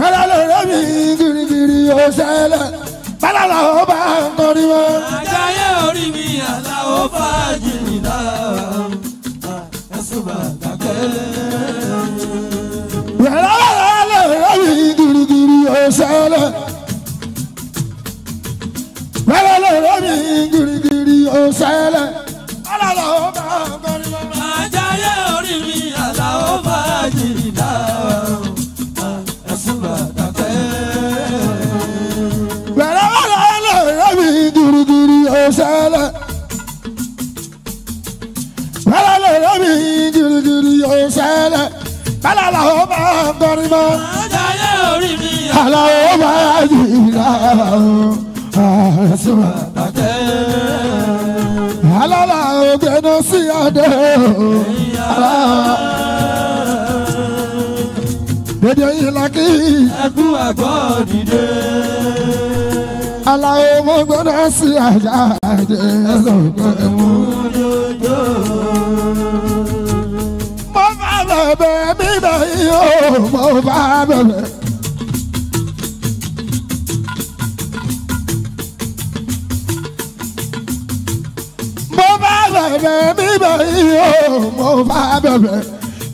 Bala lo lo mi giri ó ṣẹlẹ̀. Bala làwọn bá ba kọrin wọn. Àjàyè ori mi o fàájì nìdá. Ẹ̀sùn bàtà kẹ́lẹ́. Bala lo lo mi giri ó ṣẹlẹ̀. Bala lo lo mi giri ó ṣẹlẹ̀. gidigidi yóò ṣẹlẹ̀ kálálà ó bá kọrin mọ́. àjàyè orí mi yọ. kálá ó bá yí lára o àìsàn àtẹ. kálálà ó gbẹnu sí adé o. Dede yìí la kí. Ẹkú àgbọ̀ dìde aláwo mo gbọ́dọ̀ sí àjà àjẹ ẹsọ gbọ́dọ̀ mú bíbẹ̀ yóò mo bá bẹ̀rẹ̀. mo bá bẹ̀rẹ̀ bíbẹ̀ yóò mo bá bẹ̀rẹ̀.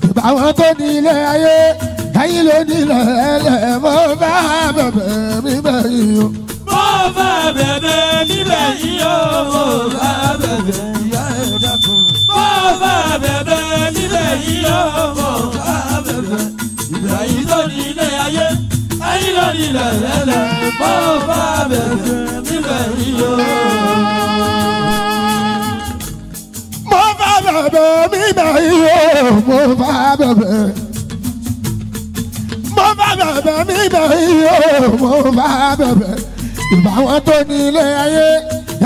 ìbáwọn tó ní ilé ayé ẹ̀yin ló ní ilẹ̀ ẹlẹ̀ mo bá bẹ̀rẹ̀ bíbẹ̀ yóò. mo bá bẹ̀rẹ̀ bíbẹ̀ yóò mo bá bẹ̀rẹ̀ ìyá ẹ̀dá mo bá bẹ̀rẹ̀ bíbẹ̀ yóò mo bá ẹ̀yin ló ní ilé ayé ẹ̀yin ló ní ilẹ̀ lẹ́lẹ̀ bó bá bẹ̀rẹ̀ níbẹ̀ yíyó. mo bá bẹ̀rẹ̀ níbẹ̀ yíyó mo bá bẹ̀rẹ̀. mo bá bẹ̀rẹ̀ níbẹ̀ yíyó mo bá bẹ̀rẹ̀. ìbáwọn tó ní ilé ayé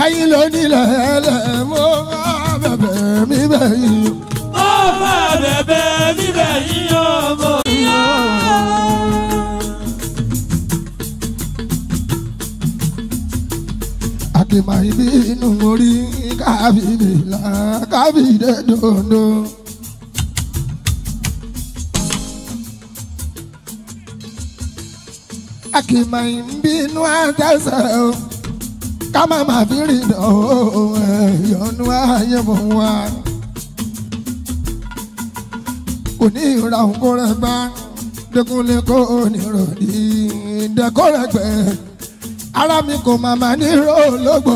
ẹ̀yin ló ní ilẹ̀ lẹ́lẹ̀ mo bá bẹ̀rẹ̀ níbẹ̀ yíyó. mo bá bẹ̀rẹ̀. fi máa ibi inú orí kábìbì là kábìdé dòdò. Akìmọ̀ ìbínú àtẹ̀sẹ̀ o, ká má má fi rìn dán o, ẹ̀yọ́nú ayé mọ̀ wá. Kò ní ìra òǹkó rẹ̀ bá, dẹ́kunlé kó oníròdì, dẹ́kọ́ rẹ̀ gbẹ̀rẹ̀ ara mi kò má má ní ró lógbò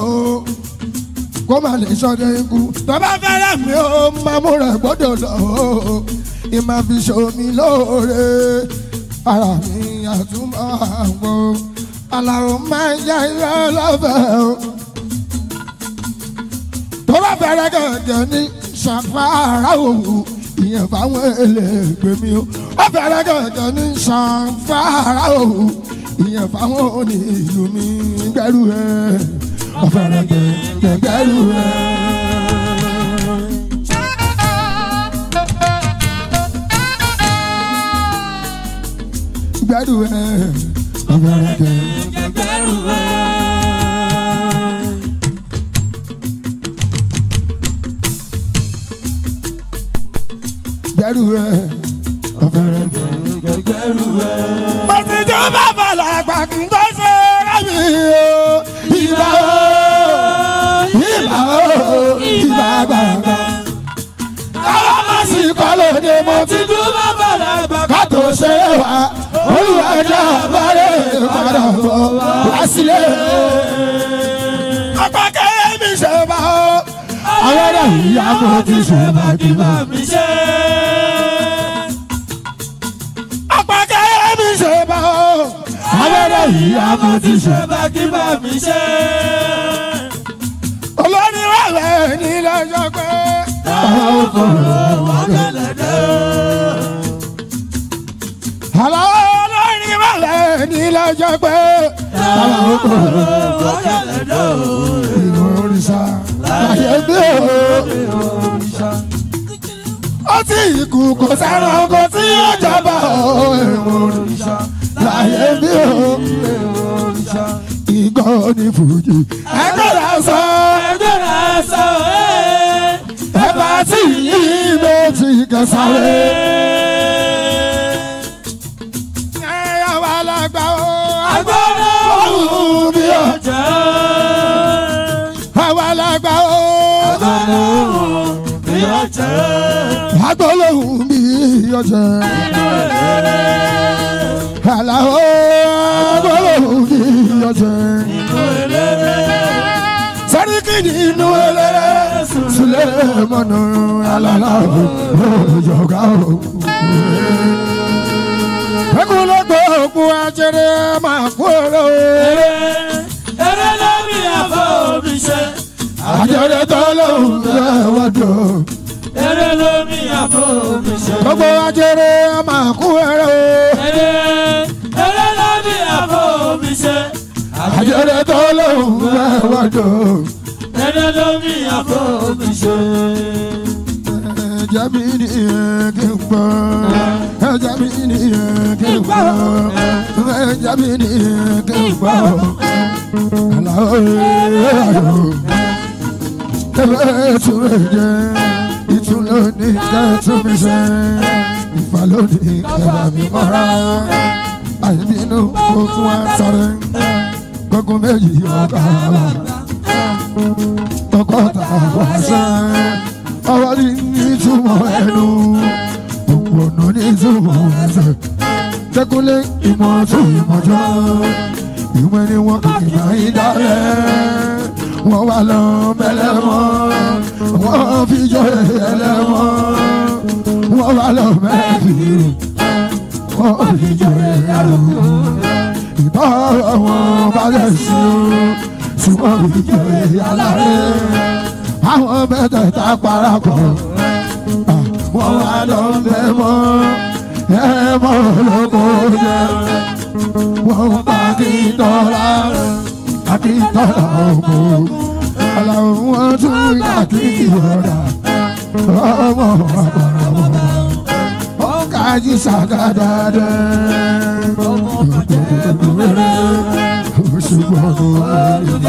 kó má lè sọdẹ ikú bàbá fẹ́rẹ̀ mi ó máa múra gbọ́dọ̀ lọ ìmọ̀ fi ṣomi lóore ara mi àtúmọ̀ àgbo alaro máa ń yá irọ́ lọ́fẹ̀ẹ́ o tó bá fẹ́rẹ̀ gẹ̀gẹ̀ ní ṣàfàrà òwò ìyẹn báwọn èlé gbèmí o ó fẹ́rẹ̀ gẹ̀gẹ̀ ní ṣàfàrà òwò ìyẹn fáwọn òní ìlú mi gbẹrù ẹ ọfẹrẹgẹ gbẹrù ẹ. gbẹrù ẹ ọfẹrẹgẹ gbẹrù ẹ. gbẹrù ẹ ọfẹrẹgẹ gbẹgbẹrú ẹ. mo ti jó bàbá làgbà kí n tó ṣe rábì o. ìbà o ìbà o ìbà gbàgbà. káwá má sì kọ́ lóde mo ti jó bàbá làgbà ká tó ṣe wá. olùwàjà àbárẹ̀ padà bọ̀ wá sílẹ̀. ọ̀pá kẹ́yẹ́ mi ṣe bá o. àwọn ẹ̀rọ ìyá mo ti ṣe bá kí bá mi ṣe. lérè yìí àmọ́ ti ṣe bákí bá mi ṣe. olórí wà lẹ́yìn ní lọ́jọ́ pé. táwọn ò fọ̀rọ̀ wọn kẹlẹ̀ dé. àlọ́ olórí wà lẹ́yìn ní lọ́jọ́ pé. táwọn ò fọ̀rọ̀ wọn kẹlẹ̀ dé. ìmọ̀ òrìṣà láyé bí o ó ti ikú kò sẹ́ran kò sí ìjọba òòrùn ayé mi ò ìgbà òní fújì. ẹgbẹ́ra sọ ẹgbẹ́ra sọ ẹ bá tí yìí ló ti kẹsàrẹ́. ẹ̀yà wà lágbà ó. agbára òun mi ò jẹ́. àwa lágbà lòun bí ọ̀sẹ̀. Àlàó bó lòun bí ọ̀sẹ̀. Sẹ́ríkì nínú eléré Sulemanu alala ojoga o. Egunlọ́gbọ̀ òkun ajẹ́rẹ́ máa kú ọ̀rọ̀ o eré lórí àfọ̀ òbí ṣe. àjọyọ̀ tó lóun eré lómi àfọ̀mí ṣe. gbogbo ajere a máa kú eré o. eré eré lómi àfọ̀mí ṣe. ajere tó lóhùn wájú. eré lómi àfọ̀mí ṣe. ẹja mi ni kí n gbọ́. mi ni kí n gbọ́. mi ni kí n gbọ́. àlàó yẹ ayọ̀. ẹ bẹ́ẹ̀ ìtúlò ní kẹ́tù mi ṣe ìfàlódì ẹ̀rọ mi mọ́ra àìbínú ogun àtàrẹ gbogbo méjì ọ̀gá wa tọkọta wà ṣe ọwọ́ ní ìtumọ̀ ẹnu òpònú ní ìtumọ̀ ẹsẹ̀ tẹkúlé ìmọ̀ tó ìmọ̀jọ́ ìwé ni wọn kò kì í wọ́n wá lọ mẹ́lẹ́mọ́ wọ́n fi jọ ẹlẹ́mọ́ wọ́n wá lọ mẹ́fìrì wọ́n fi jọ ẹlẹ́mọ́ ìbá wọn balẹ̀ sí i ṣùgbọ́n fi jọ ẹlẹ́mọ́ àwọn mẹ́tẹ̀ẹ̀ta parapọ̀ wọ́n wá lọ mẹ́mọ́ ẹ̀mọ́ lóko jẹ́ wọ́n bá kí tọ́lá rẹ̀ akíntọ́lá ọmọ aláwọ̀ wọn tún yà kí ìrọ̀lá ọmọ àgbàrá wọn. ó kájú sàgádàdà ṣùgbọ́n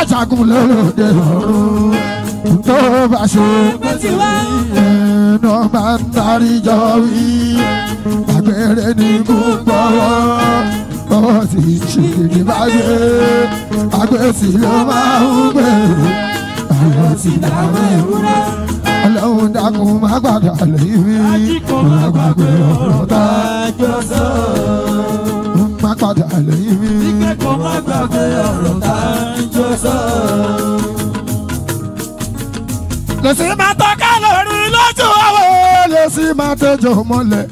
ajagun lóde lọ́rùn tó bá ṣe ẹnu ọba ń darí jọ rí àgbèrè ní kú gbọ́wọ́ lọ́wọ́ sí ṣìkìrì bá gbé agbésì ló máa ń gbé àwọn sì dáwọ́ ewúrẹ́. ọlọ́run dákun má gbàgbà lẹ́yìn mi má gbàgbé ọ̀rọ̀ tá a jọ sọ. má padà lẹ́yìn mi. má gbàgbé ọ̀rọ̀ tá a jọ sọ. lè sí máa tọ́ka lórí lójú àwọ̀ lè sí máa tẹ́jọ́ mọ́lẹ̀.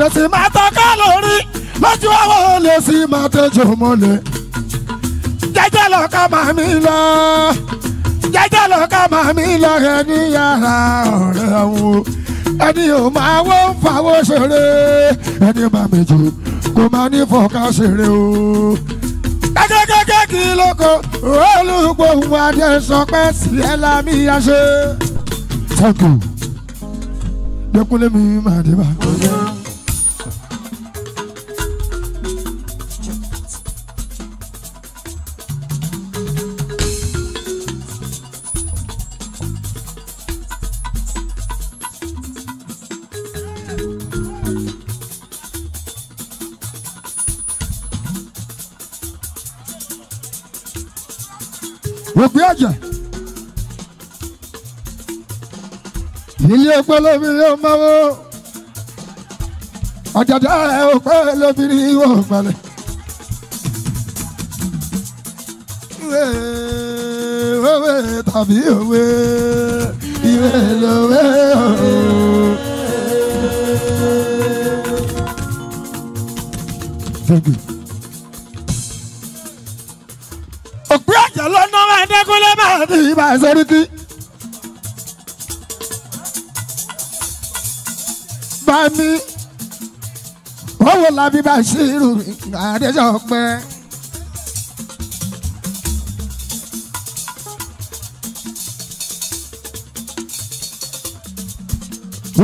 lèsì máa tọ́ka lórí lójú àwọn lèsì máa tẹ́jọ́ mọ́lẹ̀. jẹ́jẹ́ lọ ká máa mi lọ jẹ́jẹ́ lọ ká máa mi lọ ẹni yàrá ọ̀rẹ́ wọn ẹni ò máa wọ́n ń fàwọ́ ṣeré ẹni máa mi jù kò máa ní fọ̀ọ́ká ṣeré o. gẹ́gẹ́gẹ́gẹ́ kí lóko olùgbòhùn adé sọ pé sílẹ̀ lámì yá ṣe. thank you. Dekunle mi ma de ba. pẹ́ lóbìnrin ó máa wó. Ọ̀jọ̀dá ẹ̀ ò pẹ́ lóbìnrin ó gbalẹ̀. Òwe tàbí òwe ìwé lòwe òwe. gbogbo. òpin àjàlọ́ náà máa dẹ́kunlé máa ti ibà sẹ́ríkì. mi owó labi bá ṣírù Adéjọpẹ́.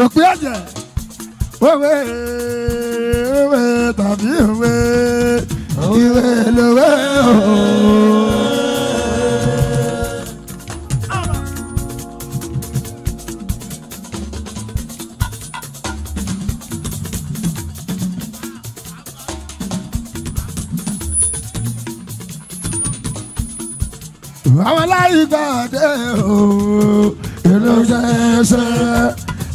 òpin ọ̀jẹ̀ òwe òwe tàbí òwe ìwé lòwe òwe. ooo ìlú ṣẹṣẹ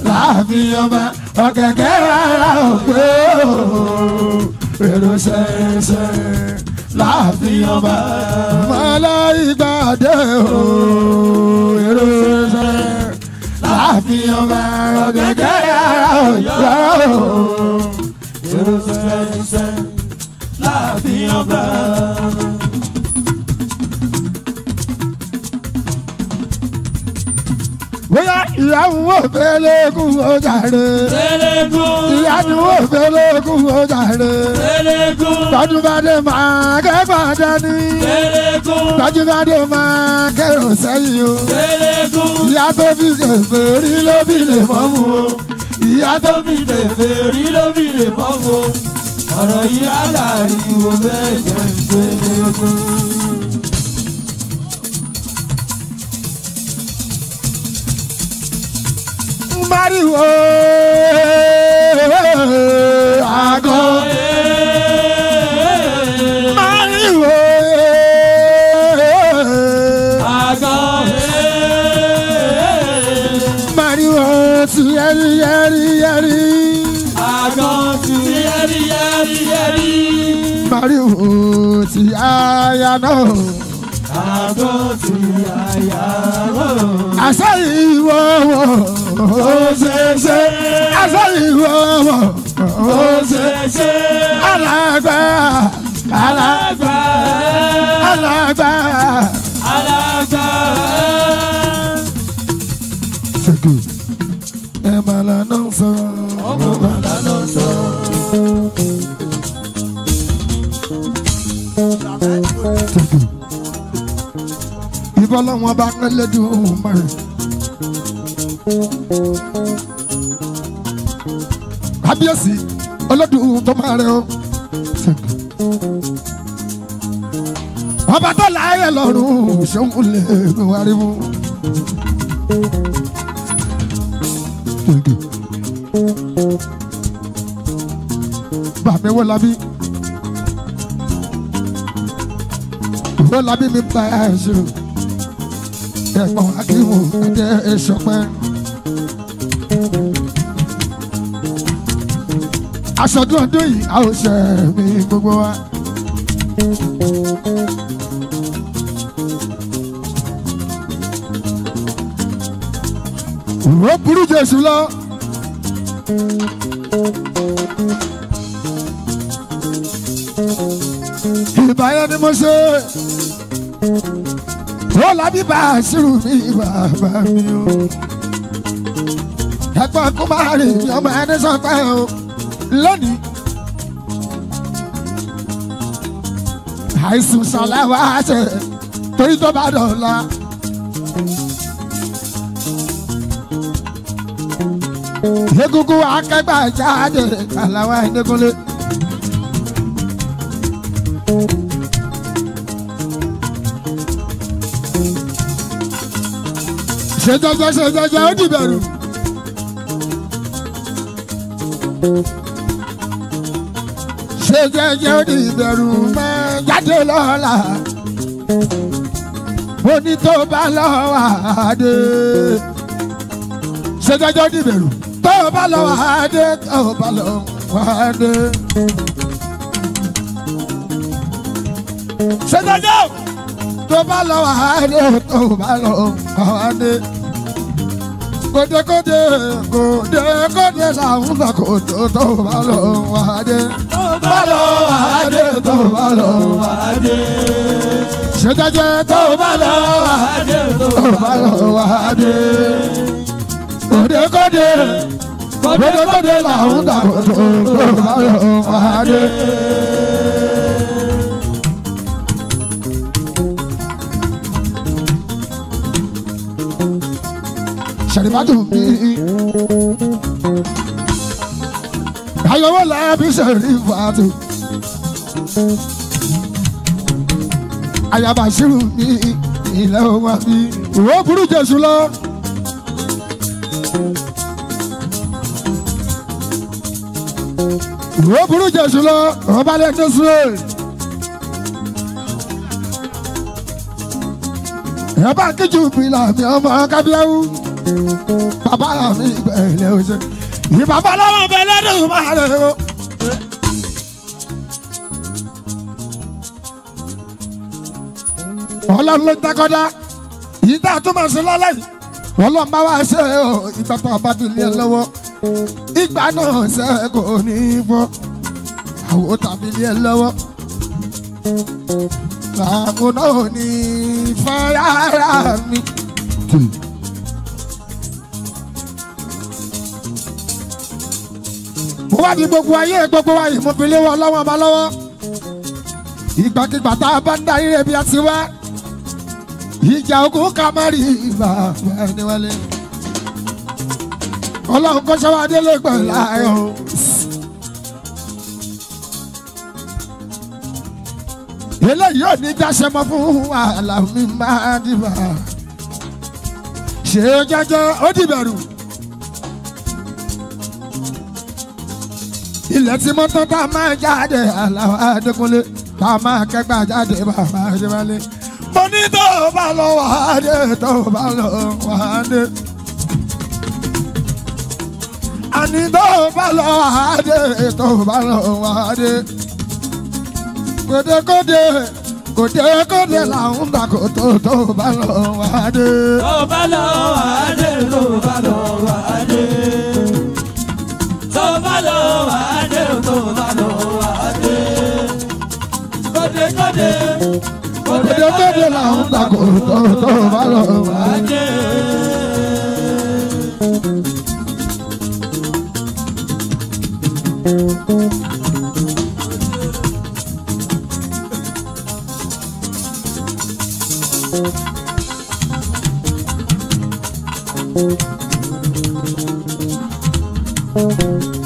láàfin ọba ọ̀kẹ́kẹ́ rárá òpè ooo ìlú ṣẹṣẹ láàfin ọba mọ́láìgbàdé ooo ìlú ṣẹṣẹ láàfin ọba ọ̀kẹ́kẹ́ rárá òyọ́ ooo bóyá ìyá ń wò fẹ́lẹ́kùn ó jàre. fẹ́lẹ́kùn. ìyá ń wò fẹ́lẹ́kùn ó jàre. fẹ́lẹ́kùn. gbajúmọ̀dé máa kẹ́gbà dání. fẹ́lẹ́kùn. gbajúmọ̀dé máa kẹ́rò sẹ́yìn o. fẹ́lẹ́kùn. ìyá tó fi kẹfẹ́ rí ló fi lè mọ́ ìyá tó fi kẹfẹ́ rí ló lè mọ́ ọ̀rọ̀ yìí á wo bẹ́ẹ̀ jẹ́ ìgbélé ogun. pariwo àgọ́. pariwo àgọ́. pariwo tu yẹri yẹri yẹri. àgọ́ tu yẹri yẹri yẹri. pariwo ti àyà náà. àgọ́ tu àyà náà. àṣẹ ìwọ̀wọ̀. Osese. Asaliwo ọmọ. Osese. Alàgbà. Alàgbà. Alàgbà. Alàgbà. Sèkè. Ẹ máa la náà sọ. Ọmọ máa la náà sọ. Sèkè. Ìbọn lọ́wọ́ bá ń lé dùn mọ́rin kábíyèsí olódùn tó máa rẹ o. ọba tó láàyè lọ́rùn ṣéun lè wárí mu. bàmí labi. labí. wọ́n labí mi bá a ṣe. ẹ̀gbọ́n akínwó ẹ̀jẹ̀ ṣọpẹ́. àṣọdún ọdún yìí a ò ṣe mí gbogbo wa. ó burú jésù lọ. ìbáyọ̀ ni mo ṣe ó lábí bá a ṣírù mí bàbá mi o. ẹ̀gbọ́n kó máa ọmọ ẹni sọ́pẹ́ o lónìí. àìsùn sànlá wá ṣe torí tó bá dọ̀la. egungun akẹgbà jáde àlàwà ẹdẹkùnlé. ṣe jẹjẹ ṣe jẹjẹ ó dìbẹ̀rù ṣe jẹ́jẹ́ ó ní ìbẹ̀rù mọ́ jáde lọ́la mo ní tó bá lọ́wọ́ àdé ṣe jẹ́jẹ́ ó ní ìbẹ̀rù tó bá lọ́wọ́ àdé tó bá lọ́wọ́ àdé. ṣe jẹ́jẹ́ tó bá lọ́wọ́ àdé tó bá lọ́wọ́ àdé kòdékòdé kòdékòdé ṣàwùfà kòtò tó bá lọ wá dé. tó bá lọ wá dé tó bá lọ wá dé. ṣèjẹjẹ tó bá lọ wá dé tó bá lọ wá dé. kòdékòdé kòdékòdé ṣàwùfà kòtò tó bá lọ wá gbádùn mi. Ayọ̀wọ́ làbí sẹ̀rí fàtù. Àyàbà ṣírù ní ilẹ̀ wa mi. Ìwọ burú Jésù lọ. Ìwọ burú Jésù lọ, ọba lẹ́nu sùn. Ẹ bá kíjù mi làmì ọmọ kábíyáwó bàbá mi bẹ̀rẹ̀ o ṣe ìbàbá lọ́wọ́ bẹ̀rẹ̀ lọ́dún máa rẹ̀ o. ọlọ́run ló ń dákọ́dá yìí tá a tún máa ṣe lọ́lẹ́ yìí ọlọ́run bá wá ṣe o ìgbà tó a bá ti lé lọ́wọ́ ìgbà náà ṣe kò ní í bọ́ àwo tàbí lé lọ́wọ́ àwo náà ní fọ́ rárá mi. ó wá di gbogbo ayé gbogbo wa ìmúbilé wọn lọ́wọ́ ọba lọ́wọ́ ìgbàkigbà tá a bá ń darí rẹ̀ bí a ti wá ìjà ogun ká má rí ìgbà ẹni wọlé ọlọ́run kọ́ sọ́wọ́ adélé pẹ̀lú ayọ̀. eléyìí ò ní dáṣẹ́ fún wàhálà mi dìbà ṣe é jẹ́jẹ́ ó dìbẹ̀rù. ilẹ̀ tí mọ́tò tá a máa jáde àlàó adékúnlé tá a máa kẹgbà jáde bàbá adébálé mo ní tó bá lọ wáde tó bá lọ wáde àní tó bá lọ wáde tó bá lọ wáde kòdekòde kòdekòde làwọn ń takò tó tó bá lọ wáde. tó bá lọ wáde tó bá lọ wáde. wájẹ́. Òdòdó méje là ń takò tó tó bá lọ wájẹ́. Thank you.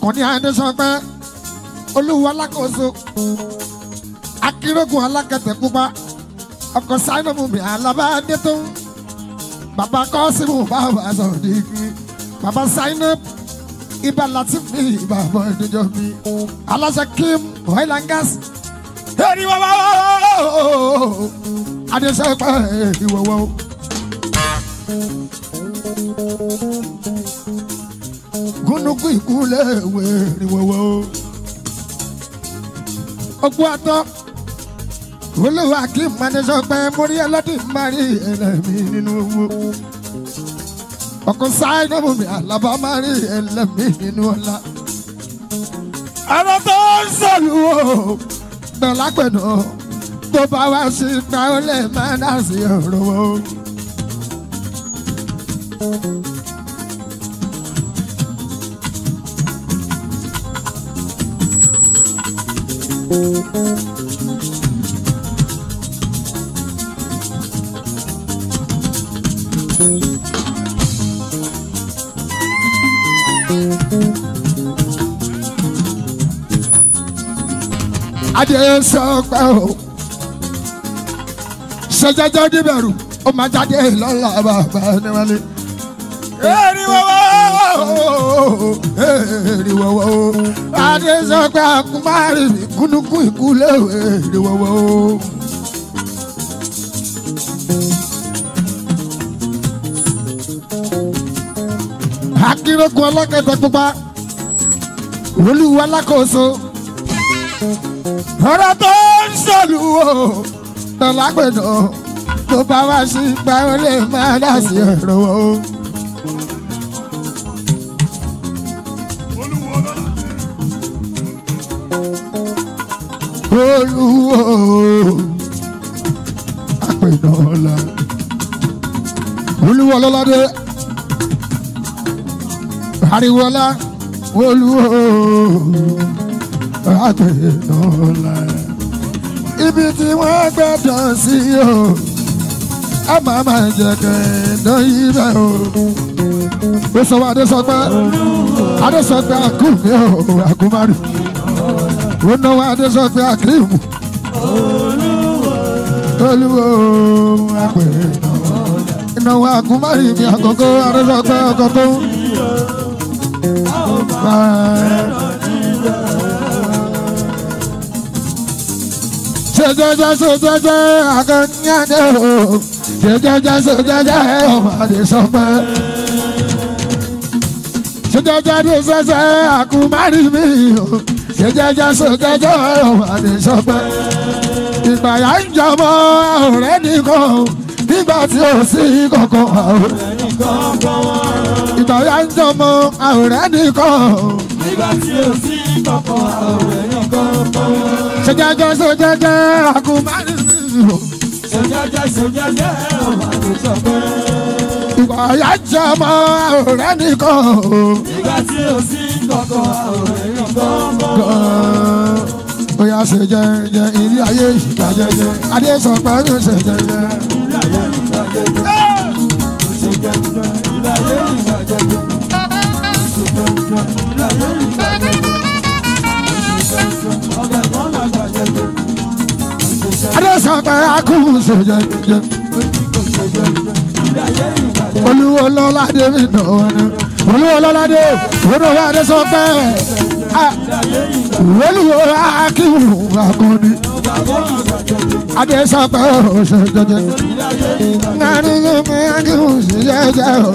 àkànní adésọpẹ́ olúwa alákòóso akérògùn alákẹtẹ pupa ọkọ sáyẹnàmù mi alábàádé tó bàbá kọ́sìmù bàbá sọ̀rọ̀ dìgbì bàbá sáyẹnàmù ibà látìmí bàbá ìdíjọ mi aláṣẹ kim oil and gas èrè wọ́wọ́ adésọpẹ́ èrè wọ́wọ́. Thank you ògúnnugú ìkúlẹ̀ wèrè wọ́wọ́. ọgbọ́n atọ́ olówó akim manisọ pé mórí ẹlẹ́dìn mari ẹlẹ́mí nínú owó. ọkùn sáyé náà mú mi àlàbà mari ẹlẹ́mí nínú ọlá. ẹ̀rọ tó ń sọ̀lù o gbọ̀lápẹ̀ náà tó bá wá sí gbà ó lè má dá sí ọ̀rọ̀ o jáde sọpẹ́ o sọjọjọ dìbẹ̀rù ó máa jáde lọ́la bàbá níwájú. èrì wọ́wọ́ èrì wọ́wọ́ adé sọpẹ́ àkùnmáàrì kúnukún ìkúlẹ̀ èrì wọ́wọ́. akínrókun ọlọ́kẹ́dẹ́ pupa olúwa alákòóso ọ̀rọ̀ tó ń sọ̀lù o lọ́lápẹ̀nà tó bá wá sí ipa ó lè má dà sí ọ̀rọ̀ o. olúwo àpènà ọ̀la olúwo ọlọ́ládé ariwo ọlá àtẹ̀yìnà ọ̀la. ibi tí wọ́n gbẹ́dọ̀ sí o a máa máa jẹ kẹ̀ẹ́dọ̀ yìí bẹ́ẹ̀ o. ó sọ adésọpẹ́ adésọpẹ́ àkùnmí o àkùnmárì ó náwó adésọpẹ́ àkìrìmù olúwo àpèrè ìnáwó àkùnmárì mi àkọ́kọ́ adésọpẹ́ àkọ́kọ́. sọjọjọ sọjọjọ akọnyáde o sọjọjọ sọjọjọ ẹ ọmọdé sọpẹ. sọjọjọ ló mi o sọjọjọ sọjọjọ ẹ ọmọdé sọpẹ. ìgbàyà ń jọmọ ọ̀rẹ́ nìkan nígbà tí ò sí kọ̀ọ̀kan àwọn. ìgbàyà ń jọmọ ọ̀rẹ́ nìkan. nígbà tí ò sí kọ̀ọ̀kan àwọn ẹ̀yìn Sojaja sojaja akumari mi o. Sojaja sojaja akumari mi o. Ìgbà yà jẹ́ ọmọ ọ̀rẹ́ nìkan o. Ìgbà tí o sí kankan ọ̀rẹ́ nìkan mọ́. Ó yà ṣe jẹjẹ ilé ayé ìṣìkà jẹjẹ. Adé sọ pé ó ṣe jẹjẹ. Ilé ayé ìṣìkà jẹjẹ. Ó ṣe jẹjẹ ilé ayé ìṣìkà jẹjẹ. Ó ṣe jẹjẹ ilé ayé ìṣìkà jẹjẹ. adésọpẹ akúnṣe jẹjẹ olúwo lọládé mi dọwọ ni olúwo lọládé olúwo adésọpẹ olúwo akíwù akọni adésọpẹ ọṣẹ jẹjẹ nani yẹn mi akíwù sí jẹjẹ o.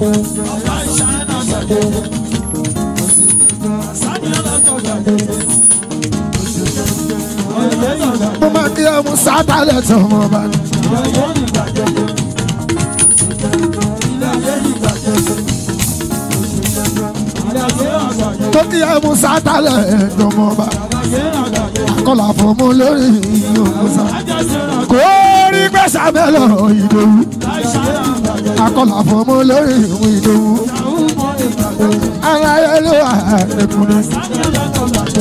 ọba ìṣáná gbàgbé sàmìlà gbàgbé. mo máa kí ọmọ sátálẹ̀ tí ọmọ bá ní. Tókì ẹ̀mú sátálẹ̀ ẹ̀dùnmọ́ba. Akọ́là fún mu lórí ìyókù sá. Kó o lórí gbèsè mélòó ìdòwú akọlà fọmọ lórí ìwé ìdòwú aláyélú àrẹkùnrin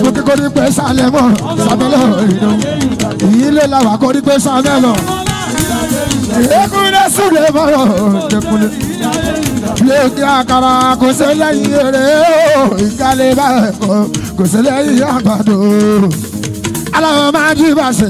mo kíkó ní pé sálẹ mọ sàmẹlọ ìdòwú èyí lè làwà kó ní pé sàmẹlọ èkúnlẹ sùlẹ mọrọ ìdèkúnlẹ lókè àkàrà kò sí lẹ́yìn eré o ìkàlẹ bá ẹkọ kò sí lẹ́yìn àgbàdo aláwọ máa jí bàṣẹ.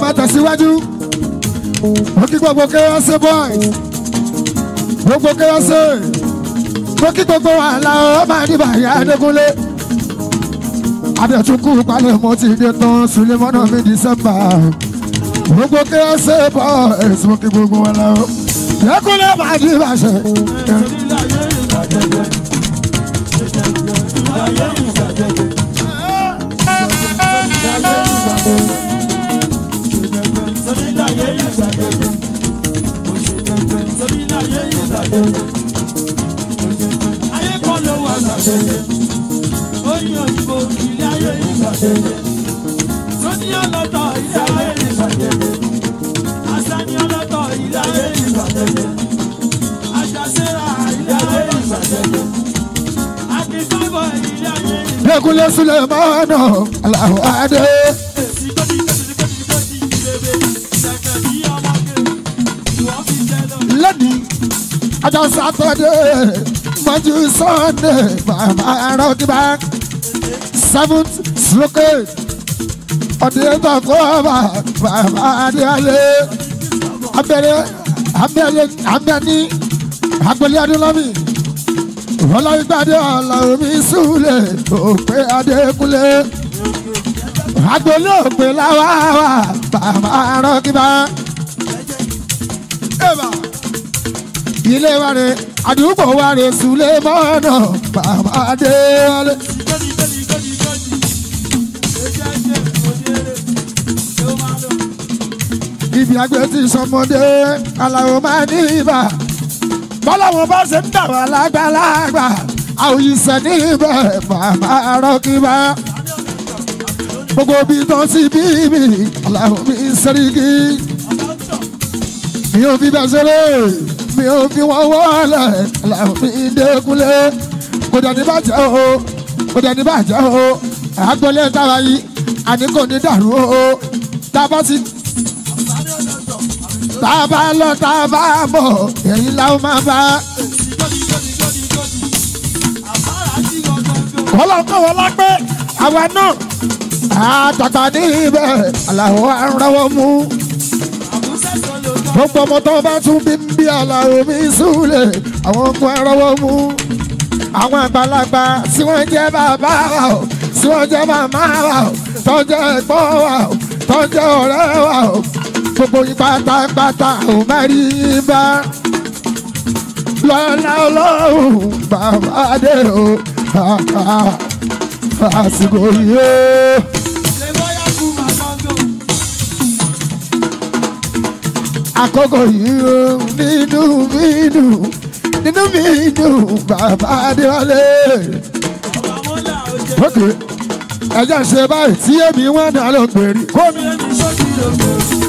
máa tẹ̀síwájú mo kí gbogbo kérésì boys gbogbo kérésì mo kí gbogbo àlà ọmọ àdìbàyà Adégúnlé. Abẹ́tukú palẹ̀ mo ti dé tán Sulemọ́nà mi Dísẹ́mbà. Gbogbo kí ó ṣe bọ́ èso kí gbogbo wọn lọ. Yẹ́kúnlẹ̀ máa di ìbàṣẹ. Ayé kan ló wà láṣẹ, ó ní òyìnbó kiri. Dẹ́kunlé Sulemana Alahu Adé. Lẹ́ni ajá sátọ́dé, mọ́jú sọ́ndé, bàbá arọ́dúbá seventh slokate ọ̀dẹ̀ẹ́ta kọ́ bàbá adéalé abẹ́rẹ́ abẹ́lẹ́ abẹ́ni agbẹ́lẹ́ adélọ́mì ọlọ́gbàdé ọ̀làwọ̀mí súlẹ̀ òpè adékúlé agbẹ́lẹ́ òpè láwàwà bàbá arọ́kíbá ilé wa rè àdúgbò wa rè súlẹ̀ mọ́nà bàbá adéalé. ìbí àgbẹ̀ ti sọmọdé aláwọ̀ máa ní ibà bọ́láwọn bá ṣe ń dàwọ̀ alágbàlagbà àwòyíṣẹ́ níbẹ̀ màmá rọ́kìbá gbogbo bí tán sí bíbí aláwọ̀ mi sẹ́ríkì mi ò fi dáṣẹ́lẹ̀ mi ò fi wọ́n wọ́ọ̀lẹ̀ aláwọ̀ mi dẹ́kunlé kò dẹ̀ ní bàjẹ́ o kò dẹ̀ ní bàjẹ́ o àgbọ̀lẹ̀ tára yìí àní ní dàrú o tá a tábà lọ tábà bọ̀ èyí làwọn máa bá. ọlọ́kọ̀ wọ́n lápẹ́ àwa náà àtàtà ní ibẹ̀ aláwọ̀ aránwọ́ mú. gbogbo ọmọ tó bá tún bí bí aláwọ̀ mi súlẹ̀ àwọn ọkùnrin aránwọ́ mú. àwọn àgbàlagbà tí wọ́n jẹ́ bàbá wa o tí wọ́n jẹ́ màmá wa o tó ẹ̀gbọ́n wa o tó ọ̀rẹ́ wa o gbogbo yín bata ò má rí bá lọ́la ọlọ́run o àsìkò yìí o. àkókò yìí o nínú mi dùn nínú mi dùn bàbá adéwálé. ok ẹjẹ ṣe báyìí tí èmi wọn dà ló ń pèrè. kó mi ẹni sókè lògbò.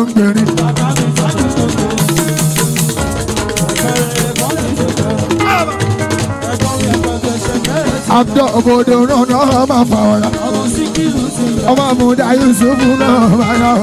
abdo, ń gbèrí. Abdul obodo náà ọmọ àfàwọ̀rà. Ọmọ àmúdá Yusuf náà máa náà.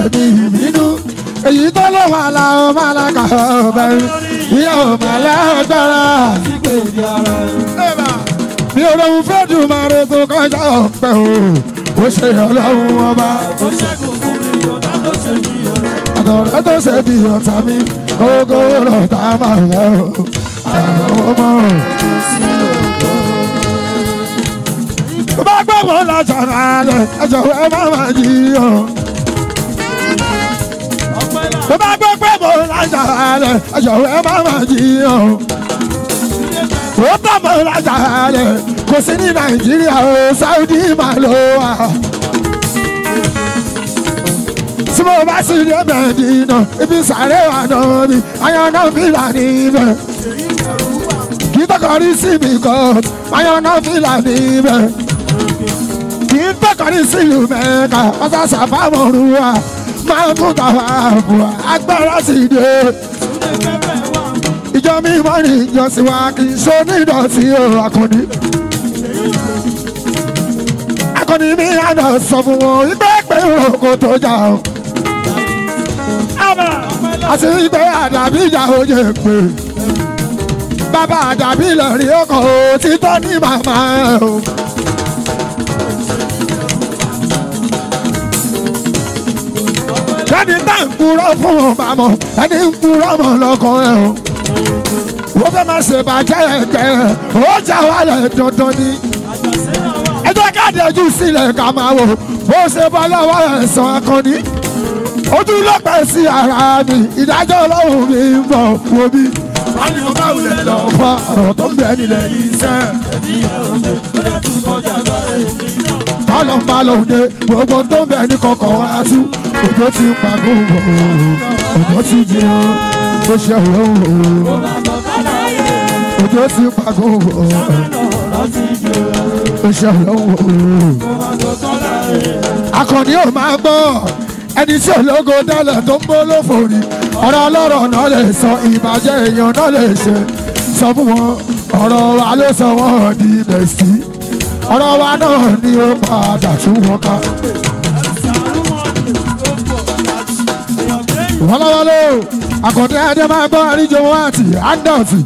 lòdì ìbínú èyí tó ló wà là ó má la kà ó bẹ̀rù bí ó má lágbára. mi ò lóun fẹ́ dùn máa re tó kọjá ọ̀pẹ o ó ṣe ọlọ́run ọba. àtọ̀rẹ́ tó ṣe bí ọ̀tá mi ogo lọ́tà máa lẹ́ o àwọn ọmọ rẹ̀. bá gbọ́ bọ́ lọ́jọ́ náà lẹ̀ ẹ̀jọ̀ ẹ má má yí o tó mo lájà rẹ̀ ẹ̀ṣọ̀rọ̀ ẹ̀ máa máa jiyàn ó bá mo lájà rẹ̀ kò sí ní nàìjíríà o sáúdí máa lò wá tí mo bá sì rí ẹ̀bẹ̀ dìínà ibi sàárẹ̀ wà náà mi ayọ̀nà fìlà níbẹ̀ kì í tọkọrí sí mi kan ayọ̀nà fìlà níbẹ̀ kì í tọkọrí sí ìlú mẹ́ka ọ̀sán sàfàmọ́rùwà. Usman Mutawabu agbára sì dé. Ìjọ mi mọ́ ní ìjọsìn wa kì í ṣó ní ìdọ̀tí o akọni. Akọni mi àná sọ fún wọn ìgbẹ́ pé òkò tó jà o. Àti ìgbẹ́ àdàbí ìjà oyè pé. Bàbá àdàbí lọ rí ọkọ̀ òtítọ́ ní màmá o. sani tá ń purọ́ fún ọba mọ́ ẹni ń purọ́ mọ́ lọ́kọ̀ ẹ̀ o. wọ́n fẹ́ máa ṣe bàjẹ́ ẹ̀jẹ̀ ó jà wálẹ̀ dandan ni. ẹjọ́ káàdì ojú sílẹ̀ ká máa wò bó ṣe bọ́ lọ́wọ́ ẹ̀sán akọni. ojú lọ́pẹ́ sí ara mi ìdájọ́ ọlọ́run mi ń bọ̀ wò mí. sani mo bá wulẹ̀ lọ fọ ọ̀rọ̀ tó ń bẹ nílẹ̀ yìí ẹ̀mí ẹ̀rọ mi ò yẹ kí n kọjá lọ́rẹ̀ mi. bá lọ gbogbo tó ń bẹ ní kọ̀ọ̀kan wá tú ọjọ́ ti pàgọ́ ọjọ́ ti jìnnà tó ṣe ọ̀rọ̀ ọjọ́ ti pàgọ́ tó ṣe ọ̀rọ̀ akọni ò máa gbọ́ ẹni tí ológo dálẹ̀ tó ń bó lófò rí ọ̀rọ̀ ọlọ́rọ̀ náà lè sọ ìbàjẹ́ èèyàn náà lè ṣe sọ fún wọn ọ̀rọ̀ wa ló sọ wọ́n di bẹ̀sí ọ̀rọ̀ wa náà ni ó padà tún wọn ká. wọ́lọ́wọ́lọ́ àkọ́dé adébágbọ́ àríjọwọ́ àti àdọ̀tì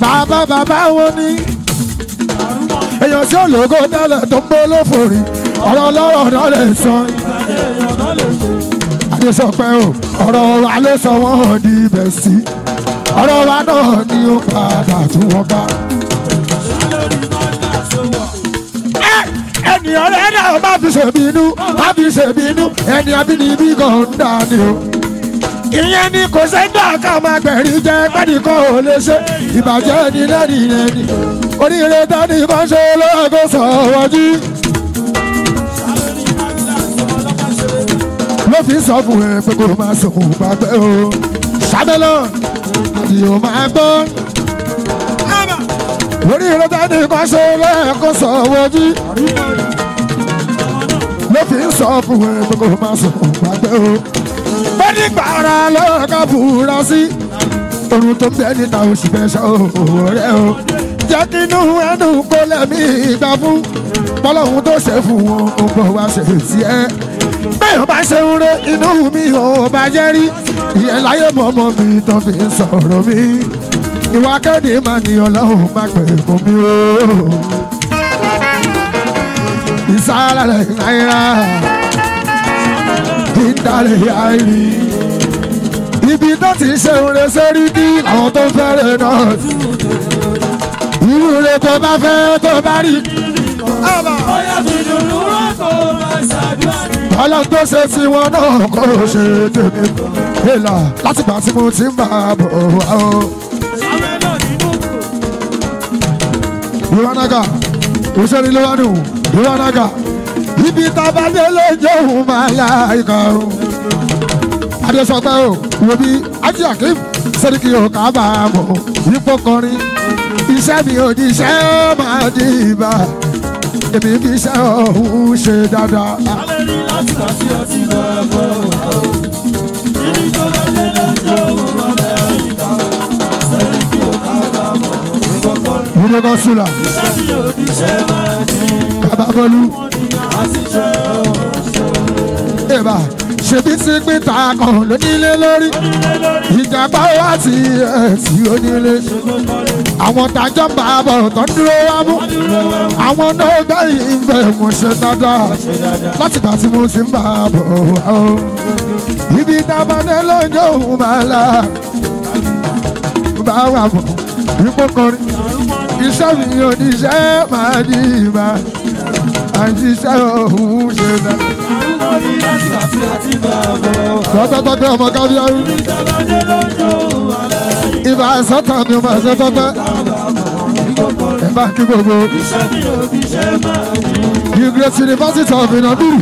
bàbá bàbá wọn ni èèyàn tí ó lòógó tẹ́lẹ̀ tó ń bó lófòrí ọ̀rọ̀ ọlọ́rọ̀ náà lè sọ adésọpẹ́ o ọ̀rọ̀ wa ló sọ wọ́n di ibẹ̀ sí ọ̀rọ̀ wa náà ni ó padà tí wọ́n bá. ènìyàn rẹ̀ náà má fi ṣèbínú má fi ṣèbínú ẹni abínibí kan ń dání o ìyẹn ni kò sẹ́gbà ká máa gbẹ̀rí jẹ́ pẹ́nìkan ò lè ṣe ìbàjẹ́ ni lẹ́ni lẹ́ni oríire tani kan ṣe lọ́gọ́ sọ̀wọ́jú. ló fi sọ fún ẹ pé kó máa sòkun pàpẹ́ o ṣàbẹ̀lọ́ àdìo máa gbọ́. oríire tani kan ṣe lọ́gọ́ sọ̀wọ́jú. ló fi sọ fún ẹ pé kó máa sòkun pàpẹ́ o ní gbàrà lọ́kọ̀ búra sí orun tó bẹ́ẹ̀ níta oṣù mẹ́sàn òwò rẹ̀ o jẹ́ kí inú ẹnu kó lẹ́mí ìgbà fún bọ́lọ́hún tó ṣe fún wọn ó bọ̀ wá ṣe sí ẹ bẹ́ẹ̀ bá ṣe ń re inú mi ò bá jẹ́ rí ìyẹn láyé mọ́mọ́ mi tó fi ń sọ̀rọ̀ mi ìwà kéde máa ní ọlọ́run má pè fún mi o ìsára náírà ti ń dalẹ̀ ya rí. Ibi tó ti ṣe oore sórí ní àwọn tó fẹ́rẹ̀ náà. Irú rẹ̀ tó bá fẹ́ tó bá rí. Bọ́lá tó ṣe sí wọn náà kò ṣe tèmi. Èlà látìgbà tí mo ti ń bá a bọ̀ wá o. Ìwánaga, òṣèré ló wá nù, ìwánaga ibi tábà délé jóun máa la ikọ̀ o. adésọpẹ́ o wo bí ájí akeem sẹ́ríkì ò kábàámọ̀ yípo kọrin iṣẹ́ mi ò di iṣẹ́ ó máa di ìbá èmi fi iṣẹ́ ọ̀hún ṣe dáadáa. alẹ́ ní láti bá sí máa la ikọ̀ bàbá bọ́lú. Eba ṣebí tí pítà kan lónílé lórí ìjàmbá wá sí ẹ̀sì onílé àwọn tàjọ́ bá bọ̀ tó ń dúró wá mú àwọn náà gbé ìfẹ́ mo ṣe dáadáa láti gbà tí mo ti ń bá bọ̀ wá o ibi dábàdé lójó òun máa la bá wà bọ̀ ipò kọrin iṣẹ́ mi ò ní iṣẹ́ máa ní ìbá àìsíṣẹ́ òun ṣe dá. sọ́tọ́tọ́tọ́ ọmọ kábíyárú. ìbá sọ́tà mi ọmọ sọ́tọ́tọ́. ìbá kí gbogbo. the great university of inabiri.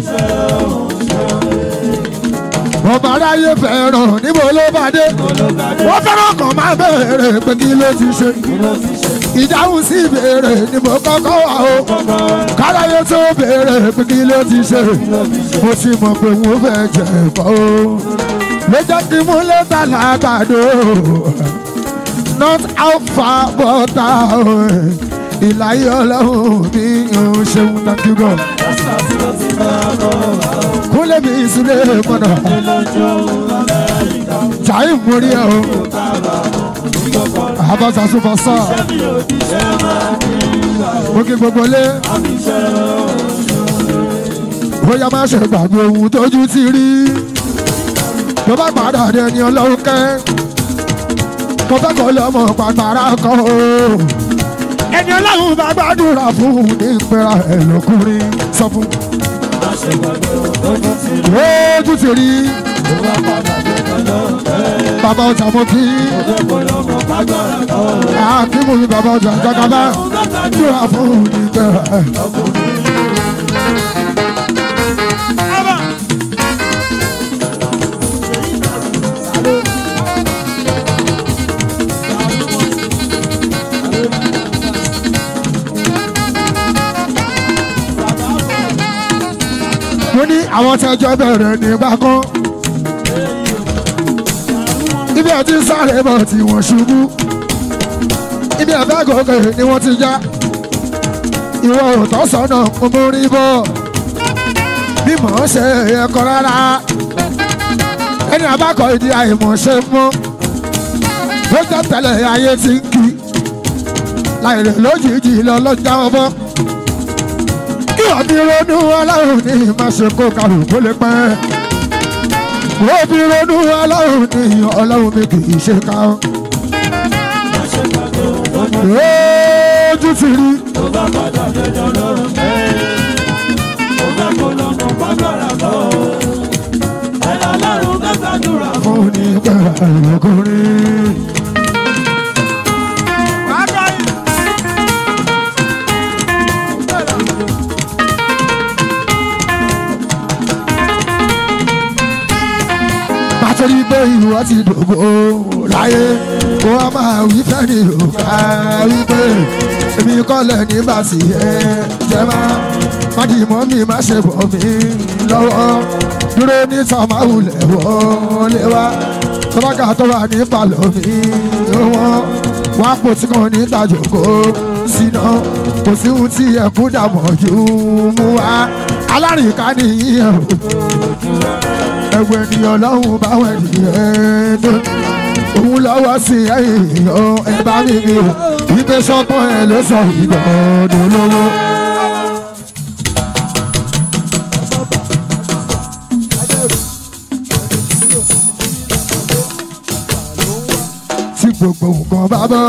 ọmọ aráyé fẹ́ràn níbo ló bá dé. wọ́n fẹ́ràn kàn máa bẹ̀rẹ̀ pé kí ló ti ṣe ìdáhùn sí ìbéèrè ni mo kọ́kọ́ wà o káráyé tó béèrè pé kí ló ti ṣe mo ti mọ̀ pé mo fẹ́ jẹ̀ bọ́ o ló jẹ́ kí mú lẹ́tà lágbàdo not alpha but ìlàyé ọlọ́run mi ò ṣeun thank you God. kúlẹ̀ mi ìsúlẹ̀ mọ̀nà jàì mórí ẹ̀ o abájá tó bá sá. òkè gbogbo lé. bóyá má ṣe gbàgbé ohun tójú ti rí. tó bá padà dé ní ọlọ́run kẹ́. kò fẹ́ kó lọ́mọ pàgbára kan o. ẹni ọlọ́run bá gbàdúrà fún ní ìpẹ́ra ẹ̀ sọ fún. ojú ti rí. tó bá padà bàbá ọjà mo kí àkímù mi bàbá ọjà jagaba múra fún ìgbẹ́ rẹ̀. mo ní àwọn tẹjọ bẹ̀rẹ̀ ní bákan ẹ̀ ti sáré bọ̀ tí wọ́n ṣubú ibi ẹ̀fẹ́ gòkè ni wọ́n ti já ìwọ òótọ́ sọ́nà omórí bọ̀ bí mò ń ṣe ẹ̀kọ́ rárá ẹni abákọ̀ ìdí àìmọ̀ṣe mọ́ tó jẹ́ tẹ́lẹ̀ ayé ti ń kí láìrè lójijì lọ lọ́jà ọmọ kí ọ̀bí ronú ọlọ́run ní ìmọ̀ṣe kó kàrò kó lè pẹ́ mo fi ronú ọlọ́run ní ọlọ́run mi kì í ṣe ká ọ́. ojú ti rí. tó bá padà gbàgbọ́ kúrin. ìwọ ti dògbò láyé kó a máa wí fẹ́ni yorùbá wípé èmi kọ́lẹ̀ ní bàtì ẹ̀ jẹ́ má fàdìmọ́ mi má ṣe bọ̀ mí lọ́wọ́ dúró ní sàmáwulẹ̀ wọlé wá tọ́lákà tó wà ní pàlọ́ mi wọ́n wá pò tí kan ní tàjòkó síná kò sí ohun tí ẹkún dàbọ̀ jù mú wa alárìnká nìyí ẹ̀rù ẹ̀wẹ̀ ènìyàn lọ́hùn báwọn ènìyàn dé òun lọ́wọ́ sí ẹ̀yìn ẹ bá mi ní o ìgbé sọ́gbọ́n ẹ ló sọ ìgbọ̀dọ̀ lówó. tí gbogbo nǹkan bá bọ́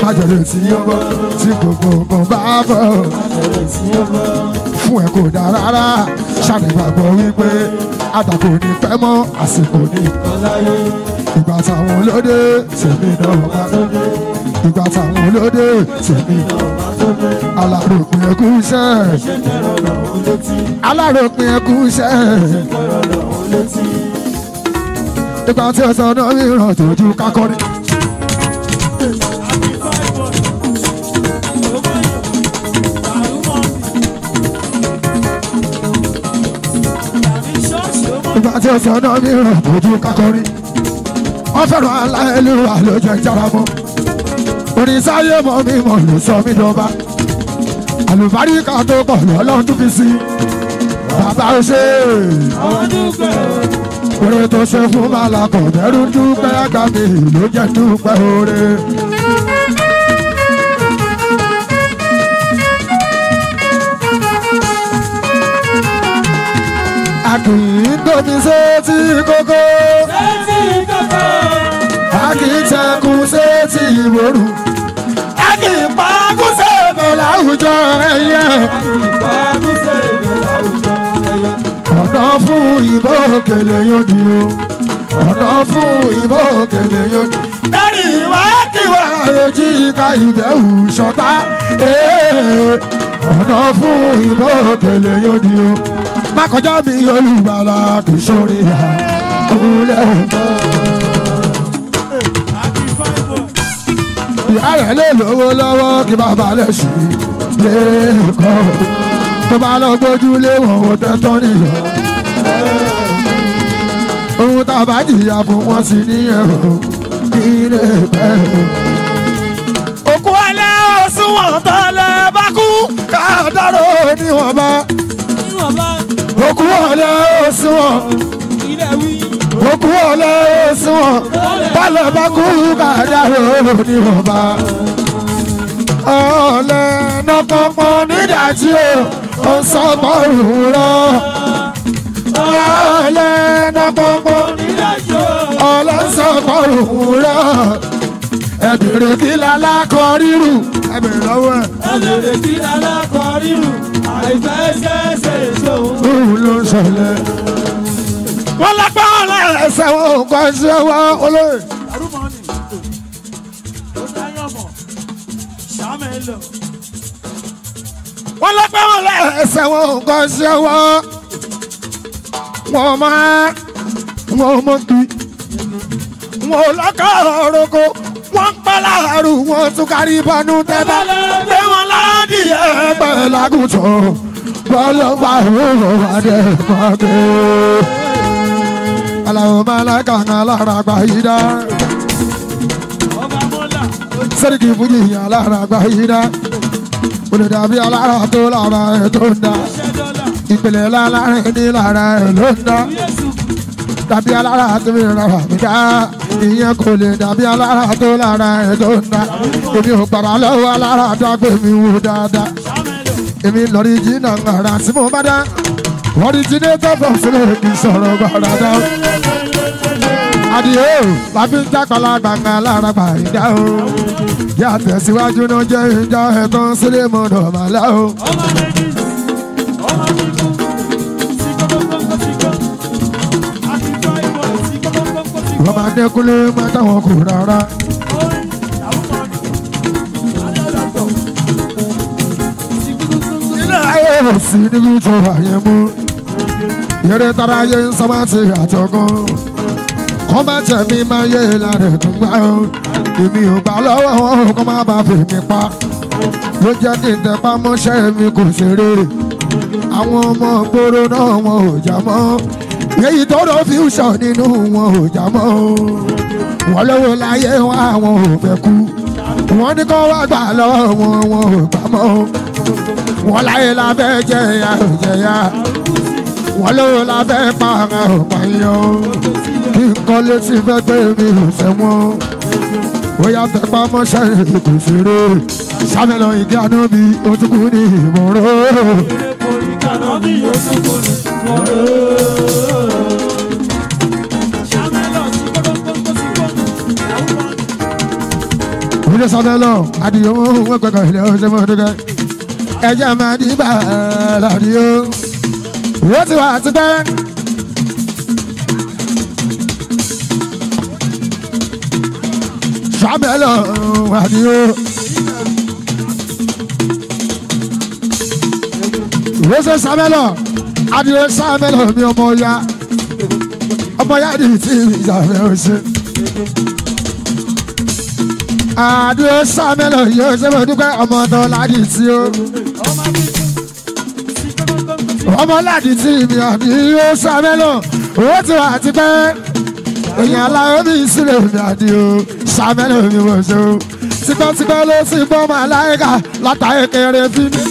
kájọlẹ̀ tí ó bọ́ tí gbogbo nǹkan bá bọ́ kájọlẹ̀ tí ó bọ́ fún ẹ kò dáa rárá ṣàlẹ̀ gbàgbọ́ wípé àtàkùn ní pẹ́ mọ́ àsìkò ní ìkọláyé ìgbà táwọn olóde tèmi náà wà tó dé ìgbà táwọn olóde tèmi náà wà tó dé aláròpin ẹkú iṣẹ́ aláròpin ẹkú iṣẹ́ ìgbà tí ọ̀sán náà ń ràn tó ju kákọ́rí. ìgbà tí ọ̀sẹ̀ náà mi rẹ̀ lójú kakọrin wọ́n fẹ́ràn aláìlúwa lójú ìjára mọ́ oníṣáyé mi mọ̀ ló sọ mí dọ́ba àlùbáríkà tó pọ̀ lọ́lọ́run tún fi sí bàbá ó ṣe oore tó ṣe fún màlàkọ̀ mẹ́rù dúpẹ́ àgbà ló jẹ́ dúpẹ́ oore. àkìńgbò ti ṣe ti kókó. ṣé ti kókó. àkìńtẹ̀kùn ṣe ti ìmọ̀rù. àkìńpàkùn ṣe èbè láwùjọ ẹ̀yẹ. àkìńpàkùn ṣe èbè láwùjọ ẹ̀yẹ. ọ̀dọ́ fún ìbò òkèlè yóò di o. ọ̀dọ́ fún ìbò òkèlè yóò di. dárí ìwà kíwà ojú ìka ìbẹ̀wò ṣọ̀tá. ọ̀dọ́ fún ìbò òkèlè yóò di o má kọjá mi olùbàlà kì í sórí àkúlẹ̀ mọ́. ìyá rẹ̀ lè lówó lọ́wọ́ kí bàbá rẹ̀ sì lè kọ́ tó bá lọ gbójú lé wọn ò tẹ́tọ́ nìyọ. ohun tá a bá jìyà fún wọn sí ní ẹ̀rọ ilé pẹ́. òkú alẹ́ òsùnwọ̀n tọ́lẹ̀ bá kú ká dárò níwọ̀nba. níwọ̀nba òkú ọ̀lẹ́ òsùn wọn. òkú ọ̀lẹ́ òsùn wọn. bálẹ̀ bá kú kàdá òòrùn ní bàbá. ọ̀lẹ́ nọkọ̀pọ̀ nídàjí o ó sọ bọ́ọ̀rù rọ. ọ̀lẹ́ nọkọ̀pọ̀ nídàjí o ọ̀lẹ́ sọ bọ́ọ̀rù rọ ẹbìrì kí lálá kọ rírù ẹbìrì lọ́wọ́ ẹbìrì kí lálá kọ rírù àìfẹ́ òun ló ń ṣẹlẹ̀. wọ́n lápá ọ̀la ẹ̀sẹ̀ wọn kò ṣe wá olóyè. wọ́n lápá ọ̀la ẹ̀sẹ̀ wọn kò ṣe wá wọ́n máa wọ́n mọ̀ kí wọn ò lọ́kọ̀ọ̀rọ̀ ń pẹ́ láàárọ̀ wọn tún kárí bọ́nú tẹ́tẹ́ lé wọn ládìyẹ pẹ̀lágùtàn bọ́lọ́pà ìwúrò adé mọ́tò. aláwọ̀ mẹ́lẹ́kà ń alára gba yìí dá. sẹ́ríkì fújì yìí alára gba yìí dá. olùdàbí alára tó lára ẹ̀ tó ń dá. ìpìlẹ̀ lálárin ní lára ẹ̀ ló ń dá. dàbí alára tó ń ra wà mí dá ìyẹn kò lè dàbí alára tó lára ẹ̀ tó ń dá. èmi ò gbàrà lọ́wọ́ alára tó agbèmí wò dáadáa èmi lọ́rí jìnnà ara tí mo bá dá lọ́rí jìnnà tọ́pọ̀ sílẹ̀ kì í sọ̀rọ̀ gbàrà dá. adìyẹ o láfi ń jápàlà gbàngà lára gbà ìjà o yà tẹ̀síwájú náà jẹ́ ìjà ẹ̀kan sílẹ̀ mọ́dọ̀ màlá o. ọmọdé kúlé máa táwọn kò rárá. bẹ̀rẹ̀ sí níbi ìjọba yẹn mú eré tara yé ti àjọgán kọ́ má jẹ́ mi máa yé ìlànà tó gbá o èmi ò gbà lọ́wọ́ wọn kó má fi mi pa ló jẹ́ kí n tẹpá mọ́ṣẹ́ mi kò ṣeré àwọn ọmọ gbòòrò náà wọn ò já mọ́ èyí tó rọ fíúṣọ̀ nínú wọn ò já mọ́ o wọ́n lówó láyé wọn àwọn ò fẹ́ kú wọ́n ní kó wá gbà lọ́wọ́ wọn wọn ò gbà mọ́ o wọ́n láyé la fẹ́ jẹ̀yà ò jẹ̀yà wọ́n lówó la fẹ́ pààrà ò kí nǹkan ló ti fẹ́ pé mi ò sẹ́wọ́n bóyá fẹ́ pamọ́ sẹ́yìn kò ṣeré sámẹ́lọ ìdí àná mi ó tún kú ní ìmọ̀ràn. Ilé sámẹ́lọ adìyẹ owó wẹ́pẹ̀kọ̀ ilé ọ̀sẹ̀ mọ́tò gẹ́gẹ́ ẹ̀jẹ̀ máa di bàrà ni ó wọ́n ti wà ti pẹ́. sábẹ́lọ̀ wà ni ó. wọ́n ṣe sábẹ́lọ̀ adìyẹ sábẹ́lọ̀ mi ọmọ ya ọmọ ya ni ti ìyàwó ṣe àdúró sámẹ́lò yóò ṣe mo dúpẹ́ ọmọ tó láti tí ó ọmọláàdì tí ibi àbí ó sábẹ́ lọ owó tí wà á ti pẹ́ èèyàn aláwọ̀ mi sílẹ̀ mi àdì ó sábẹ́ lọ mi wọ̀ ṣe ó tipẹ́tipẹ́ ló sì bọ́ ọmọ aláìka látàrí kéré bí mi.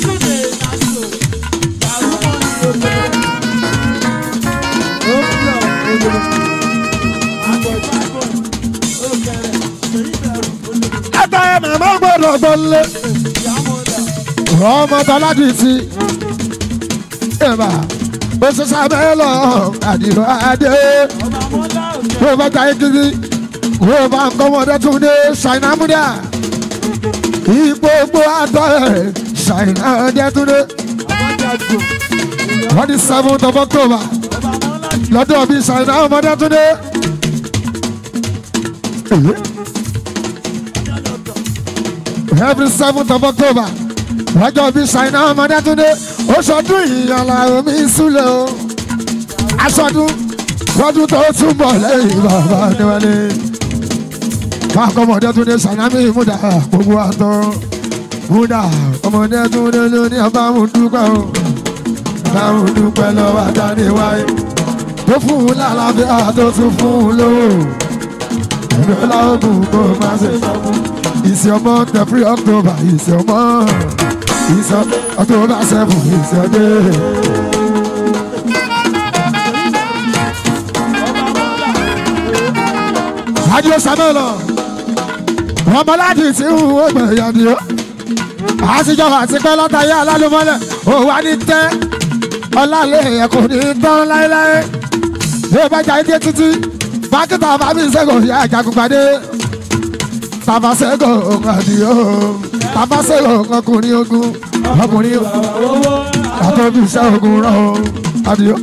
látàrí màmá gbọ́dọ̀ gbọ́lé ọmọ tọ́ládìtì ẹ̀bà oṣù sábẹ́lọ̀ àdìrò adé wọ́n bá ta ekiri wọ́n bá ń kọ́mọdé tún dé ṣàìnàmúdà ìgbógbó àtọ́ ẹ̀ ṣàìnàmúdé tún dé wọ́n ní seventh of October lọ́dún ọ̀bí ṣàìnàmúdé tún dé. Every seventh of October lọ́jọ́ bí ṣáínà ọmọdétúndé oṣọdún ìyànlá omi súlẹ̀ o aṣọdún fọdún tó túbọ̀ lẹ́yìn bàbá níwájú káàkó ọmọdétúndé sànámì múdà gbogbo àtọ́ múdà ọmọdétúndé ló ní abámúdúpẹ́ o abámúdúpẹ́ lọ́wọ́ àdáníwáyé tó fún un lálàáfíà tó tún fún un lówó ìrọ̀lá ogun kò má ṣe sọ́kún. It's your month, every October is your month. Isa, Isa. Samuel, ìsọ ọtún bá sẹ́fù ìsọ dé. adio samelo ọmọláàdì tí ń wo gbẹ̀yà ni ó àṣìjọ àti pẹ́ látàyé alálùmọ́lẹ̀ òwò á ní tẹ́ ọlálẹ̀ ẹ̀kọ́ ní tán láéláé ní ìbájà ìdí títí bákítà bá mi ṣẹ́gun ìyá ìjàgùn pàdé tàbá ṣẹ́gun òun àdìyó bàbá sọ̀rọ̀ ọkùnrin ogun ọkùnrin àtọ́bí iṣẹ́ ogun rán o àbíyó.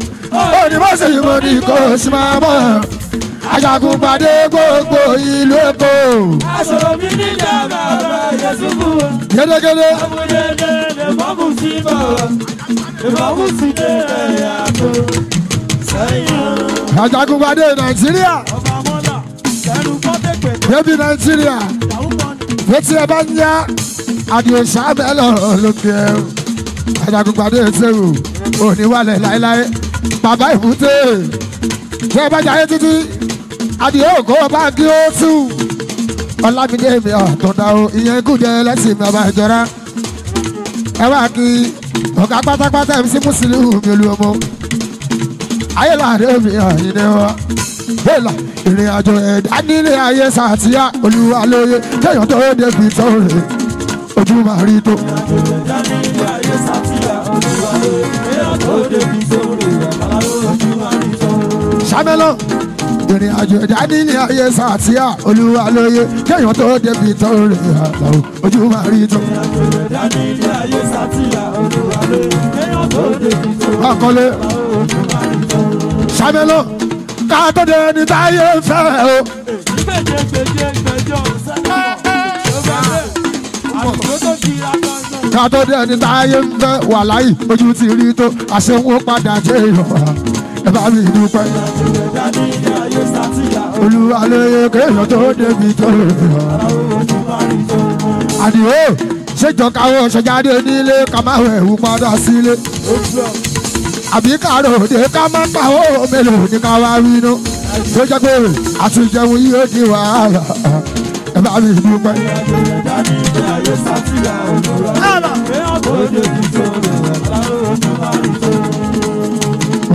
ó ní bó ṣe yìnbọn ní kò sí máa mọ̀ ajagun pàdé gbogbo ìlú èkó. aṣọ mi níjà bàbá yẹsùn fún. gédégédé. ọmọdé lè fọ́kùn sí bọ̀ ìfọ́kùn sí dé ẹ̀yàtọ̀ sẹ́yìn. ajagun pàdé nàìjíríà. ọba mọ́lá sẹ́nu kọ́ tẹ̀pẹ̀. bébí nàìjíríà. bó tiẹ̀ bá ń yá. Adio àdìòṣà bẹ́ẹ̀ lọ́rọ̀ lókè ẹ̀rù àjàgùnpàdé ṣèrò òníwàlẹ̀ láéláé bàbá ìfúté tẹ́ bá jayé títí àdìó kó bá kí ó tù ọlámídé mi ọ̀tọ̀dá o ìyẹn kùjẹ lẹ́sìn mi ọba ìjọra ẹ wá ki, ọ̀gá pátápátá MC Musiliu mi lu ọmọ ayélujára mi ọ̀yìnlẹ̀ wa bẹ́ẹ̀la ìrìn àjò ẹ̀dá nílé ayé sàtìyà olúwa lóye kéèyàn tó débi tó rè é ojú máa rí tó. sámẹ́lọ́ ìrìn àjò ẹ̀dá nílé ayé sàtíà olúwa lóye kéèyàn tó débi tó rè àlà ojú máa rí tó. bákọ́lé sámẹ́lọ́ ká tó dé ní táyé fẹ́ o ká tó dé ẹni táyé ń fẹ́ wà láyì ojú ti rí tó àṣẹ wọn padà jẹ́ ìrọ̀rùn ẹ bá mi dúpẹ́. olúwa ló yẹ kéèyàn tó débi tó lè àdìo ṣèjọ ṣèjáde nílé ká má wẹ̀wù padà sílé. àbí kàrò òde ká má pàwọ́ mélòó ní ká wá wínú. tó jẹ́ pé àtúnjẹun yóò di wàhálà ẹ bá mi dúpẹ́.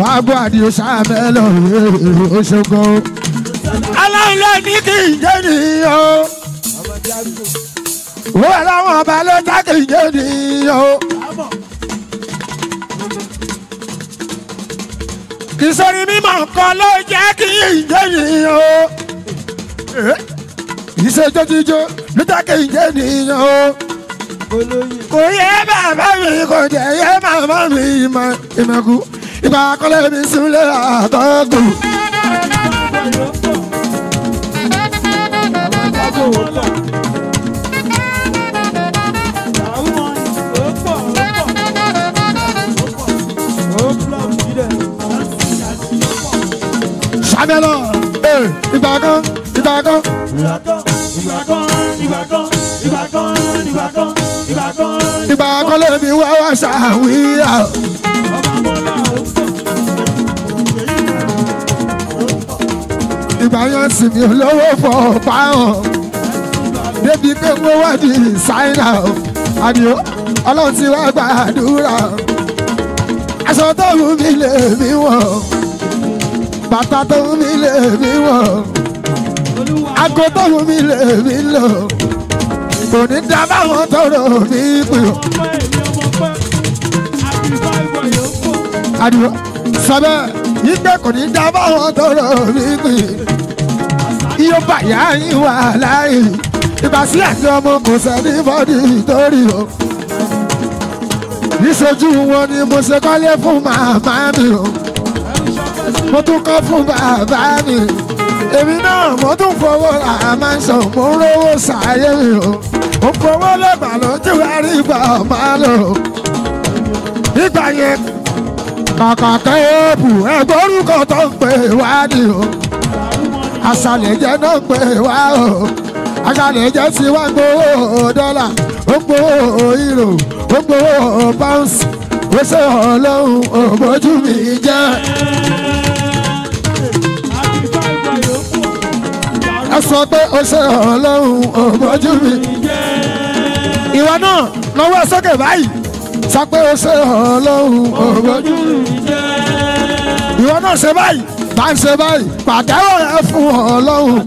wàá bọ́ àdìo sáàmẹ́ lọ Òṣogbo. aláìlẹ̀ ní kì í jẹ́ nìyó. wọ́n láwọn ọba ló já kì í jẹ́ nìyó. kìsọ́rí mímọ̀ nǹkan ló jẹ́ kí n jẹ́ nìyó ìṣèjọ́ ti jó ló jákè ìjẹ́ o. kò yẹ bàbá mi kò jẹ́ yẹ màmá mi ìmọ̀ ìmọ̀kú ìgbà kọ́lẹ́ mi súnlẹ̀ àtọ́gùn. Sábẹ́ lọ, ìgbà kan ìgbà kan ìgbà kan ìgbà kan ìgbà kan ìgbà kan ìgbà kan ìgbà kan. ìgbà kan lèmi wá wá ṣàwíyà. ìgbà yẹn sì mí olówó débi pé mo wá di ṣáínà àdìo ọlọ́run ti wá gbàdúrà aṣọ tó wù mí lèmi wọ̀ bàtà tó wù mí lèmi wọ̀. Àgọ́ táwọn mi lè mí lò. Kò ní dá báwọn tọrọ mi pè ọ́. Àdùrọ̀ sábẹ́ ìgbẹ́ kò ní dá báwọn tọrọ mi pè. Iye bàyá yín wà láàyè. Ìbásí àti ọmọ kò sẹ́ni bọ́dì torí o níṣojú wọn ni mo ṣe kọ́lé fún màmá mi o mo tún kọ́ fún bàbá mi èmi náà mo tún fọwọ́ àmà ń sọ mo ń rówó sàáyé mi o mo fọwọ́ lẹ́bàá ló ti wá rí ìgbà ọ̀ma lò nígbà yẹn kàkà kẹ́ẹ̀bù ẹ̀gbọ́rúkọ tó ń pè wá ni o àṣàlẹ̀jẹ́ náà ń pè wá o àṣàlẹ̀jẹ́ sì wá ń gbowó dọ́là ó ń gbowó ìrò ó ń gbowó pounds ó ṣe ọlọ́run òbójú mi jẹ́. ẹ sọ pé o ṣe ọlọ́run ògbójú mi. ìwọ náà lọ́wọ́ sókè báyìí sọ pé o ṣe ọlọ́run ògbójú mi. ìwọ náà ṣe báyìí bá ń ṣe báyìí pàtẹ́wọ̀ ẹ fún ọlọ́run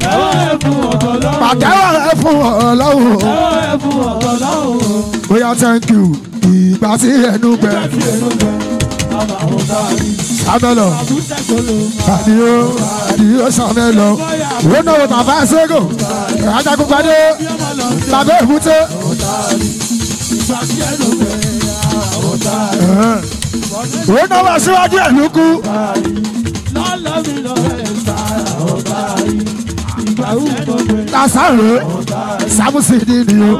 pàtẹ́wọ̀ ẹ fún ọlọ́run bóyá thank you ìgbà sí ẹnu bẹ samelo kàdíó kàdíó samelo wọnà wọtà fásẹgò ajagunpadé tàbí èbúté. wọnà wà síwájú ẹ̀ ló kú. Lásàrò Sámúsì ni o,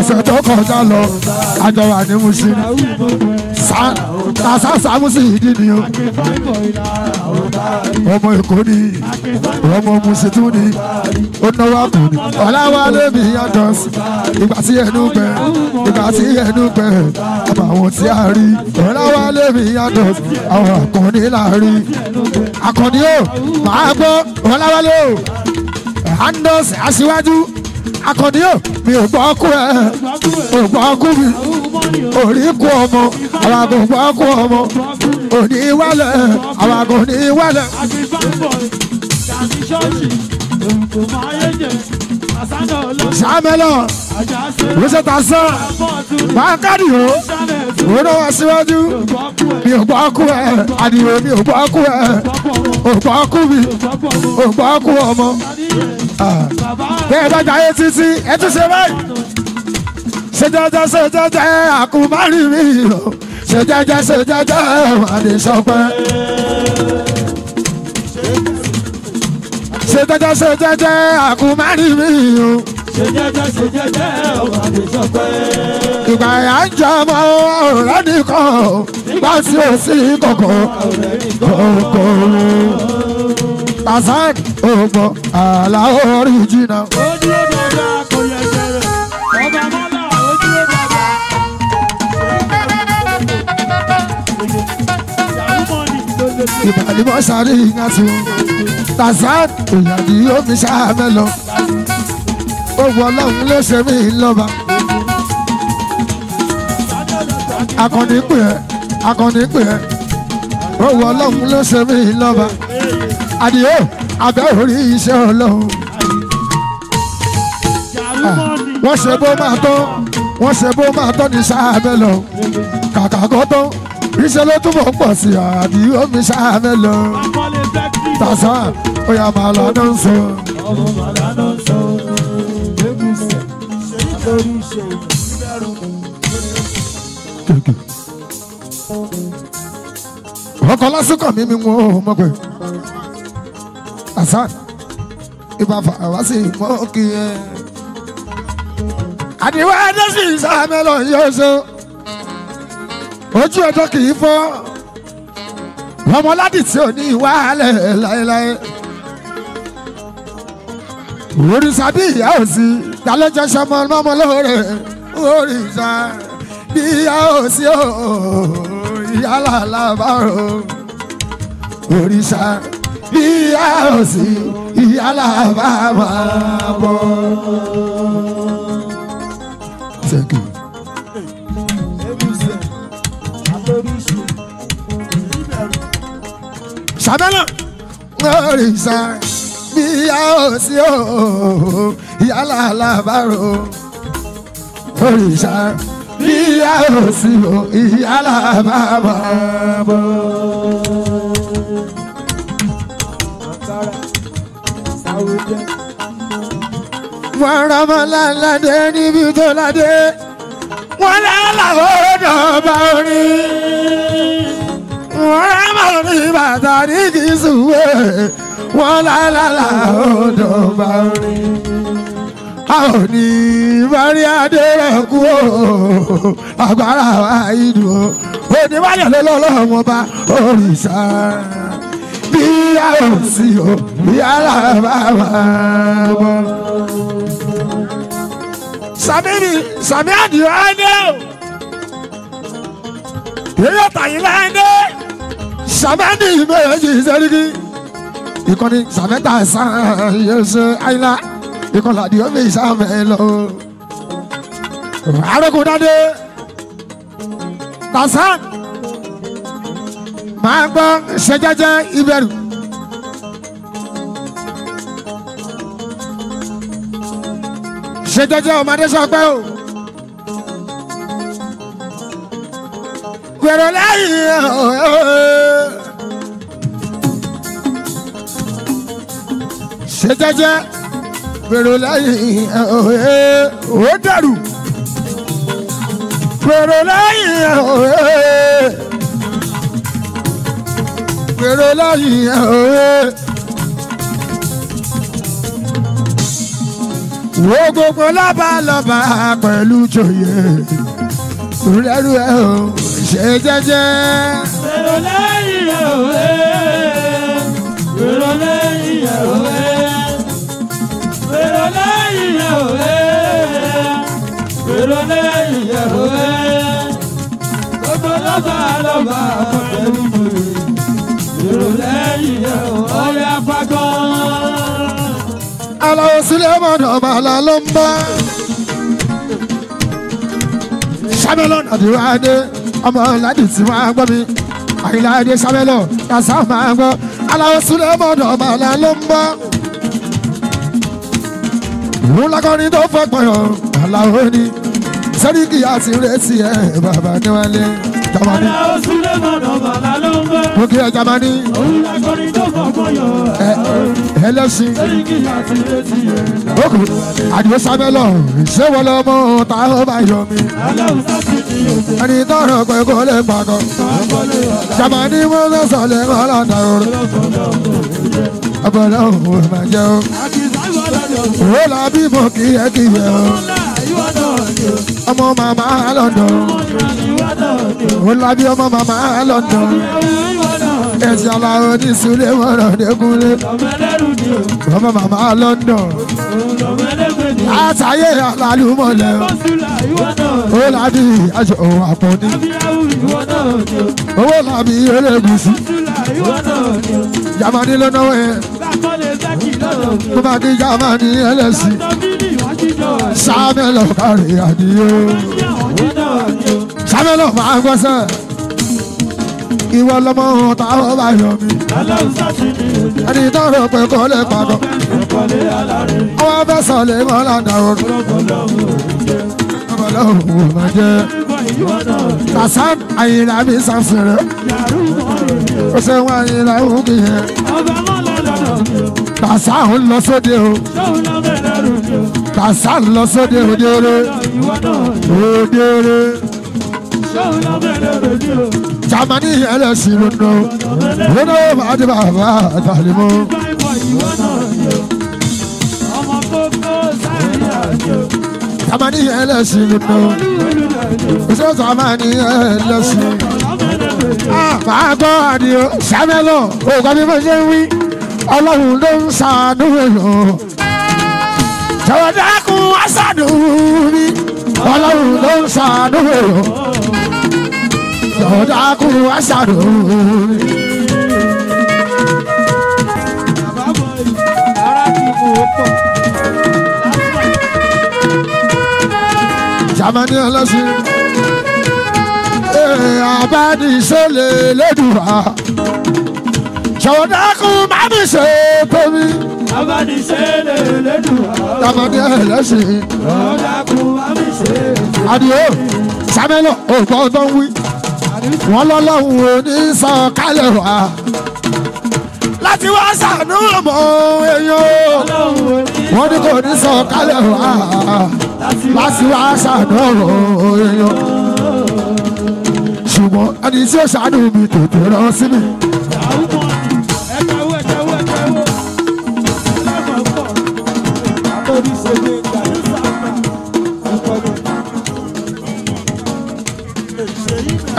ọ̀sẹ̀ tó kọjá lọ, àjọ wà ní Mùsùlùmí tàṣà tàṣà sàmùsì ìdí ni o ọmọ èkó ni ọmọ musitú ni ó náwó kù ni ọ̀làwà lẹ́bi yàtọ̀sí ìgbà tí ẹnu bẹ ìgbà tí ẹnu bẹ àbàwọn tí a rí ọ̀làwà lẹ́bi yàtọ̀sí àwọn àkànní là rí àkànní o màá gbọ́ ọ̀làwà lẹ́wọ̀ handles aṣíwájú. akọni o mi ò gbọ́ kú ẹ ò gbọ́ kú mi òrí kú ọmọ àwọn gbọ́ kú ọmọ òní wálẹ̀ ní wálẹ̀. ṣọ́ọ̀ṣì máa sàmẹ́lọ̀ lọ́sẹ̀tàṣà bákàdì o òwúrọ̀ wá síwájú mi ò gbọ́ kú ẹ àdìrò mi ò gbọ́ kú ẹ ò gbọ́ kú mi ò gbọ́ kú ọmọ. bẹ́ẹ̀ bá jayé títí ẹ tún ṣe báyìí ṣèjọ́jọ́ ṣèjọ́jọ́ ẹ àkùnmárì mi o ṣèjọ́jọ́ ṣèjọ́jọ́ ẹ wà ní sọpẹ́ ṣe jẹ́jẹ́ ṣe jẹ́jẹ́ àkùnmárì mi o. ṣe jẹ́jẹ́ ṣe jẹ́jẹ́ ọmọ mi sọ pé. ìgbà yà ń jẹ ọmọ ọ̀rẹ́ nìkan nígbà tí sí kọ̀kọ̀ kọ̀kọ̀. Pàṣẹ ògbọ́n àlàó orí jìnnà. ìbàdí mọ́ sáré ìyá tí ó tazan ìyàdí omi sáàmẹ́ lọ owó ọlọ́run ló ṣe mí lọ́ba akọni pè ẹ́ akọni pè ẹ́ owó ọlọ́run ló ṣe mí lọ́ba àdìyó abẹ́ orí iṣẹ́ ọlọ́run wọ́n ṣe bó máa tán wọ́n ṣe bó máa tán ní sáàmẹ́ lọ kàkà kọ́ iṣẹ́ ló túbọ̀ ń pọ̀ sí àbí omi ṣáàmẹ́ lọ. tàṣà ó yà máa lọ ló ń sọ. ọkọ̀ lásìkò mi mi mú ohun mọ́ pé tàṣà ìbá fàwa sí mọ́ kí ẹ. àdìwọ́ ẹ̀dẹ́sì ṣáàmẹ́ lọ yóò ṣe ojú ẹjọ́ kì í fọ́ ọmọládì tí ò ní ìwálẹ̀ láéláé òrìṣà bí ìyá ò sí ta ló jẹ́ sọmọ ọmọ lóore òrìṣà bí ìyá ò sí o ìyá làlá bá rò òrìṣà bí ìyá ò sí ìyá làbá Thank you. ṣàbẹ́nà òrìṣà bí ìyá ò sí o ìyálà alábàárò òrìṣà bí ìyá ò sí o ìyálà bàbàbò. wọ́n rọ́mọ́lá ládé níbi tó ládé wọ́n lálàá ó dọ̀ọ́ bá orin wọ́n máa ní bàtà ní kì í sùwé wọ́n lálàlà odò bá rìn. a ò ní bárí adé rẹ̀ kú o agbára wa ìdù o oníbàyàn ló lọ́lọ́mọ bá òrìṣà bí a ò sí o bí a là bá wà bọ́. sàmìlì sàmì àdìrò á dé o èyí ọ̀tà yìí lá dé sàmẹ́ni méjì sẹ́ríkì ìkànnì sàmẹ́ta sàn yẹsẹ̀ àyìnlá ìkànnì àdìọ́mì sàmẹ́ lọ. arákùnrin tasan máa gbọ́ ṣẹjẹjẹ ìbẹ̀rù. ṣẹjẹjẹ ọmọdé sọ pé o. gbèrò lẹ́yìn o. Oh, oh, oh. ṣe jẹ́jẹ́ gbèrò lẹ́yìn òye òye dẹ̀rù gbèrò lẹ́yìn òye gbèrò lẹ́yìn òye. wo gbogbo lọ́ba lọ́ba pẹ̀lú joyè rẹ́rù ẹ̀ ò ṣe jẹ́jẹ́. gbèrò lẹ́yìn òye. òwe èrò lẹ́yìn yẹ òwe gbogbo lọ́ba lọ́ba àkọ́tẹ̀lú mòye èrò lẹ́yìn yẹ ọ̀yà pàgọ́. aláwo sílẹ̀ mọ́tò ọba àlá ló ọba àlá ló ń bá ìlú lákọrin tó fọpọyọ aláwo ni sẹ́ríkì àtìrẹ́sì ẹ̀ bàbá níwálé jamani. ọ̀la oṣù lè mọ̀ náà bàbá ló ń bẹ̀. mo kí ẹ jamani. òun lákọrin tó fọpọyọ aláwo ni. ẹlẹ́sìn. sẹ́ríkì àtìrẹ́sì bàbá níwálé. àdìo sábẹ́lọ̀ ìṣèwọlé ọmọ ta ó bá yọ mi. aláwọ̀ sá ti di òde. ẹni tọrọ pé kò lè gbàgbọ́. jamani mo fẹ́ sọ̀lẹ̀ ọlọ́dà rẹ̀. ọgbọ̀n náà ò máa jẹ́ o. Ìwọ́lá bímọ kíyẹ́kíyẹ́ o. Ọmọ màmá London. Ìwọ́lá bí ọmọ màmá London. Ẹ̀sìn aláwo ní Sule wọ̀rọ̀ Dékúnlé. Ọmọ màmá London. Àtàyè alálùmọ̀lẹ̀. Owó làbí aṣọ òun àpọ̀ni. Owó làbí eré egúsí. Jamani ló náwó yẹn tó bá kí jamani ẹlẹ́sìn sámẹ́lọ̀ kárí àdìyó sámẹ́lọ̀ máa ń gbọ́sẹ̀ ìwọ lọmọ ohun táwọn bá yọ mí ẹni tọrọ pé kọ́ lè padà àwọn afẹ́sọ̀ lè mọ́ lànà ọ̀rọ̀ ọmọlẹ́ òun ò máa jẹ́ tàṣán àyìnlá mi sàfẹ́rẹ́ ó ṣe wọn àyìnlá òun kì í yẹ. Kasa Kàṣà ń lọ sóde o. Kàṣà ń lọ sóde òde ore. Òde ore. Jamani ẹlẹ́sìn ló nà o. Lọ́nà bàdé bàbá àtàlẹ́ mọ́. Jamani ẹlẹ́sìn ló nà o. Oṣù Jamani ẹlẹ́sìn. Màá gbọ́ àdìo. adi, ògbà bí mo ṣe ń wí ọlọ́run ló ń ṣàánú èèyàn jọ̀wọ́ dákun aṣáánú mi ọlọ́run ló ń ṣàánú èèyàn jọ̀wọ́ dákun aṣáánú mi. jamani ọlọ́sìn. Ee, abánisọ́lẹ̀ lẹ́dùn wá sọ̀dákùn má mi ṣe tóbi. Abáni ṣe lè lẹ́dùn. Tàbádé ẹlẹ́sìn. Sọ̀dákùn má mi ṣe tóbi. Àdìo Sámẹ́lọ̀ òkú ọdún wí. Wọ́n lọ́lọ́hùn òní sàn kálẹ̀ wá. Láti wá sànú ọmọ èèyàn. Wọ́n ní kò ní sàn kálẹ̀ wá. Láti wá sànú ọmọ èèyàn. Ṣùgbọ́n ẹni tí ó ṣàánú mi kò tó rán sí mi.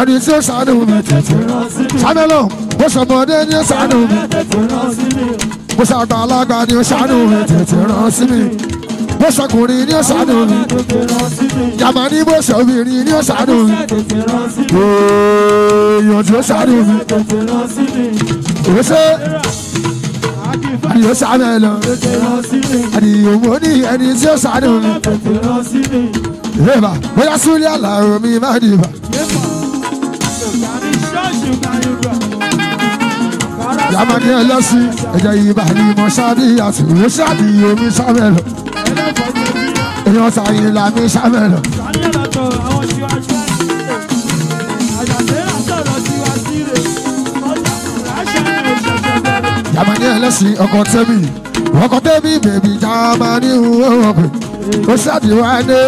ẹni tí ó ṣàánú mi ṣàánú lọ mo ṣọmọdé ni ó ṣàánú mi mo ṣàgbàlagbà ni ó ṣàánú mi tètè rán sí mi bó ṣọkùnrin ni ó ṣàánú mi yàmà ní bó ṣọbìnrin ni ó ṣàánú mi èèyàn tí ó ṣàánú mi kò ṣe àdìyó ṣàánú ẹ lọ àdìyó mo ní ẹni tí ó ṣàánú mi ìwé bá bóyá súnlé àlàó mi má dìbà. yamani ẹlẹ́sìn ẹ̀jẹ̀ ìbàdí mọ ṣáàdì àtúnwé ṣáàdì omi ṣàmẹ́lọ èèyàn la mi ṣàmẹ́lọ. yamani ẹlẹ́sìn ọkọ̀ tẹ́mi ọkọ̀ tẹ́mi bèbí jamani ọ̀pẹ̀ ó ṣáàdì wáyé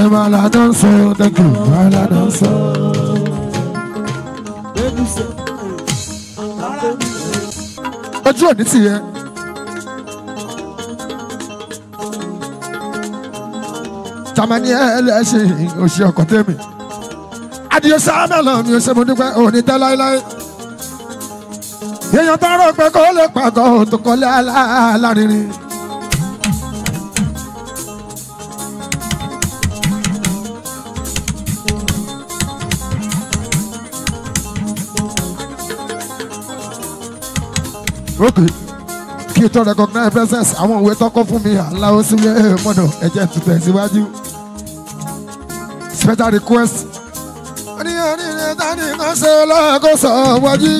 ẹ̀ máa làdán sọ dẹ́kun máa làdán sọ. tí ò ní tìyẹn. tamani ẹlẹ́sìn òṣì ọkọ̀ tẹ́mi adìyẹ sáánà lọ mi ò ṣe mo dúpẹ́ òní tẹ́ láéláé èèyàn tó rò pé kó lè pàgọ́ òtún kọ́lé alárinrin. okay kí tó recognize presence àwọn òwe tọkọ fún mi àlá ó sí ẹ mọ̀nà ẹ̀jẹ̀ tó tẹ̀síwájú special request. oníyàn ní ilé dání kan ṣe lọ́kọ́ sọ wájú.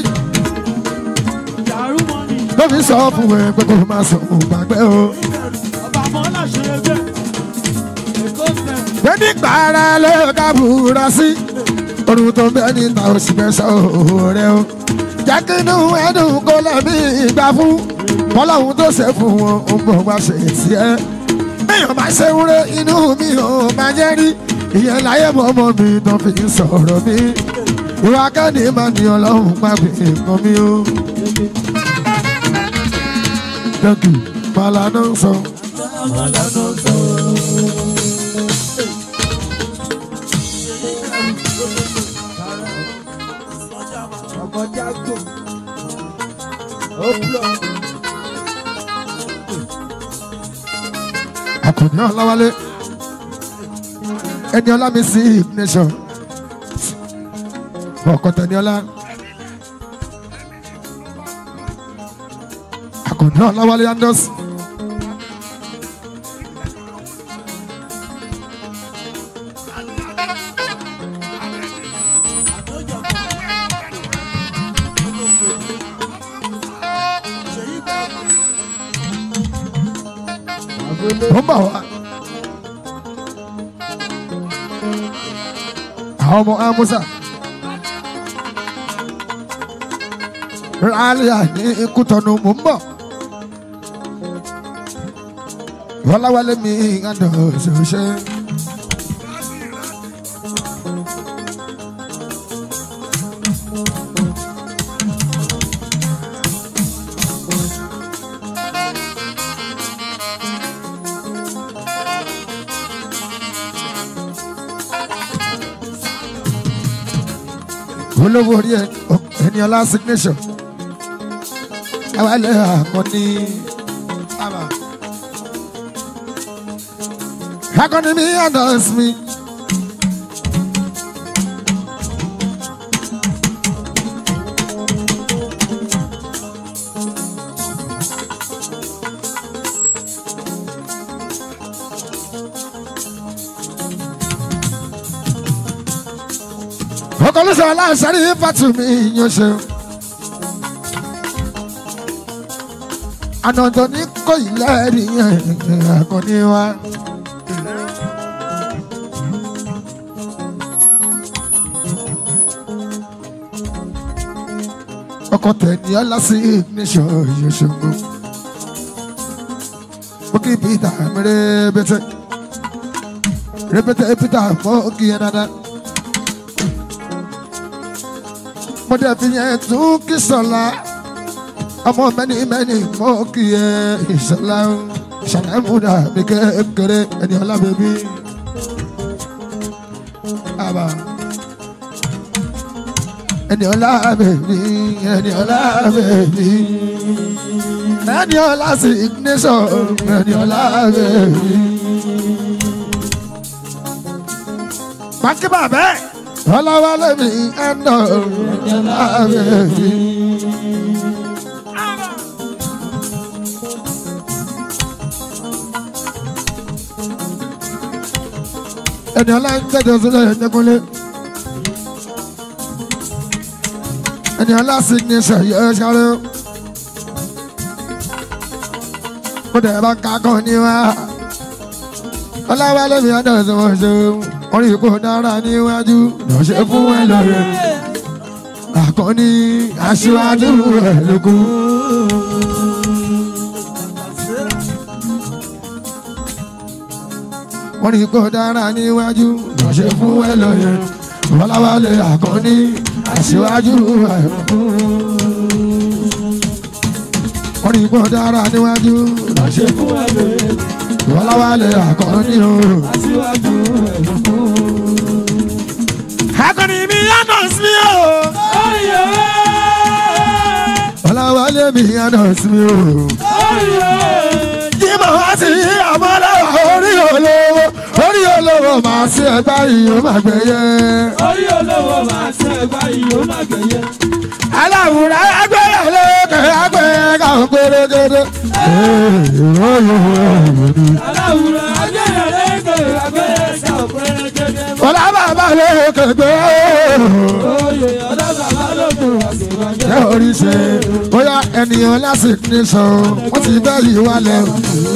lómi sọ fún ẹ pé kò máa sọ òun gbàgbé o. bẹ́ẹ̀ni gbàrà ló ká búra sí. orun tó bẹ́ẹ̀ ni ta ò sì fẹ́ sọ òun rẹ o jẹ́ ẹnu kó lẹ̀ bí ìgbà fún bọ́lọ́hún tó ṣe fún wọn ó gbọ́ wá ṣe sí ẹ. bẹ́ẹ̀ máa ṣe ń re inú mi ò máa jẹ́ rí ìyẹn láyé bọ́mọ mi tán fi sọ̀rọ̀ mi ìwà kẹ́ni máa ní ọlọ́run pàbí nǹkan mi ó. Thank you. Malanoso. Malanoso. àkùnrin náà láwálé ẹni ọlá mi sí ignition ọkọ tẹni ọlá àkùnrin náà láwálé andos. ọmọ amusa ralia, ní Kútọ̀nù wala wale mi ń gàdọ̀ olówó orí ẹni ọlá signation awalẹ̀ akọni ama akọni mi adọ́sí mi. Ṣọlá Ṣàrífátùmí yan ṣeun. ànàjọ ní kò ìlẹ́rì àkànní wa. ọkọ tẹ̀lé ọlásì níṣọ ìyẹ̀ṣọ́gbó mo kí Peter mi rẹ́bẹ̀tẹ̀ rẹ́bẹ̀tẹ̀ Peter mo kí ẹ dáadáa. mo dẹ̀ fi yẹn tún kí sọ̀la ọmọ mẹ́ni mẹ́ni mo kì í yẹ ìṣọ̀la ṣàlàmúdà mi kékeré ẹni ọlá Aba. Ẹni ọlá bèbí, ẹni ọlá bèbí. Ẹni ọlá sí ignition, ẹni ọlá bèbí. Pàkí bàbá ẹ̀ ọlọ́wọ́ lẹ́mí ẹ̀nà àbẹ̀bí. ẹni ọlọ́jẹjọ sílẹ̀ ẹ̀jẹ̀kúnlé ẹni ọlọ́sìgnísẹ̀ yẹ ṣáré ó dẹ̀ bá kákọ́ ní wá ọlọ́wọ́ lẹ́mí ẹ̀nà ìṣòwò ṣòwò wọ́n rí ipò dára níwájú lọ ṣe fún ẹ lọ́rẹ́ àkọ́ni aṣíwájú ẹ̀ lóko. wọ́n rí ipò dára níwájú lọ ṣe fún ẹ lọ́rẹ́ Ọláwálé àkọ́ni aṣíwájú ẹ̀ lóko. wọ́n rí ipò dára níwájú lọ ṣe fún ẹ lọ́rẹ́ Ọláwálé àkọ́ni o. aṣíwájú ẹ̀ lóko. Mi sí o. Ọláwálé mi àná sí o. Jímọ̀ wá sí àmọ́láwà orí olówó. Orí olówó máa ṣe ẹgbá ìyó máa gbẹ̀yẹ. Orí olówó máa ṣe ẹgbá ìyó máa gbẹ̀yẹ. Aláwùrán agbẹ́rẹ́ lókè agbẹ́rẹ́ kan gbèrègèrè. Aláwùrán agbẹ́rẹ́ lókè ọ̀la bàbá lè kẹgbẹ́ ẹ orí ṣe bóyá ènìyàn lásìkò ní sọ wọ́n ti bẹ́ yìí wálẹ̀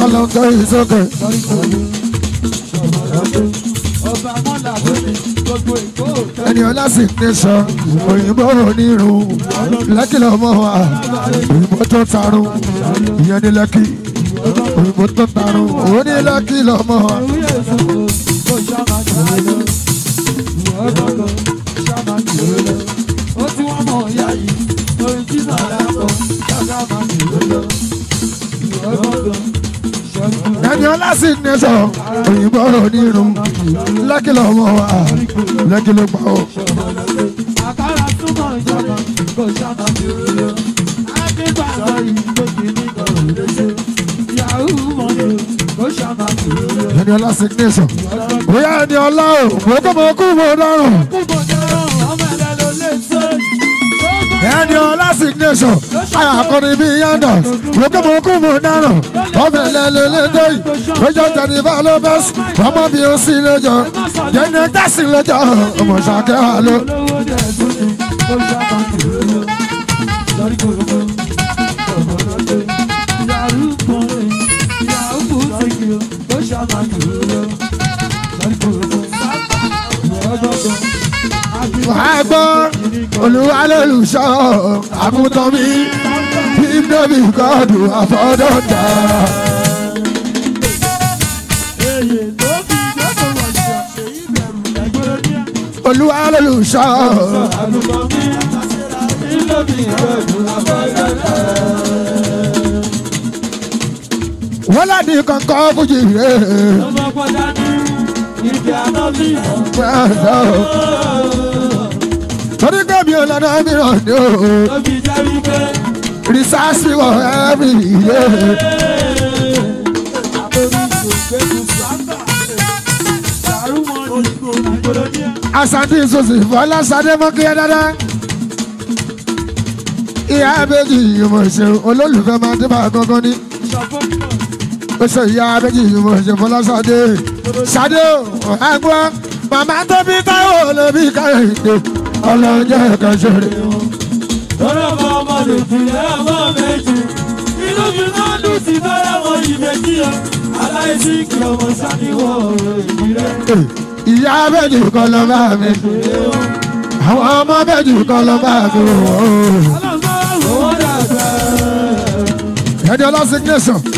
ọlọ́ńtọ́ ìsókè. ènìyàn lásìkò ní sọ òyìnbó onírun lẹ́kìlọ́ mọ́ wa òyìnbó tó tarun ìyẹn ní lẹ́kì òyìnbó tó tarun òní láti lọ́mọ. ó ti wọ́n mọ̀ ọ̀yá yìí lórí títà lápọ̀ ṣáká máa ń lò lọ ẹni ọlá sì ní sọ òyìnbó onírun lẹ́kì lọ́mọ wa lẹ́kì ló pa ó. àkàrà túmọ̀ ìjọba kò ṣàbàbí orí. Eniola signature bóyá Eniola o mọ̀ọ́kọ́mọ̀ kú mọ̀ dárùn. Eniola signature àyà akọni bíi yanda mọ̀ọ́kọ́mọ̀ kú mọ̀ dárùn. ọbẹ̀ lẹ́lẹ́lẹ́dẹ́ yìí lọ́jọ́ tẹ̀lifà ló bẹ́ sùn ọmọ bíi ó sì lọ́jọ́ jẹ́ni tẹ̀sí lọ́jọ́ ọmọ ṣàkẹ́ wà ló. Thank you. wàá gbọ́ olúwa lólùṣọ́ àbútọ́ mi bí débi gọ́ọ̀dù àfọ́dọ́ta. olúwa lólùṣọ́ àbútọ́ bí débi gọ́ọ̀dù àfọ́dọ́ta wọ́n láti kankan fújì rẹ̀. lọ́mọ pọ́tà ní ìdí àná bí wọ́n torí pé mi ò lọ́nà mìíràn ni o. tóbi jẹ́ wípé. rìsáàsì wọ ẹ́mì yé. asante sosi fọlá sadé mọ́kíyá dáadáa. ìyá méjì yìí mo olólùfẹ́ máa dé bá a gángan ní ó ṣe ìyá méjì ìmọ̀ ìṣẹ̀fọ́lá ṣadé ṣadé ò ẹgbọ́n màmá tó bí táwọn olóbi káyọ̀dé ọlọ́jọ́ ẹ̀ka ṣeré wọn. lọ́lọ́mọ ọmọdé ìpìlẹ̀ ọmọ méjì inú mi máa ń dùn sí fẹ́rẹ́ wọn ìbejì ọ aláìsí kí ọmọ ṣàníwọ̀ ìbílẹ̀. ìyá méjì kan lọ bá mi àwọn ọmọ méjì kan lọ bá mi wọ̀ ọ́. ẹni ọlọ́sìn kẹsàn-án.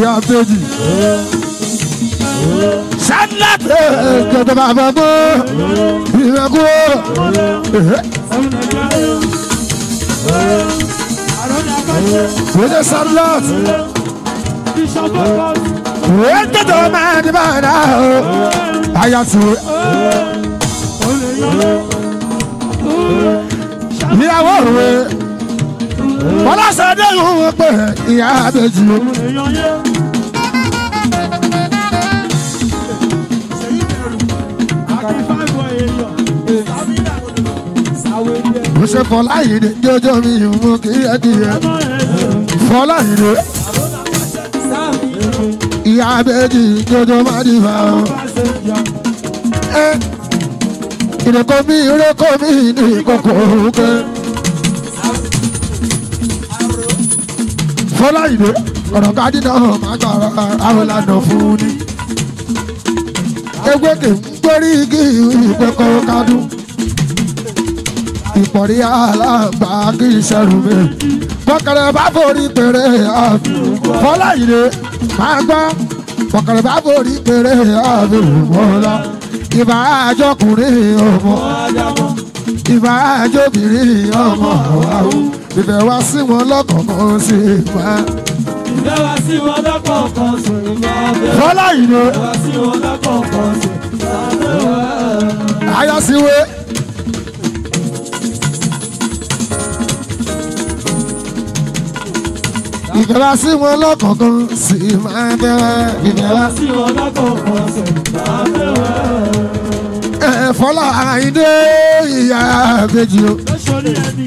ìyá péjì. sanlat. kẹtẹ bàbá mọ ìrẹkú. wọ́n jẹ́ sanlat. wọ́n tẹ̀tọ̀ máa ní báyìí náà. àyà tù. ìyàwó rẹ̀ wọ́n lọ́sẹ̀ dé ìhun pé ìyá àbèjì o. mo ṣe Fọláyìndé jọjọ mi ìmú kí ẹ dìyẹ Fọláyìndé ìyá àbèjì jọjọ má dì bá o ìrẹ́kọ̀ mi ìrẹ́kọ̀ mi ní ìkọ̀kọ̀ òkè. fọlá ìwé ọ̀nà kádínà hàn má gbàrà àròlànà fún ni. ewé kì í gbórí igi ìpẹ́kọ̀ kádú. ìpọ̀rí aláǹgbá kì í ṣẹ́rù mi. bọ́kẹ̀rẹ̀ bá borí péré àbí fọlá ìwé máa gbọ́. bọ́kẹ̀rẹ̀ bá borí péré àbí wọ́lá. ìbá àjọkùnrin ọmọ ìbá àjọbìnrin ọmọ àwọn ìfẹ́ wá sí wọn lọ́kọ̀ọ̀kan sí ìfà. ìfẹ́ wá sí wọn lọ́kọ̀ọ̀kan sí ìfà. fọlá ìlú. ìfẹ́ wá sí wọn lọ́kọ̀ọ̀kan sí wọn lọ́kọ̀ọ̀kan sì máa bẹ̀rẹ̀. ìjọba sí wọn lọ́kọ̀ọ̀kan sì máa fọlá àyíndé ìyá àbẹjì o. lọ́sọ̀rọ̀ ẹni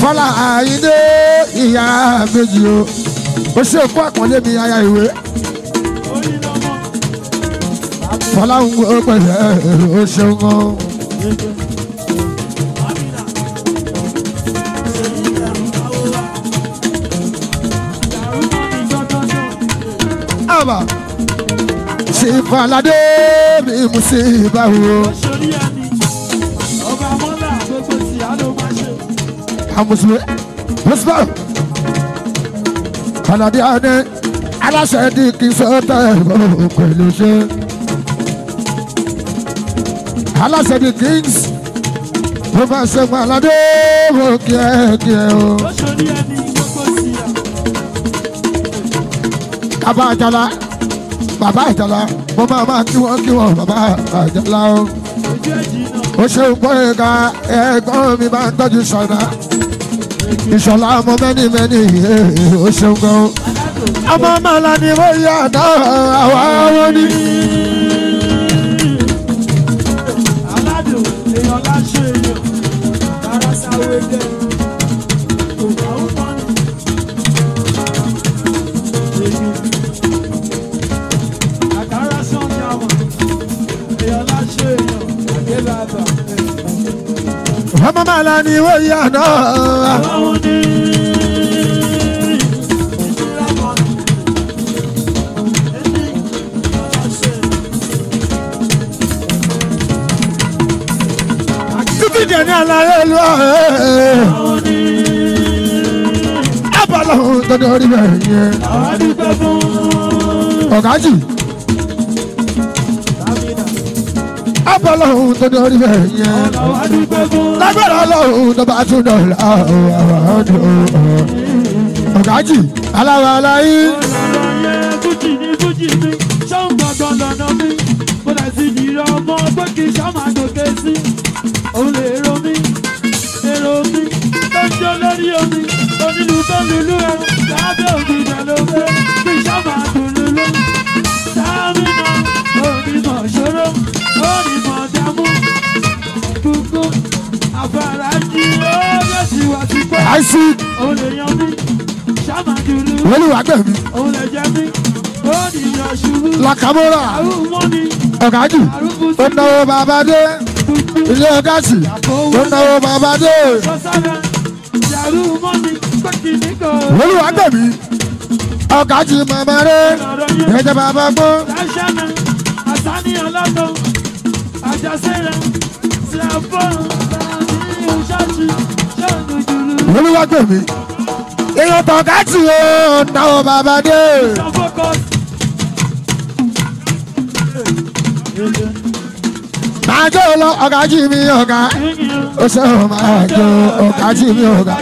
fọlá àyíndé ìyá méjì o ó ṣe òkú àpọ́nlé mi aya ìwé fọlá ń gbọ́ pẹ̀lú ó ṣeun gan. bàbá. Sífà ládé mi mú sí ìbáwo. Àmùsùlù Bùsùlù Kàlàdé Adé aláṣẹ dì kí sọ́tẹ̀ ìbọn pẹ̀lú ṣe. Aláṣẹ dì kings mo fẹ́ ṣe Kàlàdé mo kí ẹ kí ẹ o. Baba àjàlá baba àjàlá mo máa máa kí wọ́n kí wọ́n bàbá àjàlá o. ó ṣeun gbóyèga ẹ̀gbọ́n mi máa ń tọ́jú ṣọ̀nà ìṣọ̀lá ọmọ mẹ́ni mẹ́ni ó ṣeun gan. ọmọ màlá ni wọ́n yà dá àwa wọn ni. mama la ni wo ya na. Kíkìdì abala ohun tó ní orí bẹ́ẹ̀ yẹn lágbára ọlọ́run tó bá tún dọ̀la ọ̀dọ̀ ọ̀gájì aláwa aláyé. ọmọ pé kí sọ́mà gòkè sí òun lè ro mí èrò mi tó ń jó lórí omi onílù tó ń lulú ẹrù lábẹ́ òkúta ló àìsí. òun lè yan mí ṣáàmà dúró. wọ́n lè wá gbẹ̀ mí. òun lè jẹ mí bóòdì yan ṣubú. làkàmúrà ọ̀gájù ó náwó bàbá dé ilé gáàsì ó náwó bàbá dé. wọ́n lè wá gbẹ̀ mí. ọ̀gájù màmá rẹ̀ ẹ̀jẹ̀ bàbá gbọ́. àṣàní rẹ̀ ṣe àbọ̀ ọ̀gá ní ìṣáàjì olúwa pè mí. èèyàn tọ̀gá tì ó náwó bàbá dé. máa jó lọ ọ̀gá jí mi ọ̀gá ó ṣe máa jó ọ̀gá jí mi ọ̀gá.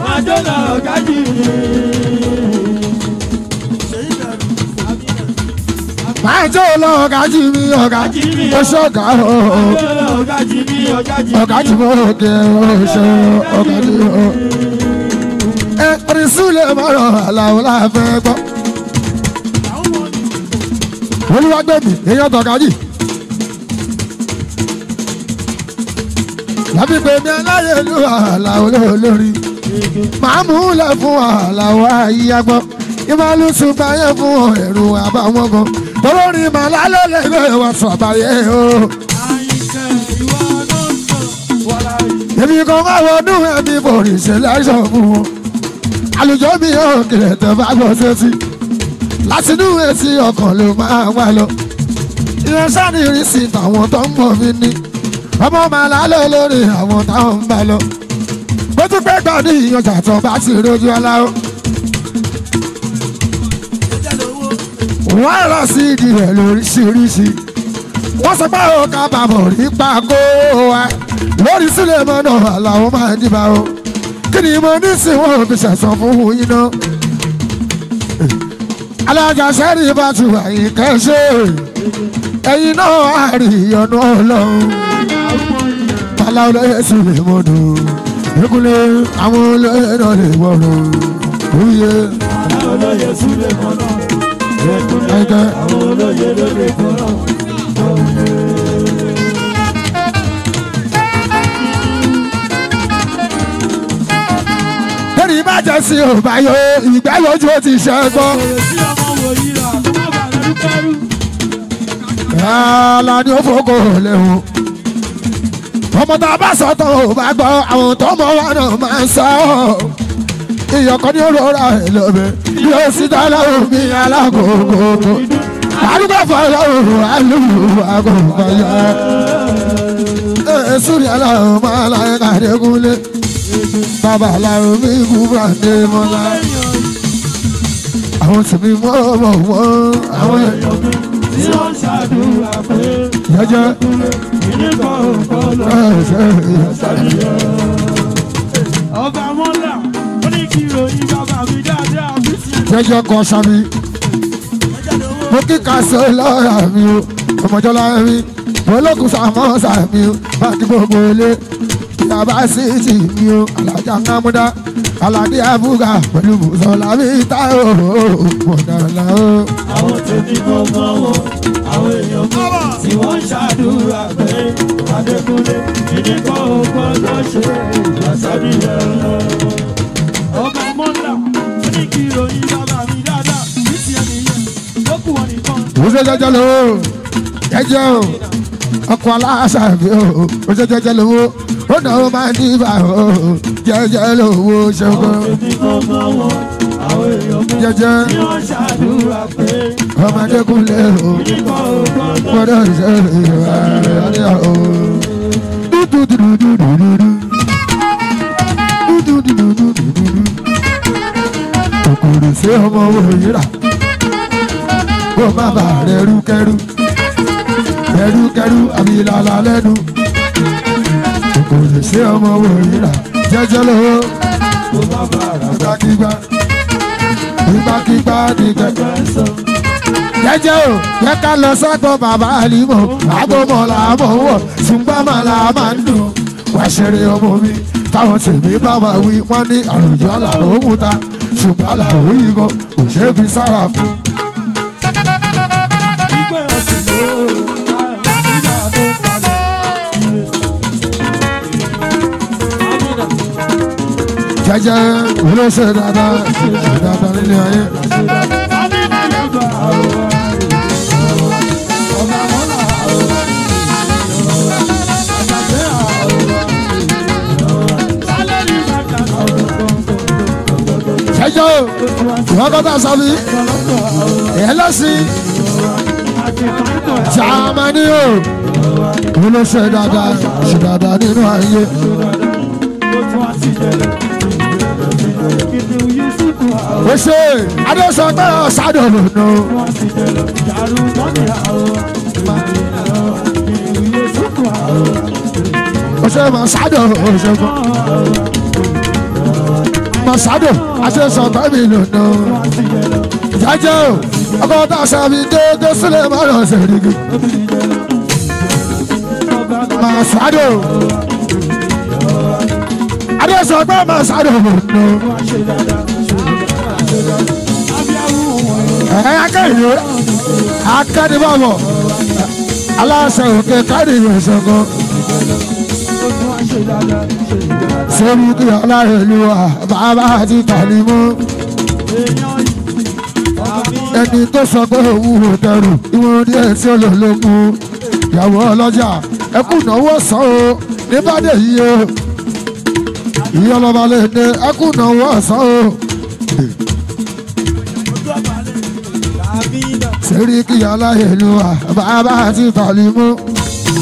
máa jó lọ ọ̀gá jí mi. máa jó lọ ọ̀gá jì mí ọ̀gá oṣù ọ̀gá o ọ̀gá jì mí òkè oṣù ọ̀gá jì mí o. ẹ orin sílẹ̀ mọ́rọ̀ àlàó la fẹ́ gbọ́. olúwagbẹ̀bì èèyàn tọ̀gá jì. tàbí pé mi aláyélúwà àlàó lórí màá mú lẹ fún àlàó ayé agbọ́ ìmọ̀lùsùn báyẹn fún ẹ̀rù àbáwọn gan olórin màlá ló lè gbé wọn sọ̀bàyé o. èmi kan máa wọnú ẹbí kò rí ṣe láìsọ fún wọn àlùjọ mi ò kìlẹ̀ tó bá gbọ́ sétí látinú etí ọkàn ló máa wá lọ ìránṣẹ́ ni ìrísí tàwọn tó ń bọ̀ mí ní ọmọ màlá ló lórí àwọn táwọn ń bá lọ bó tún pẹ́ gbọ́ ní ìyànjà tó bá ti rójú ọlá wọ́n rọ sí ìdí rẹ̀ lóríṣiríṣi wọ́n sọ pé ó ká bàbọ̀ nípa kó wa lórí sílẹ̀ mọ́ náà làwọn máa dìbà o kí ni mo ní sí wọn ò fi ṣẹ̀sán fún un yín náà. alága sẹ́rí bá ti wà yìí kẹ́sẹ́ ẹ̀yin náà á rí ìyọnu ọlọ́run bàlá olóyè sílẹ̀ mọ́dù ekunle àwọn olóyè náà lè wọ̀rọ̀ òye. bàlá olóyè sílẹ̀ mọ́dù ẹgbẹ́. àwọn olóyè ló lè kọ́rọ̀ ọ̀hún. lórí má jẹ́ sí òbá yó ìgbẹ́ lójú ó ti ṣe gbọ́. Ààlà ni ó fòkò léwu. Ọmọ tá a bá sọ tán ò bá gbọ́, àwọn tó mọ wa náà máa ń sọ ọ́ ìyọ̀kọ́ ní òróró ẹlòmí bí ó sì dá lọ́rùn mi alákòókò tó. àdúgbò fọlọ́run alùpùpù àgùnbọ̀ yọ. èsù aláwọ̀ máa láyé kàdégúnlé bàbá aláwọ̀ mi kú bàdé mọ́lá. àwọn tèmi mọ́ mọ́ mọ́ àwọn èèyàn tí wọ́n ṣàdúrà pé jẹ́jẹ́ ìdíkọ̀ òkọ́ lọ́wọ́ ọba mọ́lá jẹ́jọ́ kan sami mo kíkà sọ lọ́ra mi o ọmọjọ́ lára mi mo lókun sàmọ́ sàmì o bá ti gbogbo ilé ìyàbá sí ti mi o alájà ńlámúdá aládé abúgà pẹ̀lú bùsọ̀lá mi ta o mọ̀dàlá o. àwọn tèmi kò mọ wọn àwọn èèyàn kò tí wọ́n ṣàdúrà pé Adékúnlé ìdíkọ̀ ògbọ́n lọ́ṣẹ́ àṣàbíyàn lọ́wọ́ ojojojo lówó jẹjẹ o ọkọ aláṣàbí o o jẹjẹ lówó ṣẹgun jẹjẹ ọmọdékùnlé o gbọ́dọ̀ ìṣẹ̀lẹ̀ ìwà òrùfẹ́ ọmọ òyìnbá kó má bà rẹ̀ rúkẹ́rú rẹ̀rúkẹ́rú àbílàlà lẹ́nu òrùfẹ́ ọmọ òyìnbá jẹ́jẹ́ lówó kó má bà rẹ̀ kígbà kígbàkígbà nìkẹ́ jẹ́jẹ́ o jẹ́ ká lọ sọ́gbọ́n bàbá àlìmọ̀ àgbọ̀mọ̀ làmọ̀ wọ̀ ṣùgbọ́n màlà máa ń dùn wá ṣeré ọmọ mi táwọn tèmi bá wà wí wọ́n ní àròjọ àlàrò òmùta ṣùgbọ́n làwọn ìgò kò ṣe é fi sára fún. jẹjẹ olóṣèlú dáadáa dáadáa nílé ayé. ẹjọ́ o ìwọ́n kọ́ sọ bí ìyẹn lọ́sìn jamani o òun ló ṣe dáadáa ṣe dáadáa nínú ayé. ó ṣe adéṣọ pé ọ̀sádọ̀ ló nù. ó ṣe mọ̀ masado aṣẹ́sọ tàbí lòdò jájẹ́ o ọkọ̀ tá a ṣàbí déédé sílẹ̀ má lọ ṣe rígi masado aṣẹ́sọ pé masado lòdò ẹ̀ akẹ́yìn o akẹ́ni bá bọ̀ aláṣẹ òkè káàdì ìwé ìṣẹ́gun sẹ́mi kí ọlárẹ̀lúwà bàbá àti tàlímọ́ ẹni tó sọ pé òun ò tẹrù ìwọ̀n díẹ̀ tí ó lò lókun ìyàwó ọlọ́jà ẹkùn náwó sàn ó ní bàdé yìí ìyá ọlọ́ba lè dé ẹkùn náwó sàn ó. sẹ́ríkì aláìlú wa bàbá àti tàlímọ́.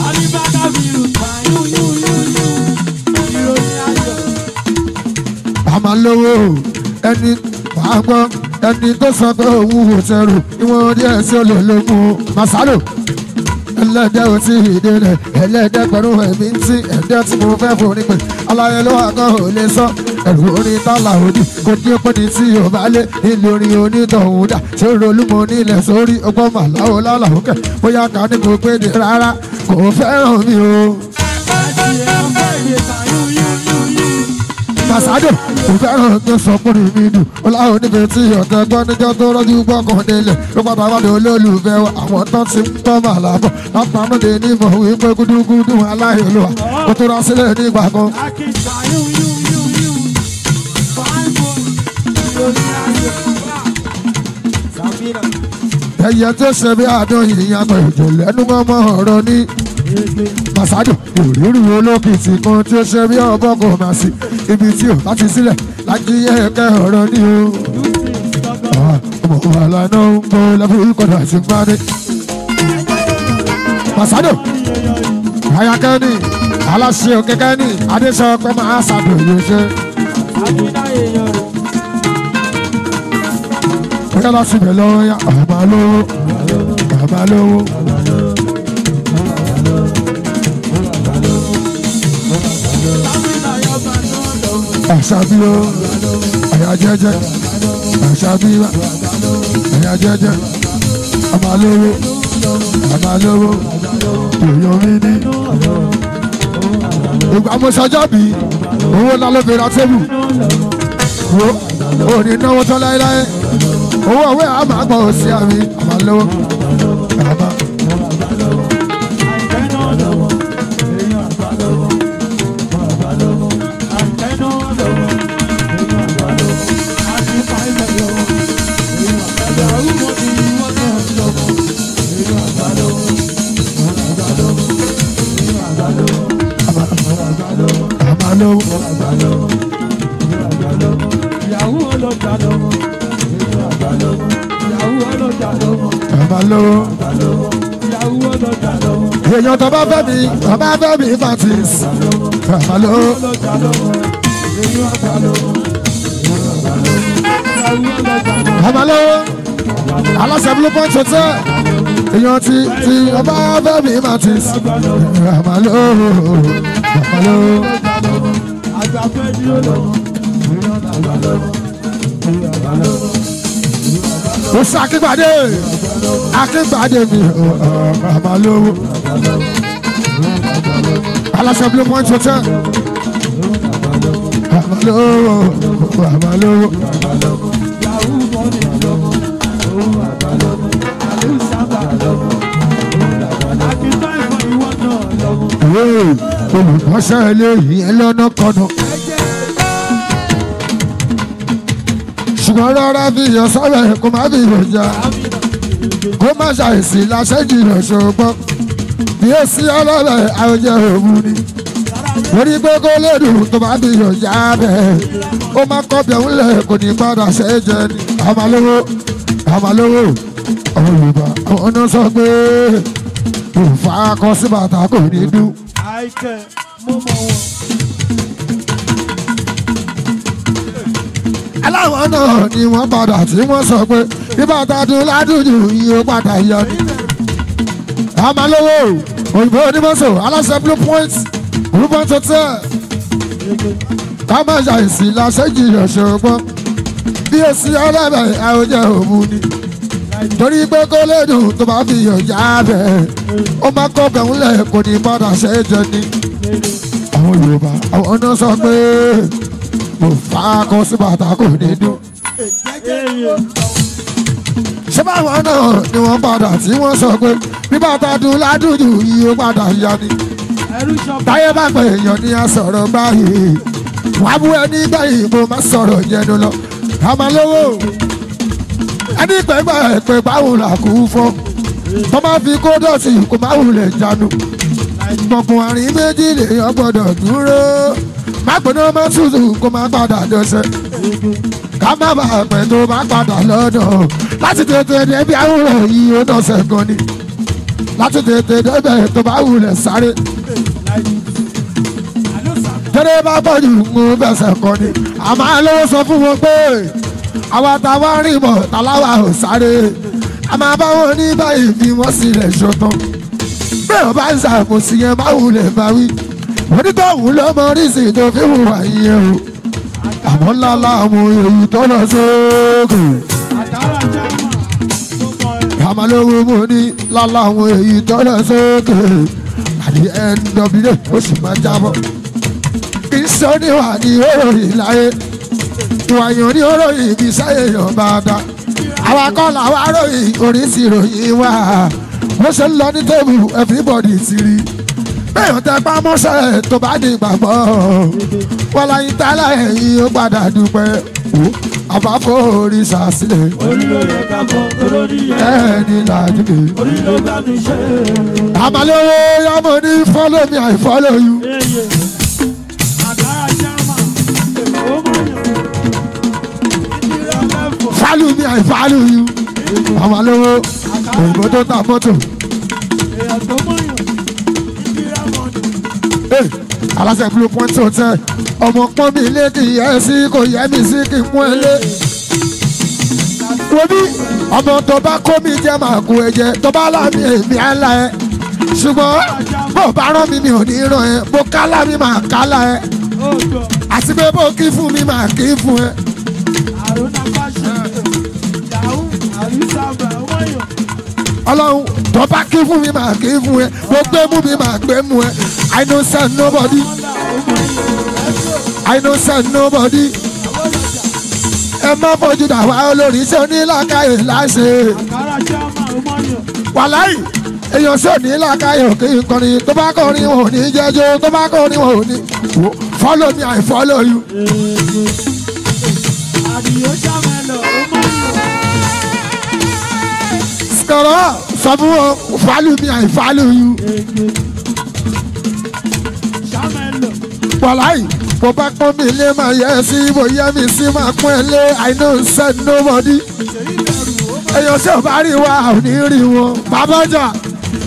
alibaka bíi rúta yúyú. máa lówó ẹni wàá gbọ́ ẹni tó sọ pé òun wò tẹrù ìwọ̀n díẹ̀ sí olólùmọ̀ màsálò ẹlẹ́dẹ́ ò tí ì dé rẹ̀ ẹlẹ́dẹ́ pẹ̀lú ẹ̀mí tí ẹ̀dẹ́ tí mo fẹ́ forí pé aláyẹ ló wà kan ò lè sọ ẹ̀rù orin tálà òdì kò ní pé ní tí ò bá lé nílò orin onítọ̀hún dà ṣé rolúmọ nílẹ̀ sórí ọgbọ́n màláwo lálàó kẹ̀ bóyá ká ní kò pé ní rárá kò fẹ́ràn mi o kàsádò kò fẹ́ràn tó sọ pé rí mi dùn ọláwọ̀ níbi tí ọ̀tẹ̀ gbọ́ níjọ́ tó rọ́jú gbọ́kàn nílẹ̀ ló padà wá ní olólùfẹ́ wa àwọn tán ti ń tọ́ màlábọ̀ lápamọ́dé ní ìmọ̀ wípé gúdúgúdú aláìlúwa ó tó rá sílẹ̀ nígbà kan. ẹ̀yẹ tó ṣe bí àdó ìyàgbọ̀ ìjọ lẹ́nu mọ́mọ́ ọ̀rọ̀ ní masadu ìrírí olókìtì kan tí ó ṣe bí ọgbọ́n kò máa sí ibi tí ò bá fi sílẹ̀ lájíyẹ ẹ̀kẹ́ ọ̀rọ̀ ni o. ọmọ wa lánà ń bọ lẹ́kùn ìkọ̀dà àti gbani. masadu ayakẹ́ni aláṣẹ òkèkẹ́ni adéṣọpẹ́ máa ṣàbẹ̀wò ṣe. bóyá lọ síbẹ̀ lọ́wọ́ yá àmàlówó àmàlówó. àṣàbíyó ẹ̀yà jẹ́jẹ́ àṣàbíyá ẹ̀yà jẹ́jẹ́ àmàlówó àmàlówó èèyàn mi ní. ìgbà mo ṣọjọ́bí owó ńlá ló fi ra tébù wo òní náwó tán láéláé owó òwe àmàgbọ̀n òsì àmì àmàlówó. èèyàn tó bá fẹ́ mi tó bá fẹ́ mi fatis tàbálò. tàbálò aláṣẹ blue point hotel èèyàn ti ti ọba fẹ́ mi fatis tàbálò tàbálò. Ó sá akíngbàdé akíngbàdé mi ọ̀ọ́ àmàlówó aláṣẹ blue point hotel. àbálòwò àbálòwò. olùkọ́ṣẹ́ eléyìí ẹlọ́nà kọ́nà. ṣùgbọ́n rárá fi yọ sọ́rọ̀ ẹ̀ kó má fi yọ jà kó má ṣàìsí láṣẹ́jì rẹ̀ ṣùgbọ́n bí ó sí ọlọ́bẹ̀ àwùjọ òun ni orí gbogbo lẹ́nu tó bá di yọ̀yà bẹ́ẹ̀ ó máa kọ́ bí lẹ̀ kò ní padà ṣe ni àmàlówó àmàlówó àwọn Yorùbá àwọn ọ̀nà sọ pé òfà kọ sí bàtà kò ní dùn. aláwọ̀ náà ni wọ́n padà tí wọ́n sọ pé bí dùn ládùn jù iye padà yọ ni àmàlówó òyìnbó onímọ̀tò aláṣẹ blue point olúbọ̀n tó tẹ̀ kámájà ìsì làṣẹ jìyàn ṣògbọ́n bí èsì ọlẹ́bẹ̀ àwòjẹ òmu ni torí pé kó lè dùn tó bá fi yàn já bẹ̀ ó máa kọ́ bẹ̀ ńlẹ̀ kò ní padà ṣe é jẹ ni àwọn Yorùbá àwọn na, sọ pé mo fà á kọ́ sí bàtà kò ní dùn ṣé báwọn náà ni wọ́n padà tí wọ́n sọ pé bíbá tọdún ládùjù yìí ó padà yọ ni táyé bá pè èèyàn ní asọ̀rọ̀ báyìí wàá mú ẹni gbẹ̀yìn mo má sọ̀rọ̀ yẹnu lọ àmọ́ lówó ẹni pẹ̀gbà ẹ̀pẹ̀ báwo là kú fọ́ tó má fi kó dọ̀tí kó má wulẹ̀ jánu gbọ̀ngàn àárín méjì lèèyàn gbọ́dọ̀ dúró má gbóná má tútù kó má padà dọ̀sẹ̀ ká má bàa pẹ̀ tó má padà lọ́dọ̀ láti tètè débi àwòrán yìí ó dọ̀sẹ̀ gan ni láti tètè débẹ̀ tó bá wulẹ̀ sáré. tẹ́lẹ̀ bá bọ̀ jù ń bẹ̀sẹ̀ kọ́ ni àmọ́ lówó sọ fún wọn pé àwa táwa rìn bọ̀ tàláwa ò sáré a máa bá wọn ní báyìí fi wọ́n sílẹ̀ ṣọ̀tàn bẹ́ẹ̀ ọba ń ṣàkóso yẹn bá wulẹ̀ bá wí onítọ̀hún ló mọ oríṣi tó fi hùwà yẹn o àmọ́ ńlá láàmú èyí tó lọ sókè màmá lówó mo ní lálá àwọn èyí tọ́lẹ̀ sókè àdí ẹnudọ́bílẹ̀ ó sì máa jábọ̀. kì í sọ níwà ní oròyìn láyé ìwà yàn ní oròyìn kì í sáyè yàn dáadáa. àwa kọ́ làwa ròyìn oríṣi ròyìn wá bó ṣe ń lọ ní tébù everybody ti rí bẹ́ẹ̀ tẹ pámọ́ṣẹ́ tó bá di gbàgbọ́ wọ́n láyé tálá ẹ̀yìn ó padà dúpẹ́ àbá forí sàsílẹ̀. orí ló yẹ ká bọ́ torórí yẹ. ẹni làjú mi. orí ló bá mi ṣe. àbálẹ̀wò yàmọ̀ ní follow me I follow you. follow me I follow you. àbálẹ̀wò òyìnbó tó ta mọ́tò. aláṣẹ blue point hotel ọmọ pọ́n mi lé kì í yẹ sí kò yẹ mi sí kì í mú ẹ lé. wọ́bí ọmọ tó bá kó mi jẹ́ màá kú ẹ jẹ́ tó bá lámì èmi á la ẹ ṣùgbọ́n bó bá rán mi mi ò ní ràn ẹ bó kálá mi màá kálá ẹ àti pé bó kí fún mi màá kí fún ẹ. ọlọ́run tó bá kí fún mi màá kí fún ẹ bó gbé mú mi màá gbé mú ẹ. I don't send nobody. I don't send nobody. Ẹ má fojú dàwa olórí ṣé onílàkàyè láṣẹ. Wàláì èèyàn ṣé onílàkàyè òkè ìkọrin tó bá kọrin wọn ò ní jẹ́jọ́ tó bá kọrin wọn ò ní. Follow me, I follow you. Sọ̀rọ̀ sọ fún wọn, follow me, I follow you. wàláì bó bá pọ́n mi lé máa yẹ sí bó yẹ mi sí máa pọ́n ẹ lé I no send nobody. èèyàn ṣe ò bá rí wa ò ní rí wọn bàbá jà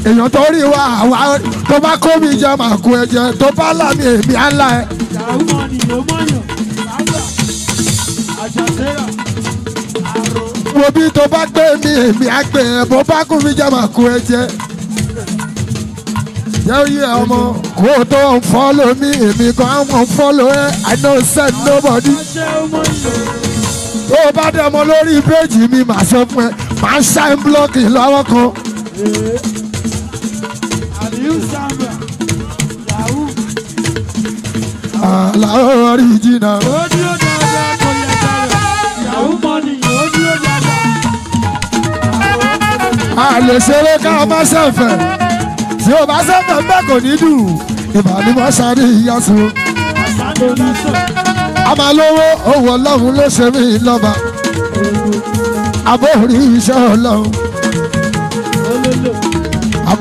èèyàn tó rí wa àwa tó bá kó mi jẹ màá kó ẹ jẹ tó bá là èmi á ẹ. wo bí tó bá gbé mi èmi á bó bá kó mi jẹ màá kó ẹ jẹ jẹ́ oyè ọmọ. kó tó ń follow mi èmi gan mọ̀ ń follow ẹ I no send nobody. tó o bá dẹ̀ mọ lórí péjì mi màá sọ fún ẹ màá ṣáì blọ́ọ̀kì lọ́wọ́ kan. àlàó original. ó dúró dáadáa kò yẹ money ó dúró dáadáa. a lè ṣeré ká má ṣẹ̀fẹ̀ tí o bá sẹ́kọ̀ ń bẹ́ kò ní dùn ìbà ni wọ́n sáré ìyá sí o. a máa lówó owó ọlọ́run ló ṣe mí lọ́ba àbórí iṣẹ́ ọlọ́run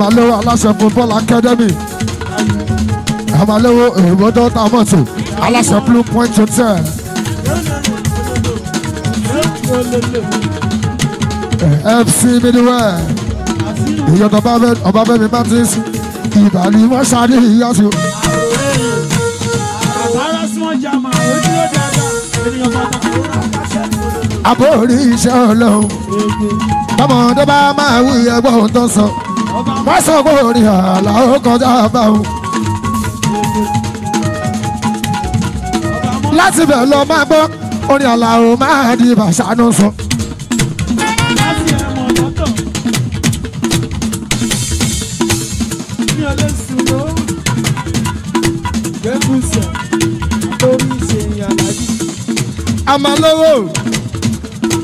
a lówó aláṣẹ football academy a máa lówó èrò dọ́tà mọ́tò aláṣẹ blue point hotel. FC Midwest ìyọ̀tọ̀ ọba bẹ́mi bá ti ń sùn ìbàlí wọ́n sáré ìyá sí o. àbórí iṣẹ́ ọlọ́run the bá máa wí ẹgbọ́n tó sọ wọ́n sọ pé orin àlà ó kọjá báwọn. láti bẹ̀ lọ máa gbọ́ orin àlà ó máa di bàṣánú sọ. So. amalówó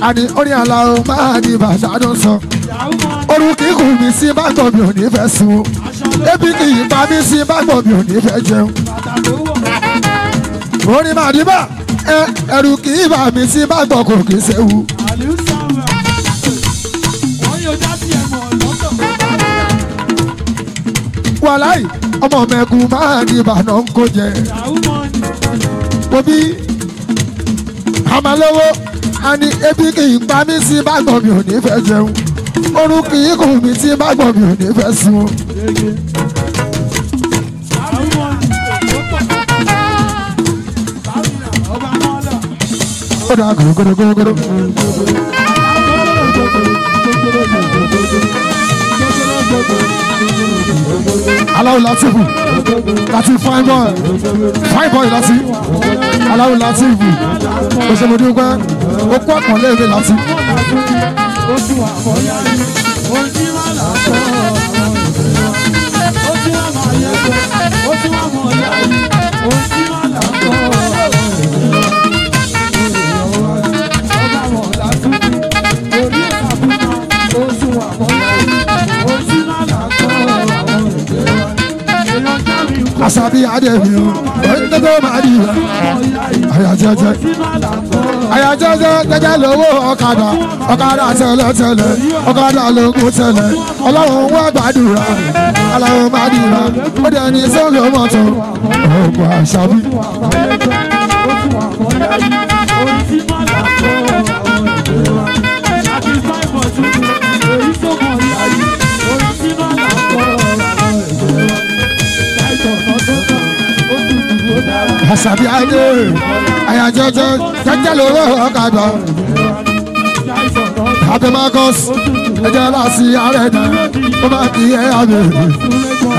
àní orin àlàó máa ní bàṣádùn sọ orun kì í kù mí sí bàgbọ́ mi ò ní fẹ́ sùn o ebi kì í pa mí sí bàgbọ́ mi ò ní fẹ́ jẹun orin màdìbà ẹrù kì í bà mí sí bàgbọ́ kò kì í ṣewu. wàláì ọmọ mẹ́kùn máa ní ìbànú kò jẹ. mo bí ọmọ lówó a ní ebi kì í pa mí tí bá gbọ̀n mi ò ní fẹ́ jẹun oorun kì í kùn mí tí bá gbọ̀n mi ò ní fẹ́ sùn. ó dà gòrògòrògòrò. Allow aláwo látìfù láti fine boy fine boy láti aláwo látìfù òṣèlú dúpẹ́ okú àpọ̀lẹ́ èdè láti. ojú àbọ̀yá ojú àlàkọ́ ojú àmọ̀ ayẹyẹ ojú àmọ̀ ọ̀yá ojú àlàkọ́. asabi ademi o ẹnitọ́tọ́ máa di ìlà ayajẹjẹ ayajẹjẹ jẹjẹ lówó ọ̀kadà ọ̀kadà tẹ́lẹ̀tẹ́lẹ̀ ọ̀kadà lókun tẹ́lẹ̀ ọlọ́run wọn gbàdúrà ọlọ́run máa di ìlà ó dẹni sọ́ọ̀lù mọ́tò ọ̀pọ̀ àṣàbí. àṣàbí ayé àyàjọjọ jẹjẹ lóró ọkadà abemagos ẹjẹ are na, náà ó máa kí ẹ àmì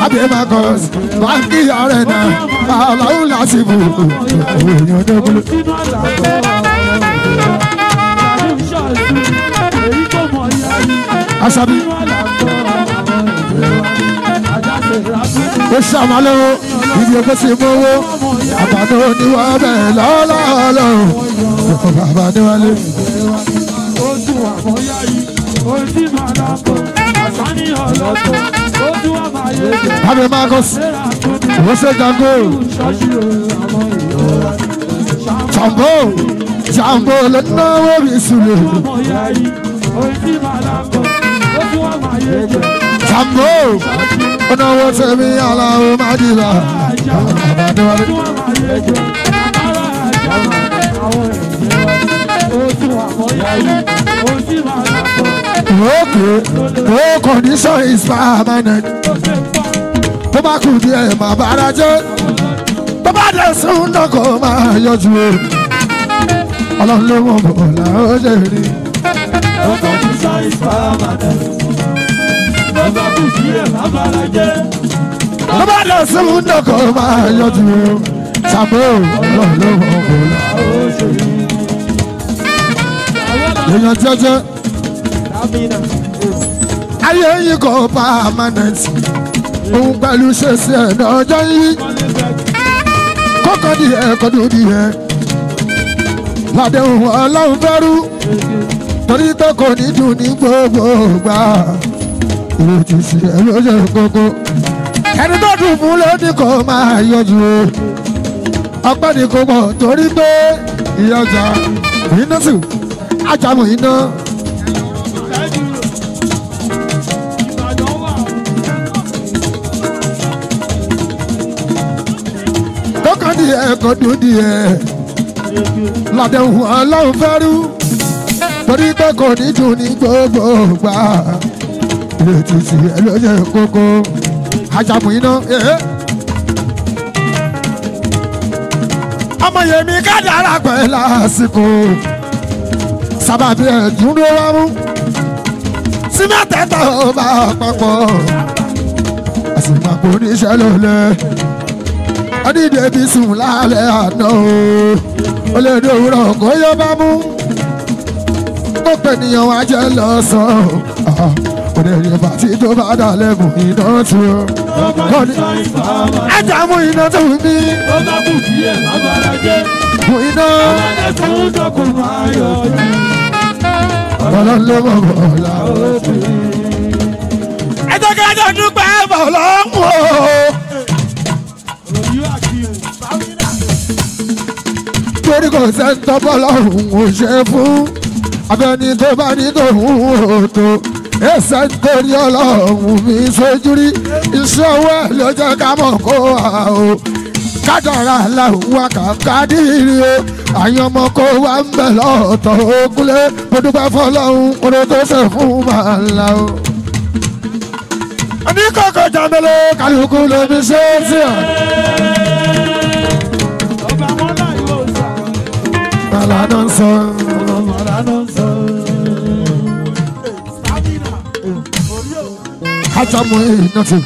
abemagos máa kí ààrẹ na aláwọ láti bù òwe èèyàn dẹkùn. àṣàbí ó ṣàmàlẹ́wọ̀ ibi ọkọ ti mówó àbámọ oníwà bẹ́ẹ̀ lọ́lá ọkọ bàbá níwálé. ojú àbọ̀yá yìí ojú màdà kò àṣàní ọlọ́tọ̀ ojú àbáyé jẹ́. jango jambo jambo lẹ́nu náwó bí sùlẹ̀. ojú màdà kò Jambo ọ̀nà wo sẹ́mi aláwo má dìbà okay oh condition is permanent tó bá kù díẹ̀ má bára jẹ́ tó bá dẹ̀ sún náà kò máa yọjú condition is permanent bá kù sílẹ̀ bàbá la jẹ́. ló bá lọ no dọ́kọ̀ máa yọjú sàbẹ̀ ọlọ́ọ̀lọ́wọ́ kò lọ. èèyàn jẹ́jẹ́ ayé yìí kò pa àmànàtì òun pẹ̀lú ṣèṣe ẹ̀dá ọjọ́ yìí kọ́kọ́ díẹ̀ kọ́dún díẹ̀ ládéhùn ọlọ́run fẹ́rú torí pé kò ní dùn ní gbogbo gbà ló ti ṣe ẹ ló ṣe kókó. ẹni tó dùn fún ló ní máa yọjú o ọpẹ́ ni kò mọ̀ torí pé ìyá ọjà iná sì ajamu iná. lọ́kàn díẹ̀ làdẹ̀hùn ọlọ́run fẹ́rú torí pé kò ní dùn ní gbogbo gbà lójútì ẹlọ́jọ́ kókó ajagun iná. Eh, eh. ọmọ yèmí kádàrá pẹ̀ lásìkò sábàbí ẹ̀dúró wá mú tí mẹ́tẹ̀ẹ̀ta ò bá papọ̀ àsìkò àpò oníṣẹ́ ló lẹ̀ ọdídé bí sùn lálẹ́ àná o ó lè dé òwúrọ̀ kó yọ bá mú kó pè níyàn wájẹ́ lọ́sàn-án lẹ́yìn fàtí tó bá dà lẹ́kùn iná tu. ajá mú iná tó ń bí. ó bá kù díẹ̀ lágbára jẹ́. mú iná. ọmọdé fún dọkùnrin ayọ̀ ni. ọlọ́lọ́mọ bọ̀ọ̀lá ó ti. ẹ jẹ́ kí ajá dúpẹ́ bọ̀ọ̀lá ń torí kò sẹ́ńtọ́ bọ́lá òun ò ṣe fún abẹ́ni tó bá ní tòun ò tó ẹsẹ̀ nítorí ọlọ́run mi sójú rí iṣẹ́ owó ẹ̀ ló ká mọ̀ kó wà o kádàrá làwọn àkàkàdìrì o àyàn ọmọ kó wà ń bẹ̀ lọ́ọ̀tọ̀ ògúnlé mo fọlọ́run oore tó ṣe fún màlá o. oníkókò jàmbélé kálukú lómi ṣe é sí ọ. Bàlá náà sọ. Samuel nothing.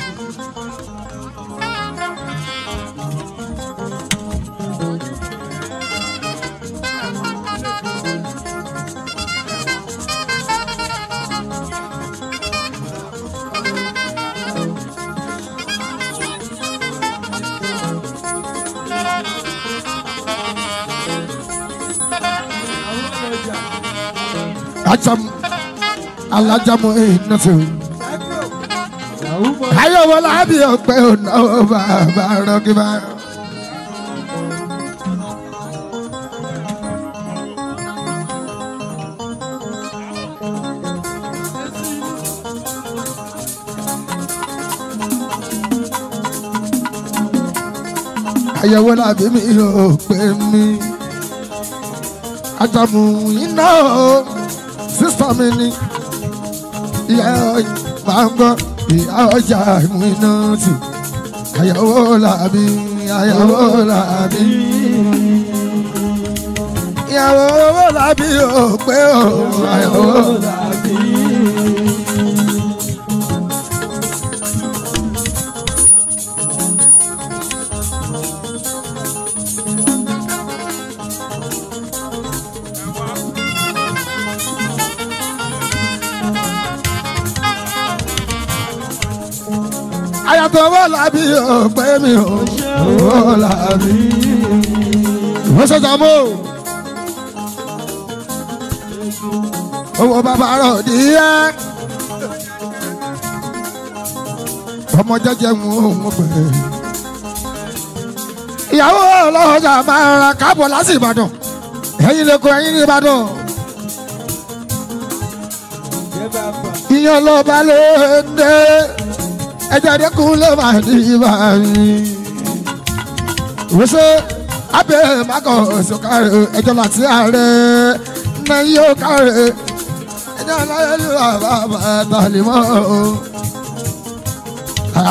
Ajam, Alajamu, eh, nothing láyọ̀wọ́ lábì ọ̀pẹ ọ̀nà bàbá rọ́gìbá. àyẹ̀wò làbí mi ò pè mí àtàmù iná sísọ mi ni ìyá ọ̀ máa ń gbọ́ ìyá ọjà Aminatu àyàwó làbí àyàwó làbí. ìyàwó làbí ò pé ò àyàwó làbí. kọ́wọ́ làbí o pé mi ò kọ́wọ́ làbí. Mo ṣe sọ mọ́ o. Owó bàbá rọ̀ díẹ̀. Ọmọ jẹjẹ mu òun pè é. Ìyàwó ọlọ́jà máa ra káàbọ̀ láti Ìbàdàn. Ẹ̀yin lè kó ẹ̀yin ní Ìbàdàn. Ìyẹn lọ́ba ló ń dé. Ejari kule kun ló máa di ibà mi. Wíṣẹ́ abẹ́ makọ̀ oṣù kárẹ̀ ẹjọ́ láti ààrẹ náà yóò kárẹ̀ ẹjọ́ aláyélúwà bàbá tàlímọ́ o.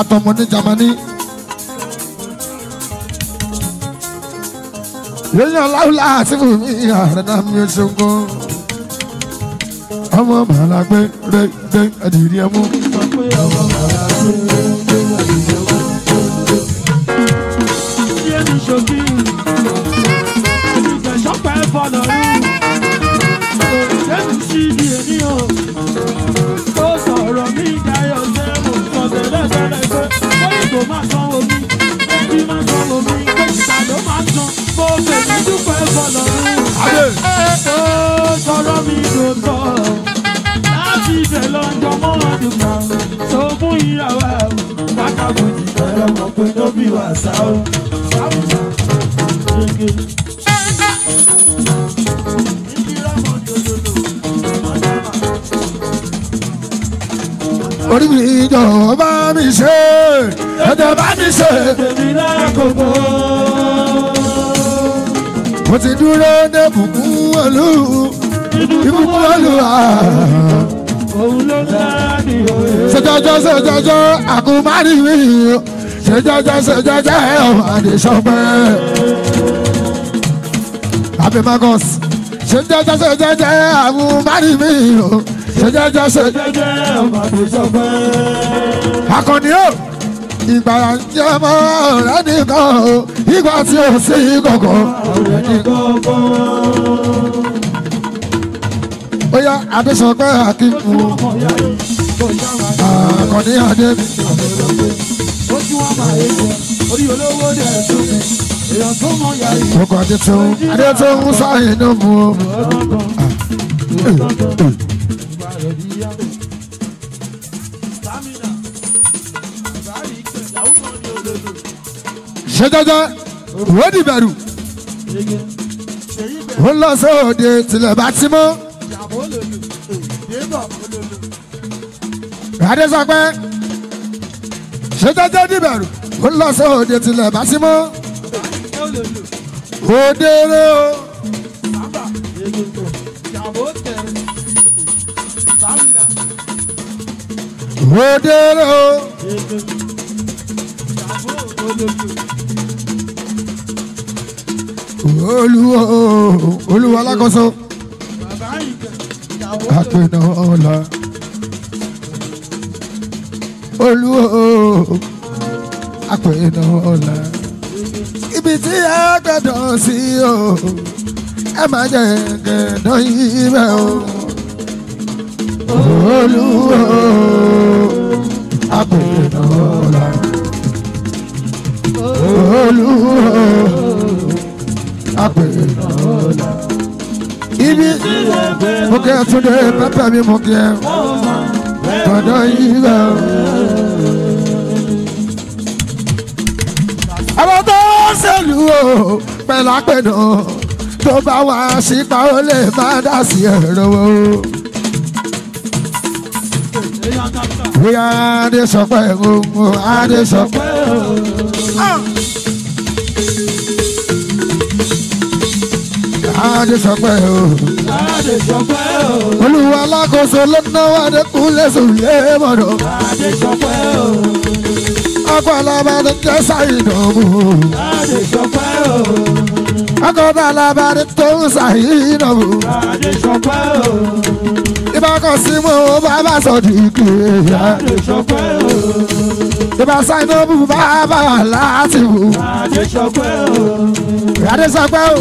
Àtọmọ ní Jamani. Yóò yàn láwùlá si bùnmí àrẹ náà mi ò ọmọ màlá gbé rẹ gbé àdìrí ẹ mú. ọmọ màlá gbé rẹ gbé àdìrí ẹ mú. ṣé mi ṣòkì ìgbẹ̀ṣọ́pẹ́ fọlọ́ rí ṣé mi ṣì di èmi o tó sọ̀rọ̀ mi dáyọ̀ sẹ́mu ọ̀sẹ̀ lẹ́sẹ̀ lẹ́sẹ̀ wọ́n ní kò má sanwó mi bí máa tán kò mí ìgbésà ló máa tán mo fèmí dúpẹ́ fọlọ́run ó sọ̀rọ̀ mi ló tọ́ láti ibẹ̀ lọ́jọ́ mọ́ àdùnkà tó fún ìyàwó bákàbọ̀ ìgbà ẹ̀rọ mọ̀ pé ló bí wàásà ó sábùsà gẹ́gẹ́. orí mi jọ̀ọ́ bá mi ṣe ẹ̀jẹ̀ bá mi ṣe tèmi lákòókò. mo ti dúró dé bùkún olú ìbùkún olú à. òun ló dá ní òye. ṣèjọjọ ṣèjọjọ àkùnmárì mi ṣèjọjọ ṣèjọjọ ẹ ọmọ àdìsọpẹ. Happy Magus ṣèjọjọ ṣèjọjọ àkùnmárì mi ṣèjẹ́jẹ́ ṣe. ṣèjẹ́jẹ́ ọmọ mi sọ pé. akọni o ìgbà jẹ́ mọ́ ọ̀rẹ́ nìkan o ìgbà tí o sí gọ̀gọ̀. ọ̀rẹ́ nìkan kọ́. ó yá adéṣọpẹ́ akíkú. akọni adé mi. ojú wa máa yẹ jẹ orí olówó dẹ̀ tó mi. èèyàn tó mọ̀ yà yìí. ṣẹjọjọ wọ́n dìbẹ̀rù ó lọ sóde tilẹ̀ bá ti mọ́. adé sọ pé ṣẹjọjọ dìbẹ̀rù ó lọ sóde tilẹ̀ bá ti mọ́. òde o. òde rẹ o. olúwo olúwo alákòóso àpènà ọ̀la olúwo àpènà ọ̀la ibi tí ẹ gbẹdọ̀ sí o ẹ má jẹ gẹdọ̀ yìí bẹ́ o olúwo àpènà ọ̀la olúwo. mo kẹ́ ẹ túndé pápá mi mo kẹ́ ẹ bàdá yìí I àwọn tó ń ṣèlú o pẹ̀lápẹ̀nà tó bá wà síta ó lè má dá sí ẹ̀rọ o. bóyá adé sọ pé gbogbo adé sọ pé o olùwà alákòóso lọ́nà wà dẹ́kun lẹ́sùn lẹ́mọ̀dọ̀. akọ̀lábà tó jẹ́ ṣàìdánwò. akọ̀lábà tó ń ṣàìdánwò. ìbákọ̀símọ̀ bàbá sọ̀dìkì. ìbá sáyẹ́nọ́bù bàbá láti wò. adé sọpẹ́ o.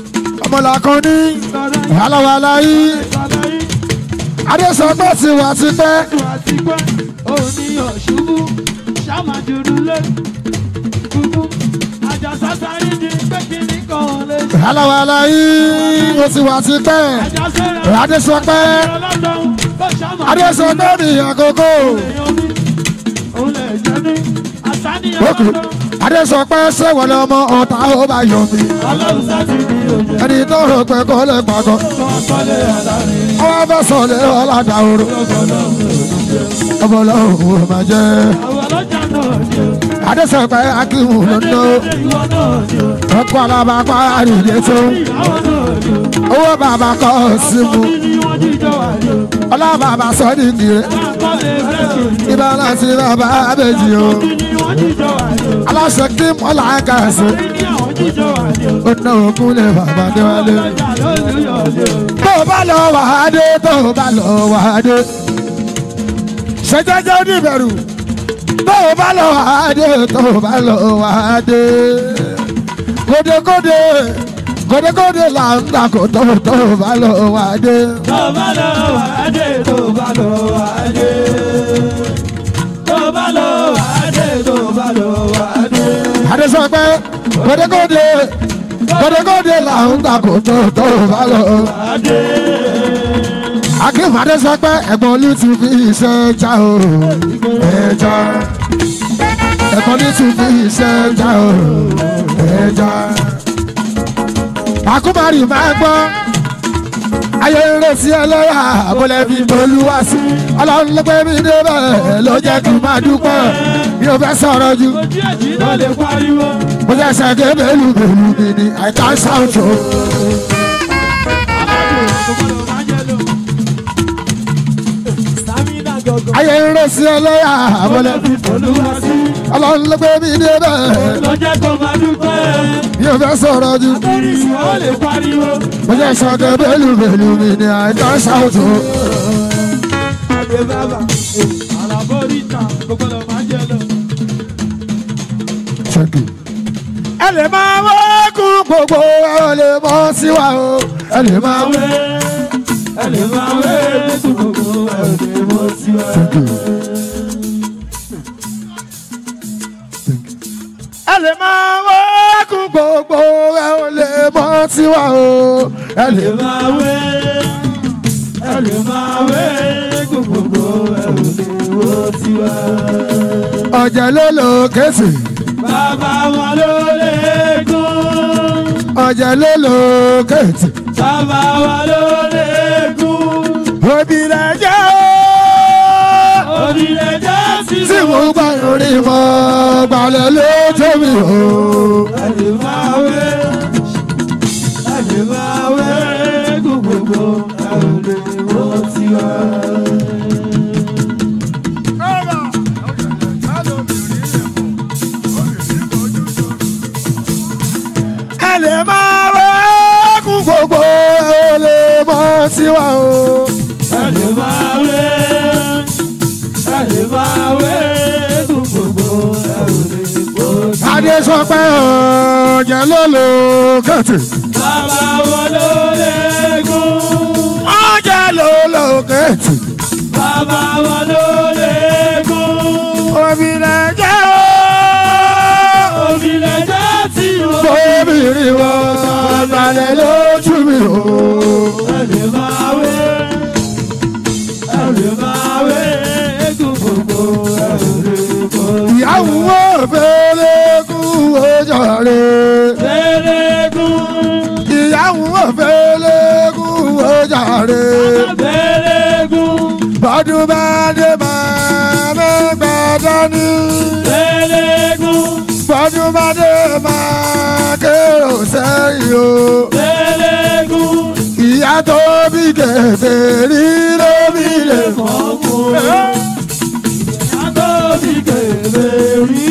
ọmọlà kan ní aláwa aláyí adésọgbọ́ ti wà ti pẹ́. òní ọ̀ṣubú ṣàmàjùrù kúkú àjàsá sáyé ní pékinní kan lé. aláwa aláyí ó ti wà ti pẹ́ adésọpẹ́ adésọpẹ́ ní àkókò. ó lè jẹ́ ní asániyàn lọ́dọ̀ adé sọ pé sẹ́wọ̀n lọ́mọ ọ̀tá ó bá yọ mí. ẹni tó rò pé kó lè gbàgbọ́. ọwọ́ bá sọ̀lẹ̀ ọ̀làdà òru. ọmọlá òun ò máa jẹ́. adé sọ pé akínwó ló ń lò. ọkọ̀ alábàápá àrùn tó owó bàbá kọ́ símú ọlá bàbá sọ ní ìdílé ìbára sí bàbá abẹ́jì o aláṣẹ kí mọ́lá kàṣẹ ó ná òkun lè bàbá déwálé tó bá lọ wàhádé tó bá lọ wàhádé ṣèjẹjẹ oníbẹ̀rù tó bá lọ wàhádé tó bá lọ wàhádé kódekóde kòdékòdé là ń gbà kó tó tó bá lọ wá dé. tó bá lọ wá dé tó bá lọ wá dé. tó bá lọ wá dé tó bá lọ wá dé. adé sọ pé kòdékòdé kòdékòdé là ń gbà kó tó tó bá lọ wá dé. akínfàdé sọ pé ẹ̀gbọ́n olú ti fi iṣẹ́ já o. ẹja ẹ̀gbọ́n olú ti fi iṣẹ́ já o àkúbárì máa gbọ́ ayẹyẹ sí ẹlẹ́yà àbọ̀lẹ́bí bolúwa sí ọlọ́run mi débẹ̀ ló jẹ́ kí n máa dúpẹ́ mi ò fẹ́ sọ̀rọ̀ jù mo jẹ́ sẹ́kẹ́ bẹ́lú bẹ́lú mi ni I can't sound so. ayẹyẹ sí ẹlẹ́yà àbọ̀lẹ́bí bolúwa sí ọlọ́run ló gbé mi ní ẹ̀bẹ̀. ló jẹ́ kó máa dúpẹ́. mi ò fẹ́ sọ̀rọ̀ jù. abẹ́rìsì ó lè pariwo. mo jẹ́ sọ̀kẹ́ bẹ́lú bẹ́lú mi ní àìdá ṣàwùjọ. àgbẹ̀ bàbá àràbọ̀rìta gbogbo lọ máa jẹ lọ. ẹ lè máa wọ́ọ̀kùn gbogbo ẹ lè bọ́ sí wa o ẹ lè máa wẹ́ ẹ lè máa wẹ́ gbogbo ẹ lè bọ́ sí wa. gbogbo ẹ ò lè mọ tiwa o ẹ lè máa wé ẹ lè máa wé gbogbo ẹ O lè mọ tiwa. ọ̀jẹ̀ ló lò kẹ́sì. bàbá wọn ló lè gún. ọ̀jẹ̀ ló lò kẹ́sì. bàbá wọn ló lè gún. obìnrin jẹ́ obìnrin jẹ́ sí orí mọ́ gbalẹ̀ ló tóbi o. àlùmáwé àlùmáwé gbogbogbò àlùmọ́ ti wá. àlùmáwé gbogbogbò àlùmọ́ ti wá o. sọ pé ọ̀jẹ̀ ló lò kẹ́tì. bàbá wọn ló lẹ́gùn. ọ̀jẹ̀ ló lò kẹ́tì. bàbá wọn ló obìnrin jẹ́ o. obìnrin jẹ́ tí o. obìnrin wọn sọ̀rọ̀ balẹ̀ lójú mi o. bá dé máa ló gbàdá ní. lélẹ́gùn. bọ́dún bá dé máa kérò sẹ́yìn o. lélẹ́gùn. ìyá tó bí kẹfẹ́ rí ló bí lè fọ́kùnrin. ìyá tó bí kẹfẹ́ rí.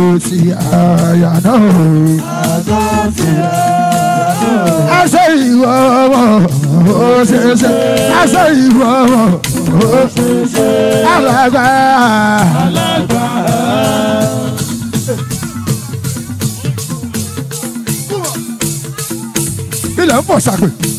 àgọ́ ti àyà náà. àgọ́ ti àyà náà. aṣọ ìwọ ọmọ ó ṣeéṣe. aṣọ ìwọ ọmọ ó ṣeéṣe. alàgbà. alàgbà. ilẹ̀ ń bọ̀ ṣàgbẹ̀.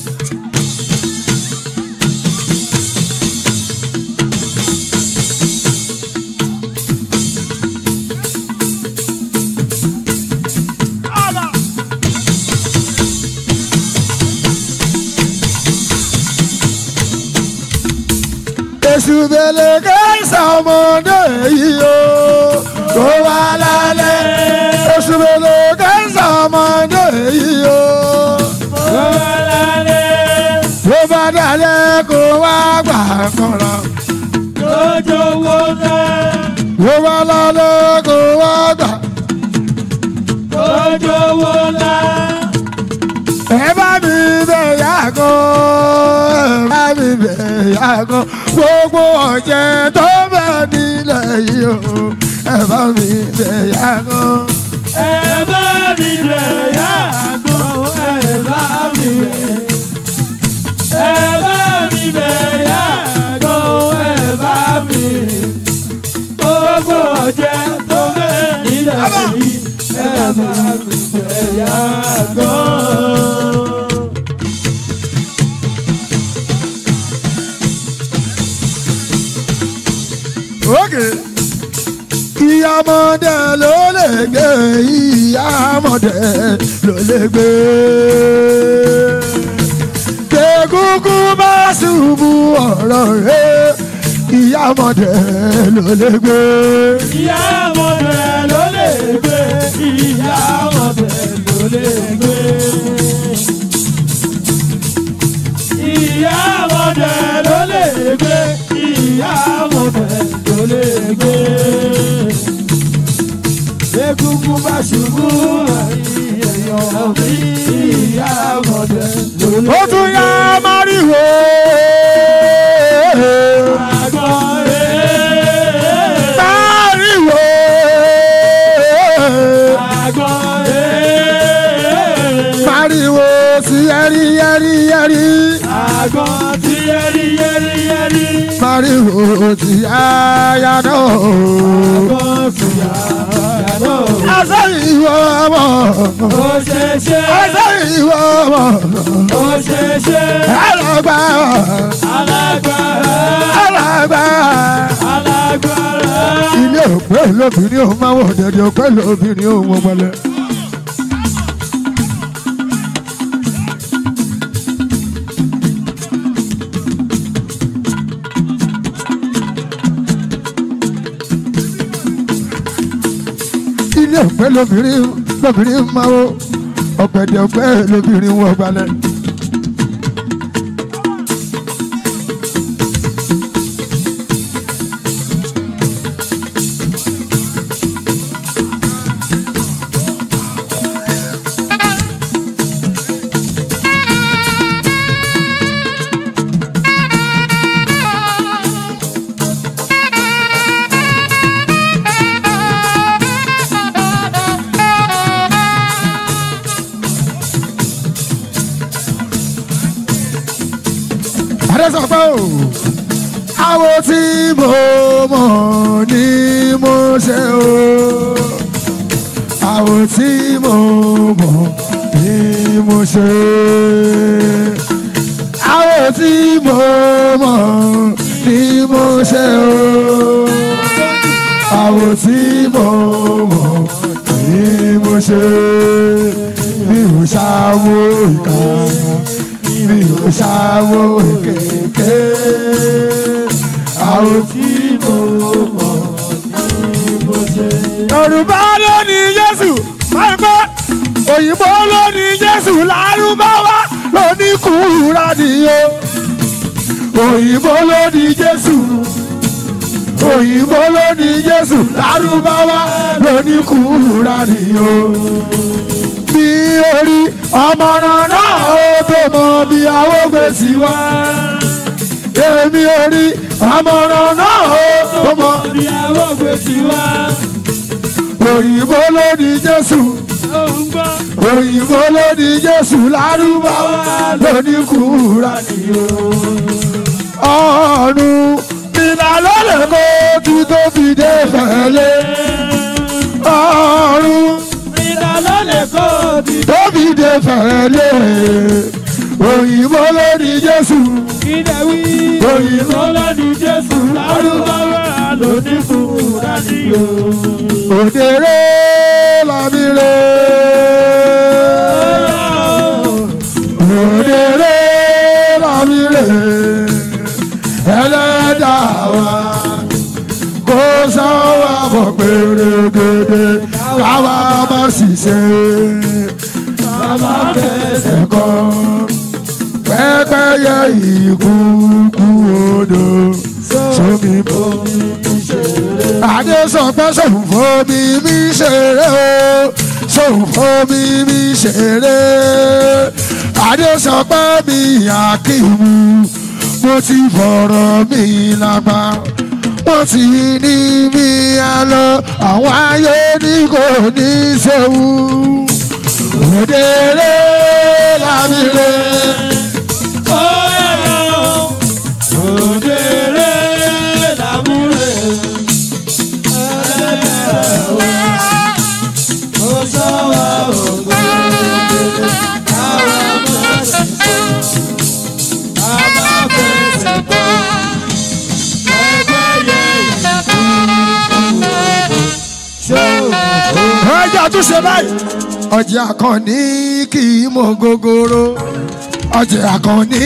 ìbèlè kẹsàn ọmọdé yìí o kó wá lálẹ́ oṣù bèlè kẹsàn ọmọdé yìí o kó wá lálẹ́ tó bá dalẹ̀ kó wá gbà kọ́ra. lójó wo tẹ́. kó wá lálẹ́ kó wá gbà. lójó wo tẹ́ ẹ bá mi bẹ̀ yàgò ẹ bá mi bẹ̀ yàgò gbogbo ọ̀jẹ̀ tó bá nílẹ̀ yìí o ẹ bá mi bẹ̀ yàgò. ẹ bá mi bẹ̀ yàgò ẹ bá mi bẹ̀. ẹ bá mi bẹ̀ yàgò ẹ bá mi. gbogbo ọ̀jẹ̀ tó bá nílẹ̀ yìí ẹ bá mi bẹ̀ yàgò. ọmọdé ló lè gbé ìyá ọmọdé ló lè gbé. Gbẹ̀gúngú bá ṣubú ọ̀rọ̀ rẹ̀ ìyá ọmọdé ló lè gbé. Ìyá ọmọdé. ṣubú bá ṣubú ó tún yá máríwó. ihò tí yáyá náà. Ọ̀sẹ̀ ìwọ ọmọ. Ọ̀sẹ̀ ìwọ ọmọ. Alágbára. Alágbára. Alágbára. Ilé òpè lóbìnrin òun máa wọ̀ dẹ̀dẹ̀ òpè lóbìnrin òun wọ̀ pẹ̀lẹ́. ọ̀pẹ lóbìnrin lóbìnrin máa ó ọ̀pẹ̀dẹ̀ ọ̀pẹ lóbìnrin wọ̀ balẹ̀. ti wá. èmi ò rí àmọ̀ràn náà ó tó mọ. ìyàwó gbé ti wá. òyìnbó ló ní jésù. òyìnbó ló ní jésù lárúbáwá ló ní kúra nìyó. ọ̀run ìlànà lè kó tún tó fi dé fẹ́lẹ́. ọ̀run ìlànà lè kó tún tó fi dé fẹ́lẹ́ òyìnbó ló ní jésù. kílẹ̀ wí. òyìnbó ló ní jésù. lárúbáwá ló ní fún rádìó. òdèrè. ṣòfò bíbí ṣeré o ṣòfò bíbí ṣeré adéṣọpẹ́ mi àkìmù mo ti fọ̀rọ̀ mi lágbá wọ́n ti ní mi àlọ́ àwọn ayé ní kò ní ṣeun òdèrè lábìrè. tún ṣe báyìí. ọjà kan ní kì í mọ gogoro ọjà kan ní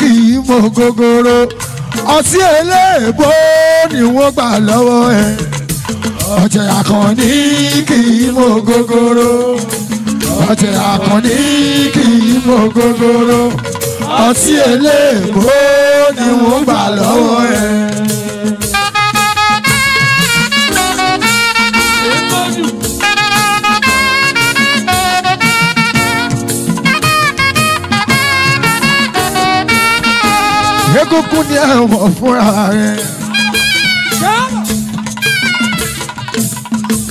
kì í mọ gogoro ọtí eléèbó ni wọ́n gbà lọ́wọ́ ẹ ọjà kan ní kì í mọ gogoro ọjà kan ní kì í mọ gogoro ọtí eléèbó ni wọ́n gbà lọ́wọ́ ẹ. mọ̀ fúnra rẹ̀.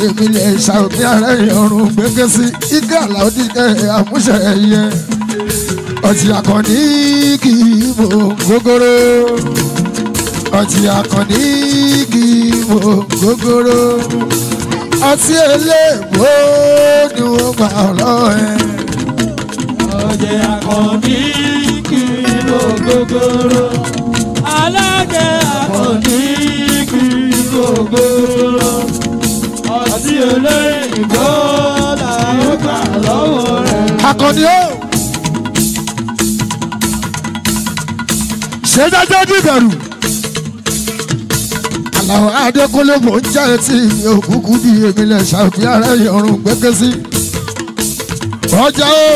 èmi lè ṣàwùjọ ara ìrọ̀rùn gbẹ́gẹ́ sí igi àlàódì jẹ́ àmúṣe ẹ̀yẹ ọtí akọni kì í mọ gógóró ọtí akọni kì í mọ gógóró ọtí eléèbó ni wọ́n gbà ọ̀rọ̀ ẹ̀. ọjẹ́ akọni kì í mọ gógóró aládé àkànní kí gbogbo ọtí olóyìnbó làwọn gbà lọ́wọ́ rẹ̀. àkànní o. ṣé dìbẹ̀rù. àlàó adékúnlé mò ń jẹ́ etí mi òkúkú bí èmi lè ṣàfihàn ẹ̀yìn ọ̀run gbẹ́kẹ́ sí. ọjà o.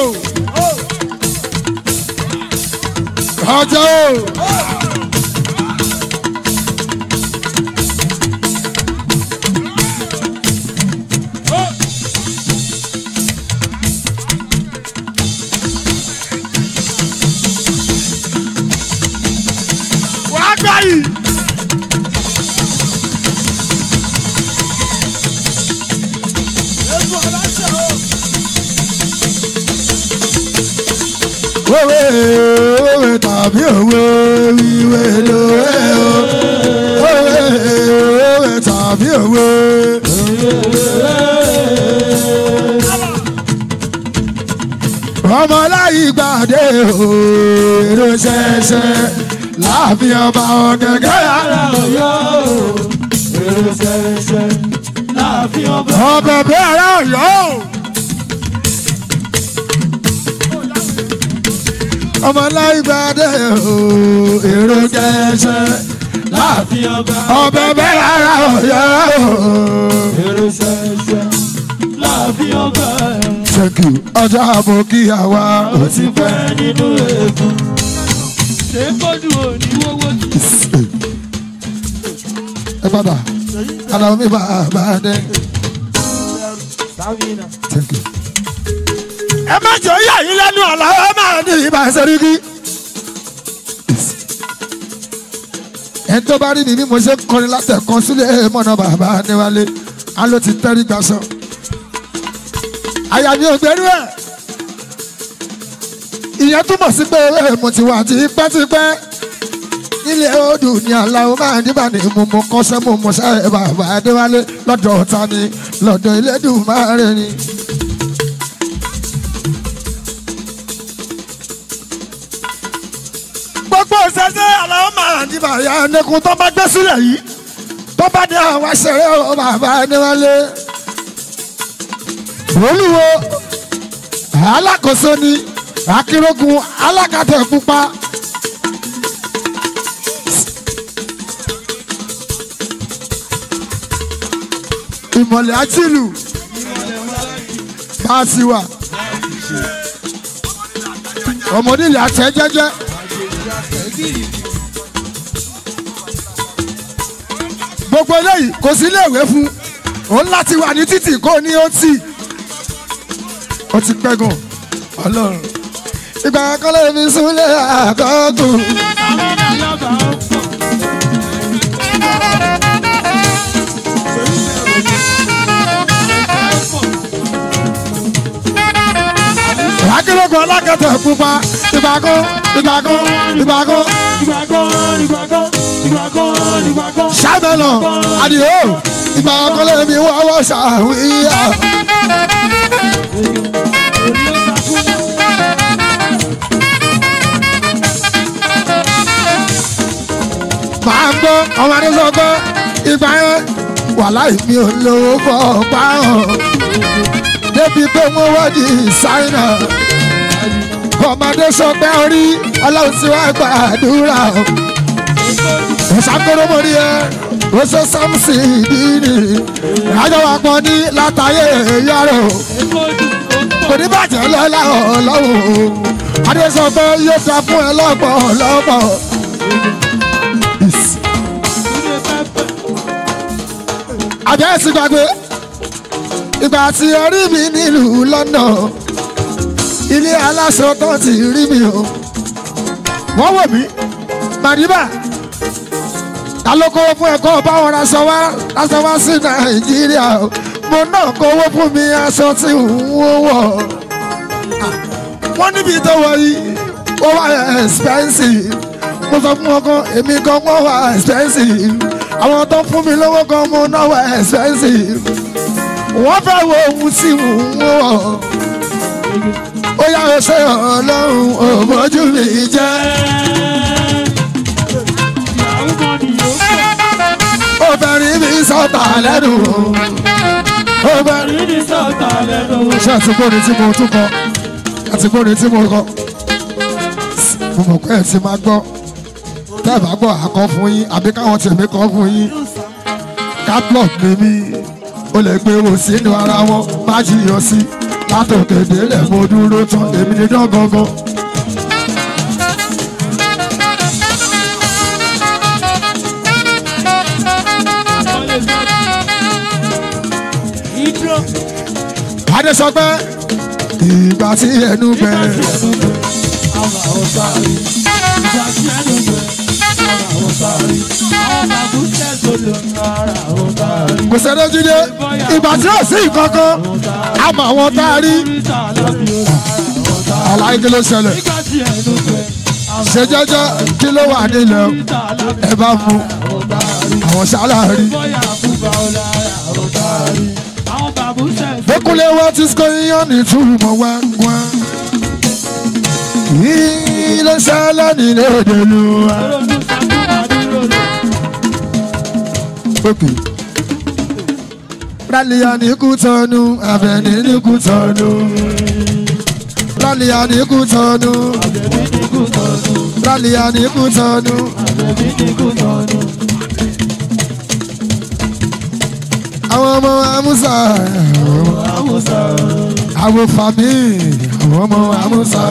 ọjà o. ni ọba ọ̀gẹ̀gẹ̀ yàrá ọ̀yọ́ èrò ṣẹ̀ṣẹ̀ láàfin ọba. ọbẹ̀ bí ara ọ̀yọ́. ọmọ láìgbàdé èrò ṣẹ̀ṣẹ̀ láàfin ọba. ọbẹ̀ bí ara ọ̀yọ́. èrò ṣẹ̀ṣẹ̀ láàfin ọba. thank you ọjà àbòkí àwa. ó ti fẹ́ nínú èkó ṣe é bọ́dù òní wọ́wọ́ tù. ẹ padà aláwọ̀ mi bá a dẹ́. ẹ má jọ yà yín lẹ́nu àlá ẹ máa ní ibà sẹ́ríkì. ẹ tó bá rí mi bí mo ṣe ń kọrin látẹ̀kan sílé ẹ mọ̀nà bàbá níwálé a ló ti tẹ́rí gbà sọ. àyà mi ò gbẹ́rú ẹ̀ ìyẹn túmọ̀ sí pé ewé mo ti wà tipẹ́tipẹ́ nílé odò ní aláwo máa níbà ní mo kọ́sẹ́ mo sáré bàbá adéwálé lọ́dọ̀ ọ̀tá ni lọ́dọ̀ ilédùn máa rẹ̀ ni. gbogbo ìṣẹ́ṣẹ́ aláwo máa níbà ya ẹnìkun tó bá gbé sílẹ̀ yìí tó bá ní àwọn aṣèré ọ̀rọ̀ bàbá adéwálé. olúwo alákòóso ni akérògùn alákatẹ pupa. ìmọ̀lẹ̀ àtìlù bá a sì wà ọmọdé ilẹ̀ àtẹ jẹ́jẹ́. gbogbo eléyìí kò sí iléèwé fún òun láti wà ní títì kó ní ó tì ó ti pẹ́ gan ọlọ́run ìgbà kọ́lé mi súnlẹ̀ àkọ́kùn. akérèkọ alákẹtọ pupa ìgbàgbọ ìgbàgbọ ìgbàgbọ ìgbàgbọ ìgbàgbọ ìgbàgbọ ìgbàgbọ. sábẹ́lọ̀ àdìo ìgbà kọ́lé mi wọ́wọ́ ṣàwíyà. báyẹn wàláì mi ò lówó bọ́ ọ̀pá hàn débi pé wọ́n wọ́n di ṣáínà ọmọdé sọ pé orí ọlọ́run sì wá gbàdúrà ọ̀sàkóròmọ́rí ẹ oṣù sámsì dìínì ajọ́wọ́pọ̀ ní látàyè yọrọ kò ní bàjẹ́ lọ́la ọlọ́wọ́ adé sọ pé yóò ta fún ẹ lọ́pọ̀ lọ́pọ̀. àbẹ́sí gbàgbé ìgbà tí ẹ rí mi nílùú London ilé aláṣọ kan ti rí mi o wọ́n wò mí màdìbà ta ló kówó fún ẹ̀kọ́ báwọn aṣọ wá aṣọ wá sí Nàìjíríà o mo náà kówó fún mi aṣọ tí ń wọ̀ wọ́n níbi tó wọ̀ yìí ó wà expensive mo sọ fún ọkọ èmi gan wọ́n wà expensive àwọn tó fún mi lówó gan mo náwó expensive wọ́n fẹ́ wo ohun tí mò ń wọ̀ ó yá o ṣe ọlọ́run òmójú mi jẹ́. obìnrin mi sọ̀tà lẹ́nu obìnrin mi sọ̀tà lẹ́nu. ṣé àtìgbóni tí mo tún kọ àtìgbóni tí mo kọ mo mọ̀ pé ẹ̀ ti máa gbọ́ tẹ́ẹ̀bá gbọ́ àkọ́ fún yín àbí káwọn tèmi kọ́ fún yín caplop ni mí ó lè gbé wo sínú ara wọn má jiyàn sí látòkè délẹ̀ mo dúró tán èmi ni dán adé sọ pé ìgbà tí ẹnu bẹ̀rẹ̀ àwọn ọ̀sán yìí kò sẹ́dọ̀ jíde ìgbà tí ó sí ìkọ̀kọ̀ àmọ́ àwọn tá a rí àlàyé kí ló ṣẹlẹ̀ ṣe jẹ́jẹ́ kí ló wà nílẹ̀ ẹ bá mu àwọn ṣáláàrí. Bókúlé wá ti sọ yíyan ní túmọ̀ wá Ilé ṣáláàrí lè dèlú wa. pèpè. Rálíà ní kú tọ́nu, àbẹ̀ní ní kú tọ́nu. Rálíà ní kú tọ́nu, àbẹ̀ní ní kú tọ́nu. Rálíà ní kú tọ́nu, àbẹ̀ní ní kú tọ́nu. Àwọn ọmọ Amúsà, àwọn fàmí, àwọn ọmọ Amúsà,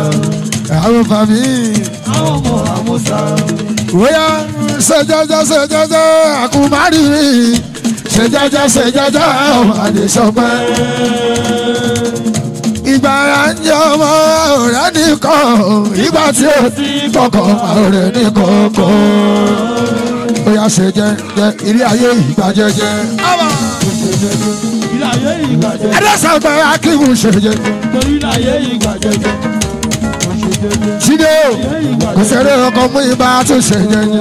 ṣe jẹ́jẹ́ ṣe jẹ́jẹ́ àkùnmárì ṣe jẹ́jẹ́ ṣe jẹ́jẹ́ àdìsọ́pẹ́. ìgbà ara ń jẹ ọmọ ọ̀rẹ́ nìkan ìgbà tí ó ti kọ̀kọ̀ ọ̀rẹ́ nìkan kọ́. ó yá ṣe jẹ́jẹ́ ilé ayé ìgbà jẹ́jẹ́. ẹ̀rọ sọ̀gbẹ́ akínwó ṣe jẹ́jẹ́. torí ilé ayé ìgbà jẹ́jẹ́ jíde o kò sẹ́rẹ́ ọkọ̀ mú ibà tó ṣe yẹ yẹ.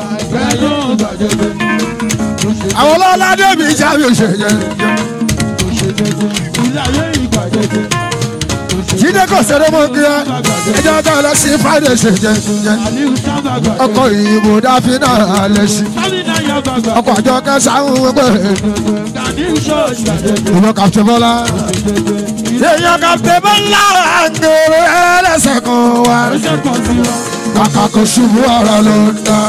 àwọn ọlọ́ládé mi já mi ò ṣe yẹ yẹ. jíde kò sẹ́rẹ́ mọ́ kí ẹ ẹjọ́ tó lọ sí fàdé ṣe yẹ yẹ. ọkọ̀ ìbò dáfínà alẹ́ sí. ọkọ̀ àjọ kẹsàn-án wípé. ìbọn kàfẹ́ bọ́lá èèyàn kan tẹ́bọ̀ ńlá gbèrè ẹlẹ́sẹ̀ kan wá. kàkà kò ṣubú ara ló ń dá.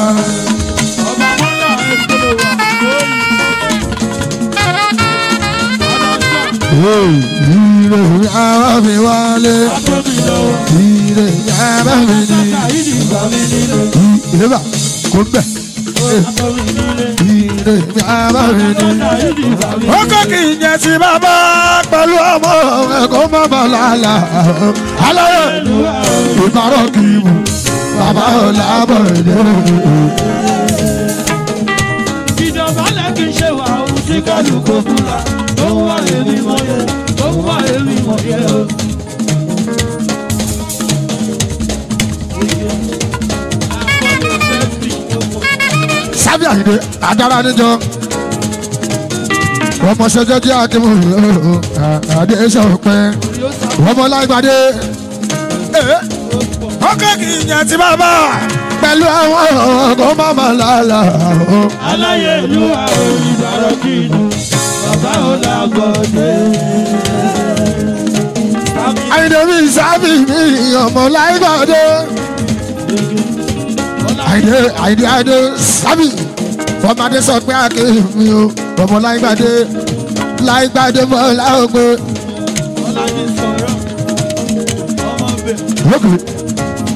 Ire yàrá mi wálé. Ire yàrá mi ní. Ire bá kó bẹ̀ ire mi ara mi ni. ó kọ́ kí n yẹ sí bàbá pẹ̀lú ọmọ ẹ̀kọ́ bàbá làlà aláyẹ̀ ìbárọ̀ kì í mú bàbá làbọ̀ ẹ̀dẹ̀ kálukó fúnra tó ń wá èmi mọ̀ yẹ tó ń wá èmi mọ̀ yẹ kábíyà ìdè agbára níjọ ọmọ ṣẹjọ jẹ àdìmú àdé iṣẹ òpin ọmọ láìpàdé ọkọ kì í ti bàbá pẹ̀lú àwọn ọkọ mọ́mọ́ lálá o. aláyé ìlú àwọn ìbàrọ̀ kì í dùn bàbá ò mi sábì mi ọmọ láìpàdé àìdè àìdè àìdè sábì fọmọdé sọ pé àkéwì mi o ọmọ láìgbàdé láìgbàdé mọ láògbé. ok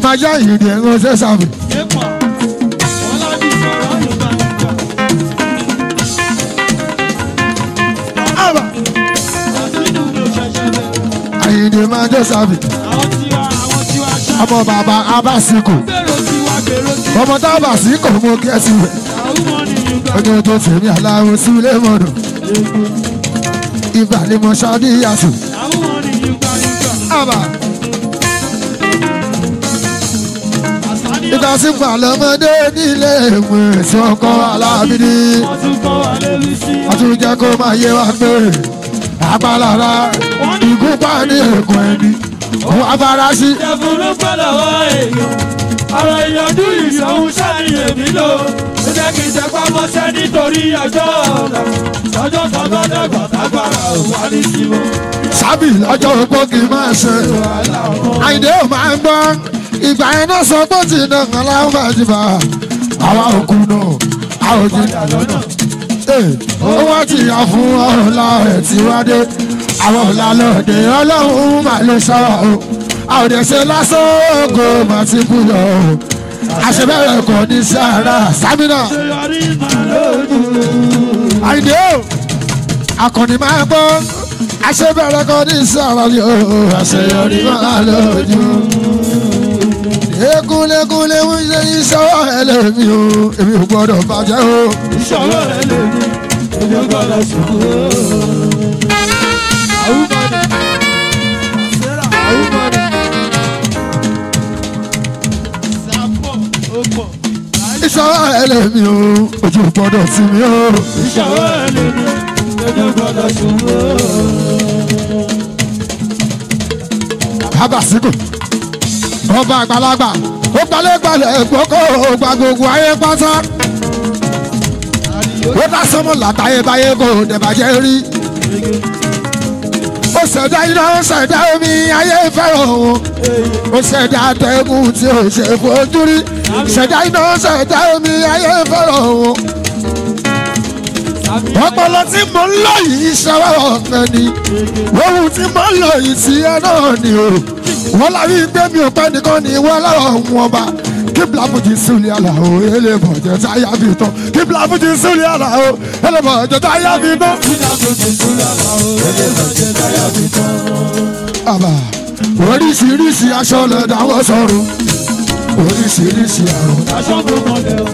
máa yá ìrìn ẹ̀rọ ṣe sábì. àyìnbó máa jẹ́ sábì. ọmọ bàbá abásíkò ọmọ tábà sí kò mú kí ẹ sí wẹ̀ ọjọ́ tó fèmí aláwo sílé mọ̀nà ibà ni mo ṣáájú yàtọ̀ àbà ìgbà sí pàlọ́mọdé nílé ìwé tí wọ́n kọ́ alábídí àtúnjẹ kó máa yé wa pé àpalára ìgúnpá ní èkó ẹni òun afárá sí. ìjẹ̀bùrú pẹ̀lú ọwọ́ èèyàn. Ara ìyọ̀dú ìyọ̀hún ṣàníyàn mí lò ó jẹ́ kí n tẹpá mọ́ṣẹ́ nítorí ọjọ́ ọ̀la lọ́jọ́ kan bá dàgbà tágbàrà ò sábì lọ́jọ́ ogbó kì í máa ṣe àìdè ò máa ń gbọ́ ìgbà yẹn náà sọ pé tí ìdọ̀kan láwọn bá ti bá àwa òkú nù àwòjì ó wá ti yà fún ọ̀la ẹ̀ tí wá dé àwọn ọ̀la lọ́ọ̀dẹ̀ ọlọ́run mà lè ṣọ́ra o àwòdẹ̀ṣe lásán kò má ti kú yọ o àṣebẹ̀rẹ̀ kò ní sára sámínà. àyìndé o akọni máa gbọ́ àṣebẹ̀rẹ̀ kò ní sára ni o àṣeyọrí máa lójú. Ekunlekun lè ń ṣe ìṣọwọ́ ẹlẹ́mi o, èmi ò gbọ́dọ̀ bàjẹ́ o. Ìṣọwọ́ ẹlẹ́mi, èmi ò gbọ́dọ̀ sùn o. Àwùjọ ni, Sarah, àwùjọ. ìṣòro ẹlẹ́mi o ojú gbọ́dọ̀ sí mi o. ìṣòro ẹlẹ́mi ojú gbọ́dọ̀ sí mi o. bàbá sígùn ọba àgbàlagbà ó gbalẹ̀gbalẹ̀ gbọ́kọ̀ ògbà gbogbo ayé pátá ó dá sọ́mọ́ látayébáyé kò dẹ̀bàjẹ́ rí ó ṣẹ̀dá iná ó ṣẹ̀dá omi ayé fẹ́ràn òun ó ṣẹ̀dá atẹ́gùn tí ó ṣe fojú rí ṣẹ̀dá iná ṣẹ̀dá omi ayé fẹ́ràn wọn. ọpọlọ tí mo ń lò yìí ṣọwọ́ ọ̀gbẹ́ ni ohun tí mo ń lò yìí sí ẹ náà ni o wọ́n lárí pé mi ò pẹ́ nìkan ni wọ́n lọ́rọ̀ wọn bá kibla fuji suli ala o ele bọjẹ ta ya fi tán kibla fuji suli ala o ele bọjẹ ta ya fi tán. kibla fuji suli ala o ele bọjẹ ta ya fi tán. àbá oríṣiríṣi aṣọ lọ́dà wọ́n sọ̀rọ̀ oríṣiríṣi àrùn aṣọ tó mọ́lẹ̀ o.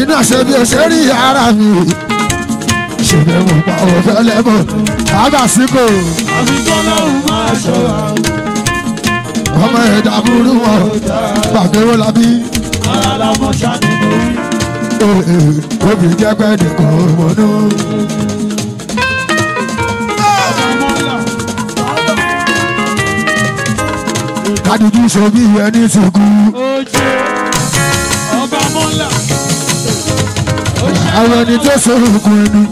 iná ṣe bí o ṣe rí ara mi ṣèlè mo pa òfẹ́ lẹ́mọ̀ bàbá síkò. àfikún ọlọ́run máa ṣọ́ra. ọmọ ẹ̀dá burú wọn gbàgbéwò lábí. ara làwọn ṣáà nínú. obì jẹ́ pẹ́ nìkan mọ́nú. àdùjú ṣojú ìyẹn ní ṣùkú. ojú ọba mọ́là. àwọn ẹni tó sọ̀rọ̀ kù ẹnu.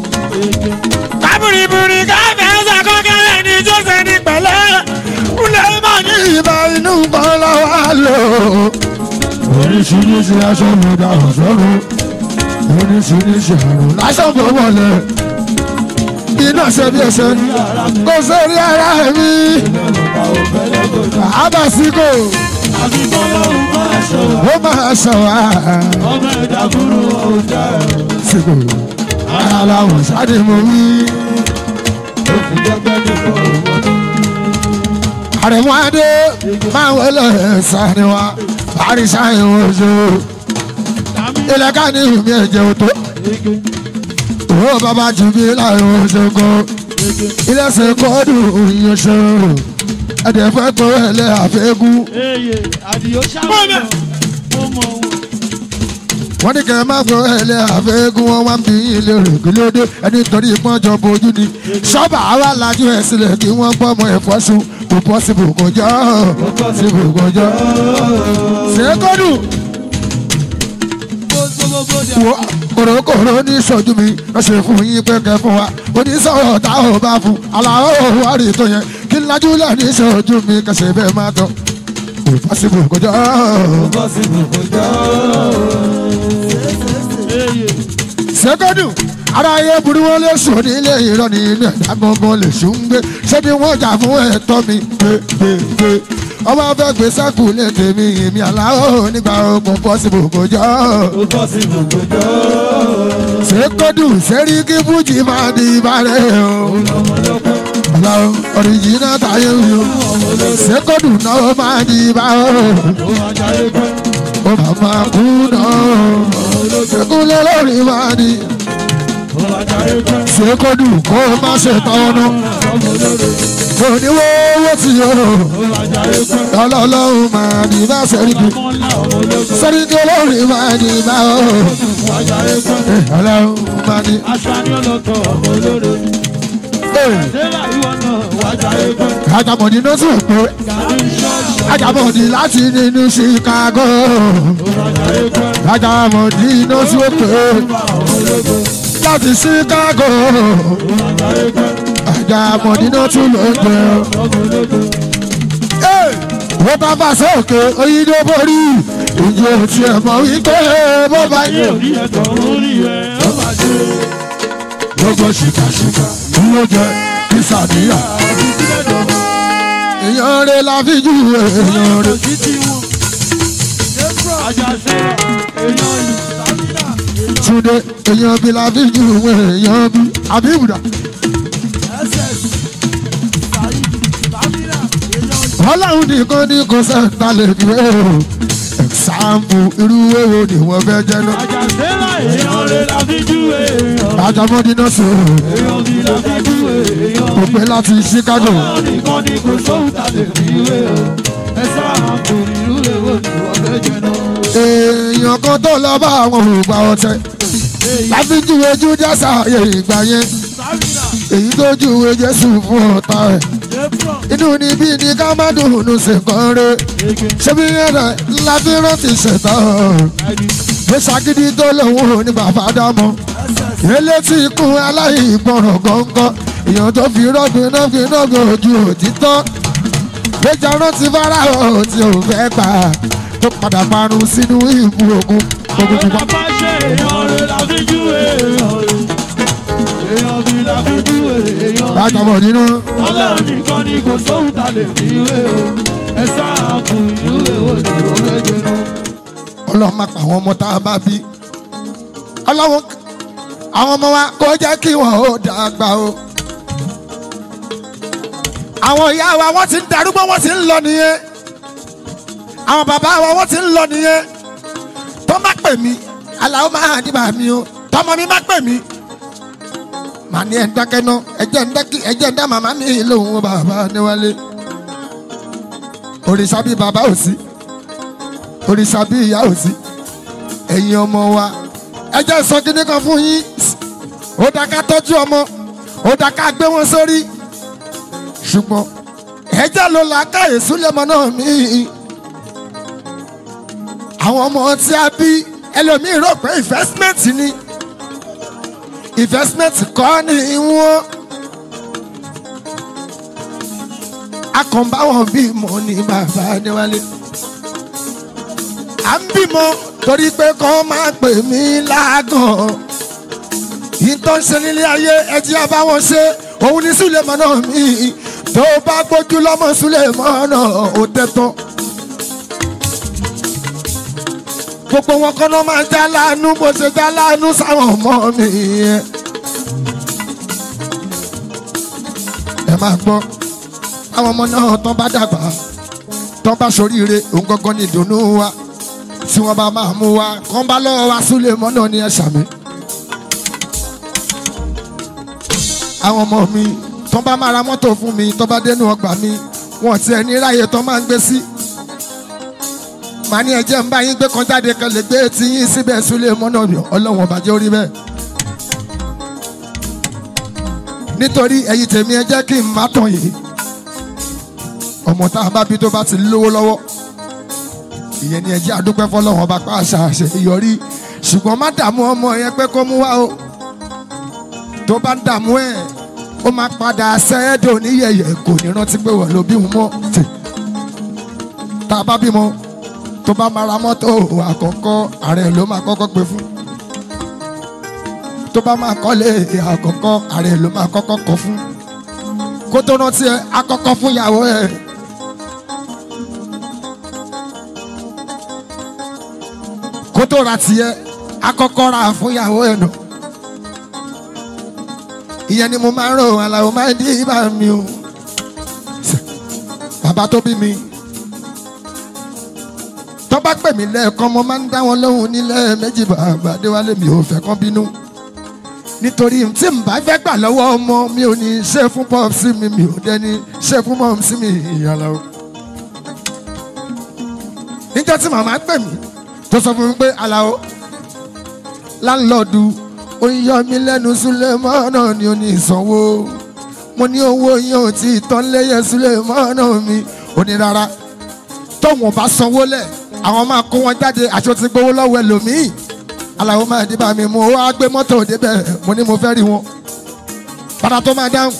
kábùrìbùrì káfẹ́ ṣàkọ́kẹ́rẹ́ ni jọ́sẹ̀ ní pẹ̀lẹ́. kúlẹ̀ máa ní ìbá inú bọ́lá wa lò. oríṣiríṣi aṣọ mi dà sọ́rọ̀ oríṣiríṣi àrùn lásán bọ́ wọlé mi náà ṣe bí ọṣẹ kò sórí ara mi abasiko ó máa ṣọ wá. ọmọ ẹ̀dá kúrò ó jẹ́ sìkò ara làwọn sáré mo wí. àrẹ̀mú adé máa wọlé sáré wa àrísà ìwọ̀n oṣù ilẹ̀ ká ní ìrùmí ẹ̀jẹ̀ òtó owó bàbá jù mí láàrin òṣèkó ilé ṣe kọ́ọ̀dù òyìn ṣòro ẹ̀dẹ̀ fẹ́ tó ẹlẹ́ àfẹ́gùn. wọ́n ní kẹ́ ẹ má fọ ẹlẹ́ àfẹ́gùn wọn wá ń bí ilé rẹ̀ kí ẹni torí pọ́njọ bojú ni ṣọ́ọ̀bà wa lajú ẹ̀ sílẹ̀ kí wọ́n gbọ́ ọmọ ẹ̀fọ́ sùn kò pọ́sibù kò jọ́ kò pọ́sibù ṣe é kọ́dù òrókòrò ní ìṣojú mi ẹ ṣe fún yín pẹ́kẹ́ fún wa oníṣòwò tá ò bá fún aláwọ̀ wárì tó yẹn kí n lajú lẹ̀ ní ìṣojú mi kẹsẹ̀ bẹ́ẹ̀ máa tọ́ kò pásìbò kò jọ́. kò pásìbò kò burú wọn lè sùn nílé ìrọ̀ nínú ẹ̀dá gbọ̀ngàn lè sùn gbé ṣé ni wọ́n jà fún ẹ̀tọ́ mi gbégbégbé ọba fẹ́ gbé sẹ́kù lè tèmi èmi aláwọ̀ nígbà ogun pọ́sibù kòjọ́. pọ́sibù kòjọ́. ṣé kódù sẹ́rí kí fújì máa di ìbárẹ̀ o. Láwo ọ̀rìjìnà táyé wí o. Ṣé kódù náà máa di ìbá o. Ó máa máa kú náà Ṣé kúlẹ̀ lórí máa di ṣe kó dùn kó o má ṣe tán ọ́nà oníwọ́wọ́ ti yọ ọlọ́lọ́hún máa ní bá sẹ́ríkì sẹ́ríkì olórin máa ní bá ọ́ ọlọ́hún máa ní. Àjàmọ̀dì ló sì pé Àjàmọ̀dì láti nínú Chicago Àjàmọ̀dì ló sì pé láti Chicago àjà mọ̀dínà tún ló ń jẹ wọ́n bá bá sókè oyin ló borí ìjọ tí ẹ mọ̀ wípé bó bá yẹ orí ẹ̀ tọ́ orí ẹ̀ ó bá ṣe. gbogbo ṣìkàṣìkà ni ó jẹ ìsàdíyà. èèyàn rẹ̀ la fi jù èèyàn rẹ̀. àjàṣe èèyàn yìí túnde èèyàn bí la fi jù wọ èèyàn bí àbíbùdà. ọlọ́run nìkan ní kò sẹ́ńtà lè fi wé o Example, irú èwo ni wọ́n fẹ́ jẹ́ náà. àjàndínlá èèyàn lè la fi jù èèyàn. àjàmọ́dé náà sọ. èèyàn bí la fi jù èèyàn. òpè láti Chicago. ọlọ́run nìkan ní kò sẹ́ńtà lè fi wé o ẹ̀sáàmù irú èwo ni wọ́n fẹ́ jẹ́ náà èèyàn kan tó lọ bá àwọn òrùba ọ̀tẹ̀ láti júwe júdásà ààyè ìgbà yẹn èyí tó júwe jésù fún ọ̀tá ẹ̀ inú ni bí ni ká má dùnú sí kan re ṣébí ẹ̀rẹ̀ láti rántí ṣẹ̀tọ́ pé ṣàgídí tó lòun ò ní bàbá dámọ́ elétí ikú aláìgbọràn gọ́ngọ́ èèyàn tó fi rọ́gbìn náà fi náà gbòòjú òtítọ́ gbéjà rántí fáráhàn tí òun fẹ́ pa tó padà parun sínú ìlú ogun ogun pupa. àwọn ọ̀dà ṣe èèyàn rẹ̀ la fi jú èèyàn rẹ̀ èèyàn mi la fi jú èèyàn rẹ̀. látàbọ̀ nínú. ọlọ́run nìkan ni kò sóhun ta lè fi wé o ẹ sáà kùn ìwé òde òwe jẹun. ọlọ́run máa pa àwọn ọmọ tá a bá bí ọlọ́run àwọn ọmọ wa kó jẹ́ kí wọ́n ó dàgbà o. àwọn ìyá wa wọ́n ti ń darúgbó wọ́n ti ń lọ nìyẹn àwọn bàbá wa wọ́n ti ń lọ nìyẹn tó má pè mí aláwọ̀ máa hàn ní bàá mi o tọmọ mi má pè mí màá ní ẹ̀ńdákẹ́ náà ẹ̀jẹ̀ ẹ̀ńdákì ẹ̀jẹ̀ ẹ̀ńdá màmá mi lòun bàbá níwálé òrìṣà bíi bàbá ò sí òrìṣà bíi ìyá ò sí ẹ̀yin ọmọ wa ẹ̀jẹ̀ sọ kíní kan fún yín ó dá ká tọ́jú ọmọ ó dá ká gbé wọn sórí ṣùgbọ́n ẹ̀jẹ̀ ló làákàyè súlẹ̀mọ náà míì àwọn ọmọ tí a bí ẹlòmíì rò pé investment ni investment kọ́ ni wọ́n akọ̀ǹbáwọ̀n bímọ ni bàbá Adéwálé à ń bímọ torí pé kọ́ máa pè mí lágàn yìí tó ń ṣe nílé ayé ẹjí abáwọn ṣe òun ní Sulemana mi tó bá gbójú lọ́mọ Sulemana ó tẹ́ tán gbogbo wọn kọ́nà máa ń já láàánú bó ṣe já láàánú sáwọn ọmọ mi yẹn. ẹ máa gbọ́ àwọn ọmọ náà tán bá dàgbà tán bá ṣoríire òun gangan ni ìdùnnú wa tí wọ́n bá máa mú wa kán bá lọ́wọ́ wa súlé mọ́ náà ní ẹ̀ṣà mi. àwọn ọmọ mi tán bá máa ra mọ́tò fún mi tán bá dénú ọgbà mi wọ́n ti ẹ̀ ní ráyè tán máa ń gbé sí. Si màá ní ẹjẹ́ ń bá yín gbé kan jáde kan lè gbé etí yín síbẹ̀ súlé mọ́nà ọlọ́wọ̀n bàjẹ́ orí bẹ́ẹ̀. nítorí ẹ̀yin tèmi ẹ kí n má tàn yìí ọmọ tá a bá bí tó bá ti lówó lọ́wọ́ ìyẹn ni ẹjẹ́ adúpẹ́ fọlọ́wọ́n bá pa àṣà àṣẹ ìyọrí ṣùgbọ́n má dààmú ọmọ yẹn pé kó mú wá o tó bá ń dààmú ẹ̀ ó máa padà sẹ́ẹ̀dọ̀ níyẹ̀yẹ̀ kò ní rántí pé wọ́n ló bí wọn mọ́ tá a bá bímọ tó bá máa ra mọ́tò àkọ́kọ́ ààrẹ ló máa kọ́kọ́ pè fún tó bá máa kọ́lé àkọ́kọ́ ààrẹ ló máa kọ́kọ́ kọ́ fún kó tó rántí ẹ akọ́kọ́ fún ìyàwó ẹ. kó tó ra tiẹ̀ akọ́kọ́ ra fún ìyàwó ẹ nù ìyẹn ni mo máa ń rò Àlàó máa ń dí ibà mi o bàbá tó bí mi tó bá pè mí lẹ́ẹ̀kan mo máa ń dá wọn lóhùn nílẹ̀ méjì bàbá adéwálé mi ò fẹ́ kán bínú nítorí tí n bá fẹ́ gbà lọ́wọ́ ọmọ mi ò ní ṣe fún pọ́ọ̀sì mi mi ò dẹ́ni ṣe fún mọ́ọ̀sì mi ìyàlá o. níjọ́ tí màmá pè mí tó sọ fún mi pé aláwo láńlọ́ọ̀dù ó ń yọ mí lẹ́nu Súlẹ́mọ́nà ni ó ní ìsanwó mo ní owó yẹn ò tí ì tán lẹ́yẹ Súlẹ́mọ́nà mi ò ní rárá tóun ò bá sanwó lẹ́ẹ̀ àwọn máa kó wọn jáde àṣọ ti gbowó lọ́wọ́ ẹlòmíì aláwo máa dé bá mi mú owó á gbé mọ́tò débẹ̀ mo ní mo fẹ́ rí wọn padà tó máa dáhùn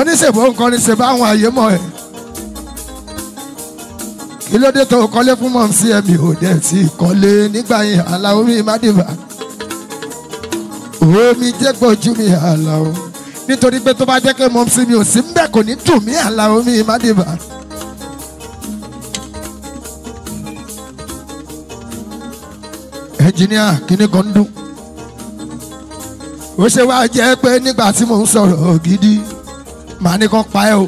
oníṣègbè nǹkan ní ṣe bá àwọn àyè mọ̀ ẹ́ kí ló dé tó kọ́lé fún mọ̀ sí ẹ̀mí ò dẹ̀ sí kọ́lé nígbà yẹn aláwo mi má dìbà omi jẹ́ gbọ́jú mi aláwo nítorí pé tó bá jẹ́ pé mọ̀ sí mi ò sí ń kò ní tù mí aláwo mi má dìbà. ẹnjìníà kíní kan ń dún ó ṣe wá jẹ́ pé nígbà tí mò ń sọ̀rọ̀ gidi màá ní kan pa ẹ́ o.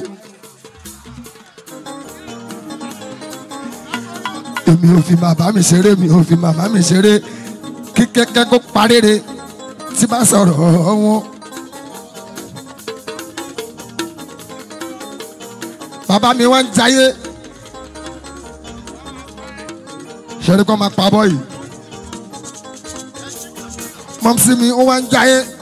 èmi ò fi bàbá mi ṣeré mi ò fi màmá mi ṣeré kí kẹ́kẹ́ kó parére tí bá sọ̀rọ̀ wọn. bàbá mi wọ́n ń jayé ṣe é kó máa pa bọ́ yìí mọ̀mísí mi ó wá ń jayé.